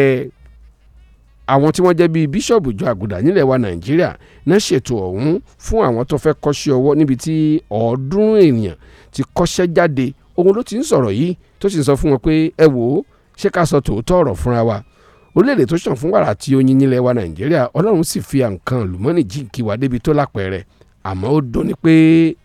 àwọn tí wọ́n jẹ́ bíi bíṣọ̀bù ìjọ àgùdà nílẹ̀ wa nàìjíríà náà ṣètò ọ̀hún fún àwọn tó fẹ́ kọ́ṣẹ́ ọwọ́ níbi tí ọ̀ọ́dúnrún ènìyàn ti kọ́ṣẹ́ jáde ohun ló ti ń sọ̀rọ̀ yìí tó sì ń sọ fún wọn pé ẹ wò ó ṣé ká sọ tòótọ́ ọ̀rọ̀ fúnra wa orílẹ̀-èdè tó ṣàn fún wàrà àti oyin nílẹ̀ wa nàìjíríà ọlọ́run sì fi àǹkan lùmọ́nì jíǹkì wá débi tó lápẹ̀rẹ̀ àmọ́ ó dùn ní pé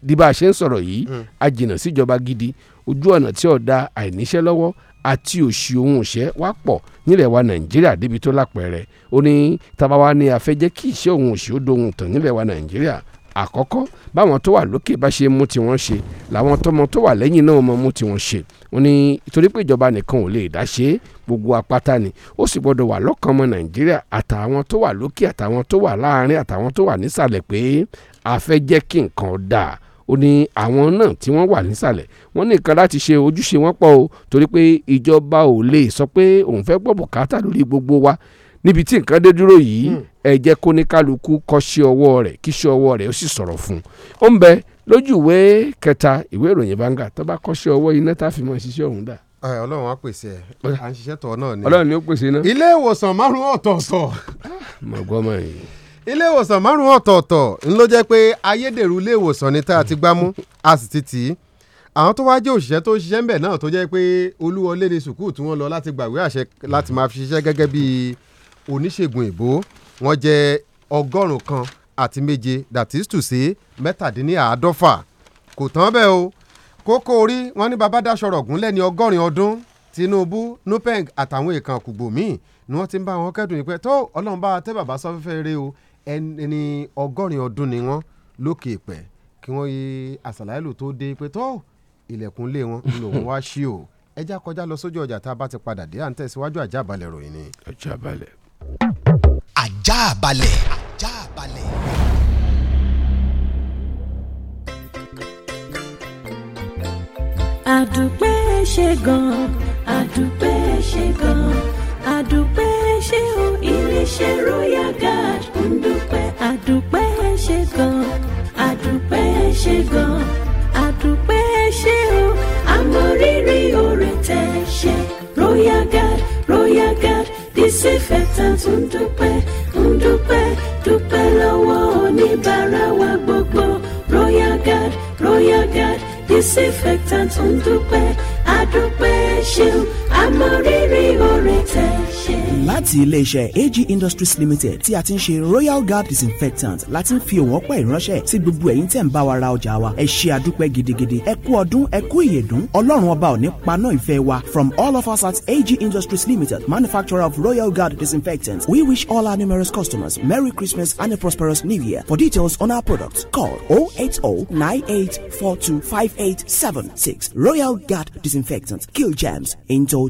bí bá a ṣe ń sọ̀rọ̀ yìí hmm. a jìnnà síjọba gidi ojú ọ̀nà tí ọ̀dà àìníṣẹ́ lọ́wọ́ àti òṣì ohun òṣẹ́ wá pọ̀ nílẹ̀ wa nàìjíríà débi tó lápẹẹrẹ ó ní tábà ni àfẹ́jẹ́ kí iṣẹ́ ohun òṣì ó dohun tàn nílẹ̀ wa nàìjíríà àkọ́kọ́ báwọn tó wà lókè bá ṣe mú tiwọn ṣe làwọn tọmọ tó wà lẹ́yìn náà mọ mú tiwọn ṣe ó ní torí pé ìjọba nìkan ò lè dá ṣe é gbogbo apáta ni ó sì gbọdọ̀ wà lọ́kàn ọmọ nàìjíríà àtàwọn tó wà lókè àtàwọn tó wà láàrin àtàwọn tó wà nísàlẹ̀ pé a kí nǹkan dáa ó ní àwọn náà tí wọ́n wà nísàlẹ̀ wọ́n ní nǹkan láti ṣe ojúṣe wọn pọ̀ o torí pé ìjọba ò lè sọ pé òun fẹ́ gbọ́ bùkátà lórí gbogbo wa níbi tí nǹkan dé dúró yìí hmm. ẹ jẹ́ kó ní kálukú kọ́ṣẹ́ ọwọ́ rẹ̀ kíṣẹ́ ọwọ́ rẹ̀ ó sì sọ̀rọ̀ fún un ó ń bẹ lójú ìwé kẹta ìwé ìròyìn bánga tó bá kọ́ṣẹ́ ọwọ́ iná tá a fi mọ ṣiṣẹ́ ọ̀hún dà. ọlọ́run á pèsè ẹ̀ à ń ṣiṣẹ́ tọ̀ náà ni. ọlọ́run ni ó pèsè náà. ilé ìwòsàn márùn ọ̀tọ̀ọ̀tọ̀. mọ̀gbọ́n mọ̀ yìí ilé ìwòsàn márùn-ún ọ̀tọ̀ọ̀tọ̀ ń ló jẹ́ pé ayédèrú ilé ìwòsàn ni tá a ti gbámú a sì ti tì í àwọn tó wá jẹ́ òṣìṣẹ́ tó ṣiṣẹ́ ń bẹ̀ náà tó jẹ́ pé olúwọlé ni sùkúù tí wọ́n lọ láti gbàwé àṣẹ láti máa fi ṣiṣẹ́ gẹ́gẹ́ bí oníṣègùn èbó wọ́n jẹ́ ọgọ́rùn-ún kan àti méje that is to say mẹ́tàdínníàádọ́fà kò tán bẹ́ẹ̀ o kókó orí wọn ní baba daṣọrọ gúnlẹ̀ ní ọgọ́rin ọdún Tinubu Nupeng àtàwọn èèkàn kùgbò míì ni wọ́n ti ń bá wọn kẹ́dùn ní tó Ọlọ́run bá tẹ́ bàbá sọ́fẹ́fẹ́ rẹ o ẹni ọgọ́rin ọdún ni wọ́n lókè ìpẹ́ kí wọ́n yí àṣàláìlò tó dé pé tó ilẹ̀kùn lé wọn lòun wá sí o ẹ já kọjá lọ sójú ọjà tá a bá ti padà dé à ń tẹ̀síwájú àjàbalẹ̀ ròyìn ni. àjàbalẹ̀. àjàbalẹ̀. àjàbalẹ̀. àdùpẹ́ ṣe gan-an àdùpẹ́ ṣe gan-an Adupe ṣe o iléeṣẹ́ royal guard ń dúpẹ́ àdùpẹ́ ṣe gan àdùpẹ́ ṣe gan àdùpẹ́ ṣe o àmọ̀rírì oore tẹ̀ ṣe royal guard royal guard disinfectant ń dúpẹ́ ń dúpẹ́ dúpẹ́ lọ́wọ́ oníbàárà wa gbogbo royal guard royal guard disinfectant ń dúpẹ́ àdùpẹ́ ṣe o. amọ̀rírì orin tẹ̀. láti iléeṣẹ́ AG Industries Limited tí a ti ń ṣe Royal Guard disinfectant láti ń fi òwọ́n pẹ́ ìránṣẹ́ sí gbogbo ẹ̀yin tẹ̀ ń bá wa ra ọjà wa ẹ ṣe àdúpẹ́ gidigidi ẹ kú ọdún ẹ kú ìyèdún ọlọ́run ọba ò paná ìfẹ́ wa from all of us at AG Industries Limited manufacturer of Royal Guard disinfectant we wish all our numerous customers Merry Christmas and a prosperous New Year for details on our products call 08098425876 Royal Guard disinfectant kill germs into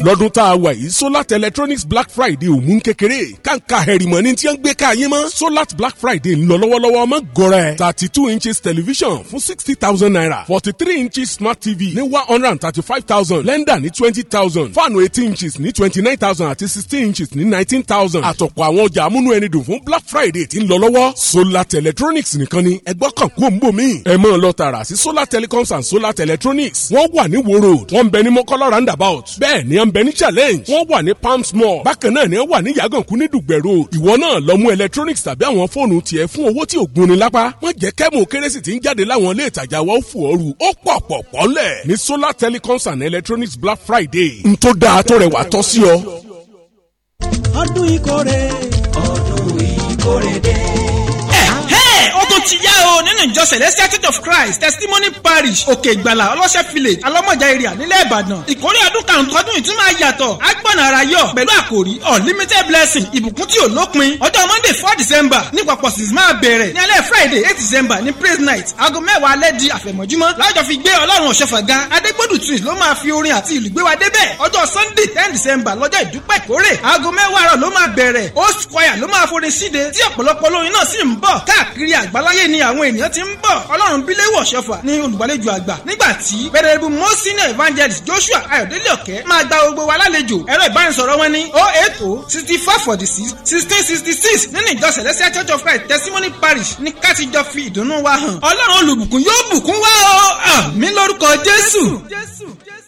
lọ́dún tá a wà yìí solat electronics black friday ò mú kékeré kàńkà hẹ̀rìmọ̀ ni tí wọ́n gbé káyé mọ́ solat black friday ń lọ lọ́wọ́lọ́wọ́ ọmọ gọrẹ thirty two inches television fún sixty thousand naira forty three inches smart tv ní one hundred and thirty five thousand blender ní twenty thousand fáànù eighteen inches ní twenty nine thousand àti sixteen inches ní nineteen thousand àtọ̀pọ̀ àwọn ọjà amúnú ẹni dùn fún black friday tí ń lọ lọ́wọ́ solat electronics nìkan ni ẹgbọ́ kan kú òǹbò mi ẹ máa lọ tààrà sí solar telecoms and solar electronics wọ́n wà ní wo road wọ́n ń bẹ ní mọ́kọ́lá roundabout bẹ́ẹ̀ ni ń challenge wọ́n wà ní palms mall bákan náà ni wọ́n wà ní yàgànkú ní dùgbẹ̀ road ìwọ náà lọ mú electronics tàbí àwọn fóònù tiẹ̀ fún owó tí ò gún ni lápá wọ́n jẹ́ kẹ́mù kérésì tí ń jáde láwọn ilé ìtajà wa ó fò ooru ó pọ̀ pọ̀ pọ́lẹ̀ ní solar telecoms and electronics black friday n tó dáa tó rẹwà tọ́ sí ọ. ọdún ìkórè ọdún ìkórè dé ó ti yá o nínú ìjọ celestial church of christ testimony parish òkè ìgbàlà ọlọ́sẹ̀ village alọ́mọjà area nílẹ̀ ìbàdàn ìkórè ọdún kàǹkọ́dún ìtumọ̀ àyàtọ̀ agbọ̀nà ara yọ pẹ̀lú àkòrí unlimited blessing ìbùkún tí ò lópin ọjọ́ monday four december ní papọ̀ six máa bẹ̀rẹ̀ ní alẹ́ friday eight december ní praise night aago mẹ́wàá alẹ́ di àfẹ̀mọ́júmọ́ lájọ fi gbé ọlọ́run ọ̀ṣọ́fàga adégbòdù twins ló máa fi orin àti ìlú gbé wa débẹ̀ ọjọ́ sunday ten december lọ́jọ́ ìdúpẹ́ ìkórè aago mẹ́wàá àárọ̀ ló máa bẹ̀rẹ̀ host choir ló máa forin síde tí ọ̀pọ̀lọpọ̀ olórin náà sì ń bọ̀ káàkiri àgbálá wáyé ni àwọn ènìyàn ti ń bọ̀ ọlọ́run bíléwọ̀ ṣọfà ní olùgbàlejò àgbà nígbà tí bẹ̀rẹ̀rù mọ́sínà evangelist joshua ayọ̀délé ọ̀kẹ́ máa gba gbogbo wa lálejò ẹ̀rọ ìbánisọ̀rọ̀ wọn ní oh eight oh sixty four forty six sixteen sixty six nínú ìjọ celestial church of christ testimony parish ní kátijọ́ fi ìdùnnú wa hàn ọlọ́run olùbùkún yóò bùkún wa o àmín lórúkọ jésù. jésù, jésù.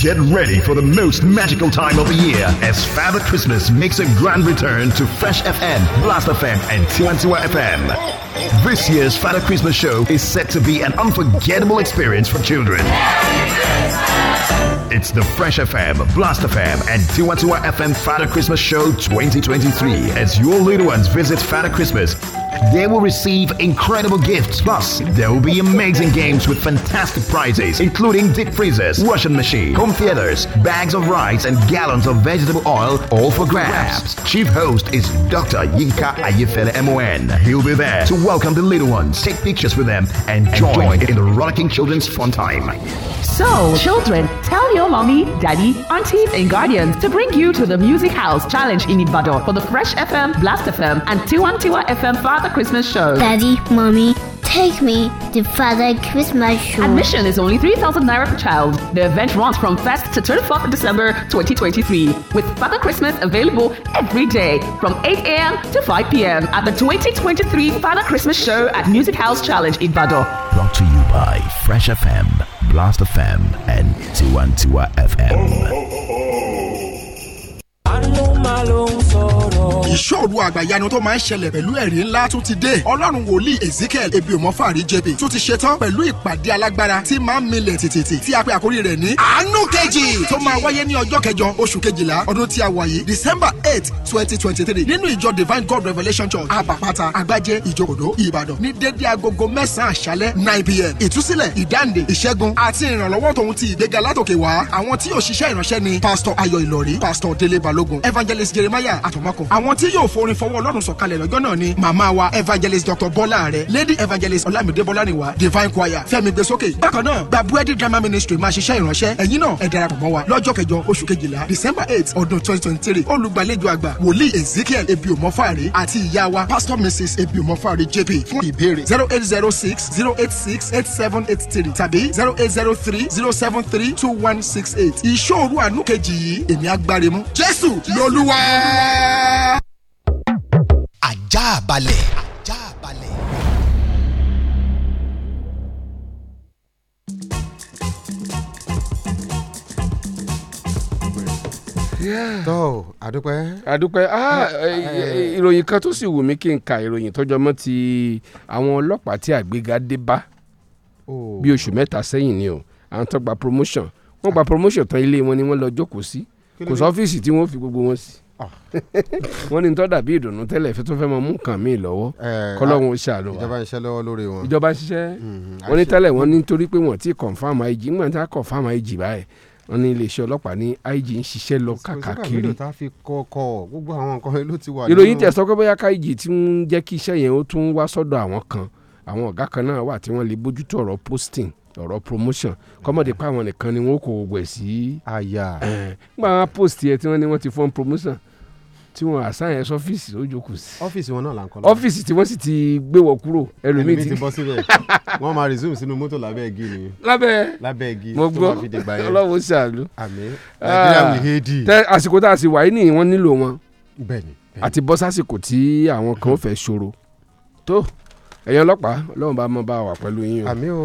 Get ready for the most magical time of the year as Father Christmas makes a grand return to Fresh FM, Blast FM, and Tiwantiwa FM. This year's Father Christmas show is set to be an unforgettable experience for children. It's the Fresh FM, Blast FM, and Tiwantiwa FM Father Christmas Show 2023 as your little ones visit Father Christmas they will receive incredible gifts. Plus, there will be amazing games with fantastic prizes, including deep freezers, washing machine, home theaters, bags of rice, and gallons of vegetable oil, all for grabs. Chief host is Dr. Yinka Ayefele MON. He'll be there to welcome the little ones, take pictures with them, and join in the rollicking children's fun time. So, children, tell your mommy, daddy, aunties, and guardians to bring you to the Music House Challenge in Ibadan for the Fresh FM, Blast FM, and Tiwantiwa FM 5 Father Christmas Show. Daddy, Mommy, take me to Father Christmas Show. Admission is only 3,000 Naira per child. The event runs from 1st to 24th December 2023, with Father Christmas available every day from 8 a.m. to 5 p.m. at the 2023 Father Christmas Show at Music House Challenge in Bado. Brought to you by Fresh FM, Blast FM, and Tiwantiwa FM. iṣẹ́ òru àgbàyanu tó máa ń ṣẹlẹ̀ pẹ̀lú ẹ̀rí ńlá tún ti dé ọlọ́run wòlíì ezekiel ebiomofari jebe tún ti ṣetán pẹ̀lú ìpàdé alágbára tí máa ń milẹ̀ tìtìtì tí a pè àkórí rẹ̀ ní àánú kejì tó máa wáyé ní ọjọ́ kẹjọ oṣù kejìlá ọdún tí a wà yìí december eight twenty twenty three nínú ìjọ divine god revelation church àbàpàtà àgbájé ìjòkòdó ìbàdàn ní dédé agogo mẹ́sàn-án àṣálẹ́ nine pm ìtúsílẹ̀ ìdáǹdè ìṣẹ́gun àti ìrànlọ́wọ́ tòun ti ìgbéga látòkè wá àwọn tí yóò ṣiṣẹ́ ìránṣẹ́ ni pastor ayọ̀ ìlọrí pastor délé balógun evangelist jeremiah àtọmọkọ àwọn tí yóò forin fọwọ́ ọlọ́run sọ̀kalẹ̀ lọ́jọ́ náà ni màmá wa evangelist dr bọ́lá rẹ̀ lady evangelist ọlámídé wa. divine choir fẹ́mi gbèsókè bákan náà gbabuẹ́dì drama ministry máa ṣiṣẹ́ ìránṣẹ́ ẹ̀yin náà ẹ darapọ̀ mọ́ wa lọ́jọ́ kẹjọ oṣù kejìlá december eight ọdún twenty twenty three olùgbàlejò àgbà wòlíì ezekiel ebiomofari àti ìyá wa pastor mrs ebiomofari jp fún ìbéèrè zero eight zero six zero eight six eight seven eight three tàbí zero eight zero three zero seven three two one six eight ìṣòro àánú kejì yìí èmi agbáremú jésù lolúwa ajá balẹ̀. ajá balẹ̀. tọ́ àdúpẹ́. àdúpẹ́ ah, ah, eh, ìròyìn kan tó sì wù mí kí n ka ìròyìn tọ́jọ́ mọ́ ti àwọn ọlọ́pàá tí àgbéga dé bá oh. bí oṣù mẹ́ta sẹ́yìn ni o àwọn tó gba promotion wọ́n gba promotion tán ilé wọn ni wọ́n lọ jókòó sí kò sọ́fíìsì tí wọ́n fi gbogbo wọn sí. wọ́n ní tọ́dà bí ìdùnnú tẹ́lẹ̀ ìfẹ́ tó fẹ́ mọ mú kàn mí lọ́wọ́ eh, kọ́lọ́hún ṣàlùwà ìjọba ń ṣiṣẹ́ lọ́wọ́ lórí wọn. ìjọba ń ṣiṣẹ́ mm-hmm, wọ́n ní tẹ́lẹ̀ wọ́n ní torí pé wọ́n ti confam IG ńgbà tí a confam IG báyìí wọ́n ní iléeṣẹ́ ọlọ́pàá ní IG ń ṣiṣẹ́ lọ káàkiri. ìròyìn tẹ̀ sọ pé bóyá ká IG ti ń jẹ́ kí iṣẹ́ yẹn ó tún wá sọ́dọ̀ àwọn kan àwọn ọ̀gá kan náà wà tí wọ́n lè bójútó ọ̀rọ̀ posting ọ̀rọ̀ promotion kọ́mọ̀dé pa àwọn nìkan ni wọ́n kò wẹ̀ sí. àyà. Eh, nígbà wọn post yẹ tí wọ́n ní wọ́n ti fọ́n promotion tí wọn àṣà yẹn sọfíìsì ó jókòó sí. ọfíìsì wọn náà là ń kọ́ lọ. ọfíìsì tí wọ́n sì ti gbé wọ kúrò ẹlòmíì ti. ẹlòmíì ti bọ́ síbẹ̀ wọ́n máa resume sínú mọ́tò lábẹ́ igi ni. lábẹ́ lábẹ́ igi tó máa fi dìgbà yẹn. ọlọ́wọ́ sàlù. àmín ah, nàìjíríà wì hédì. tẹ àsìkò tá a sì wáyé nìyí wọ́n nílò wọn. bẹ́ẹ̀ni. àti bọ́ sásìkò tí àwọn kan fẹ́ ṣòro tó ẹ̀yin ọlọ́pàá ọlọ́run bá mọ́ bá wà pẹ̀lú yín o. àmín o.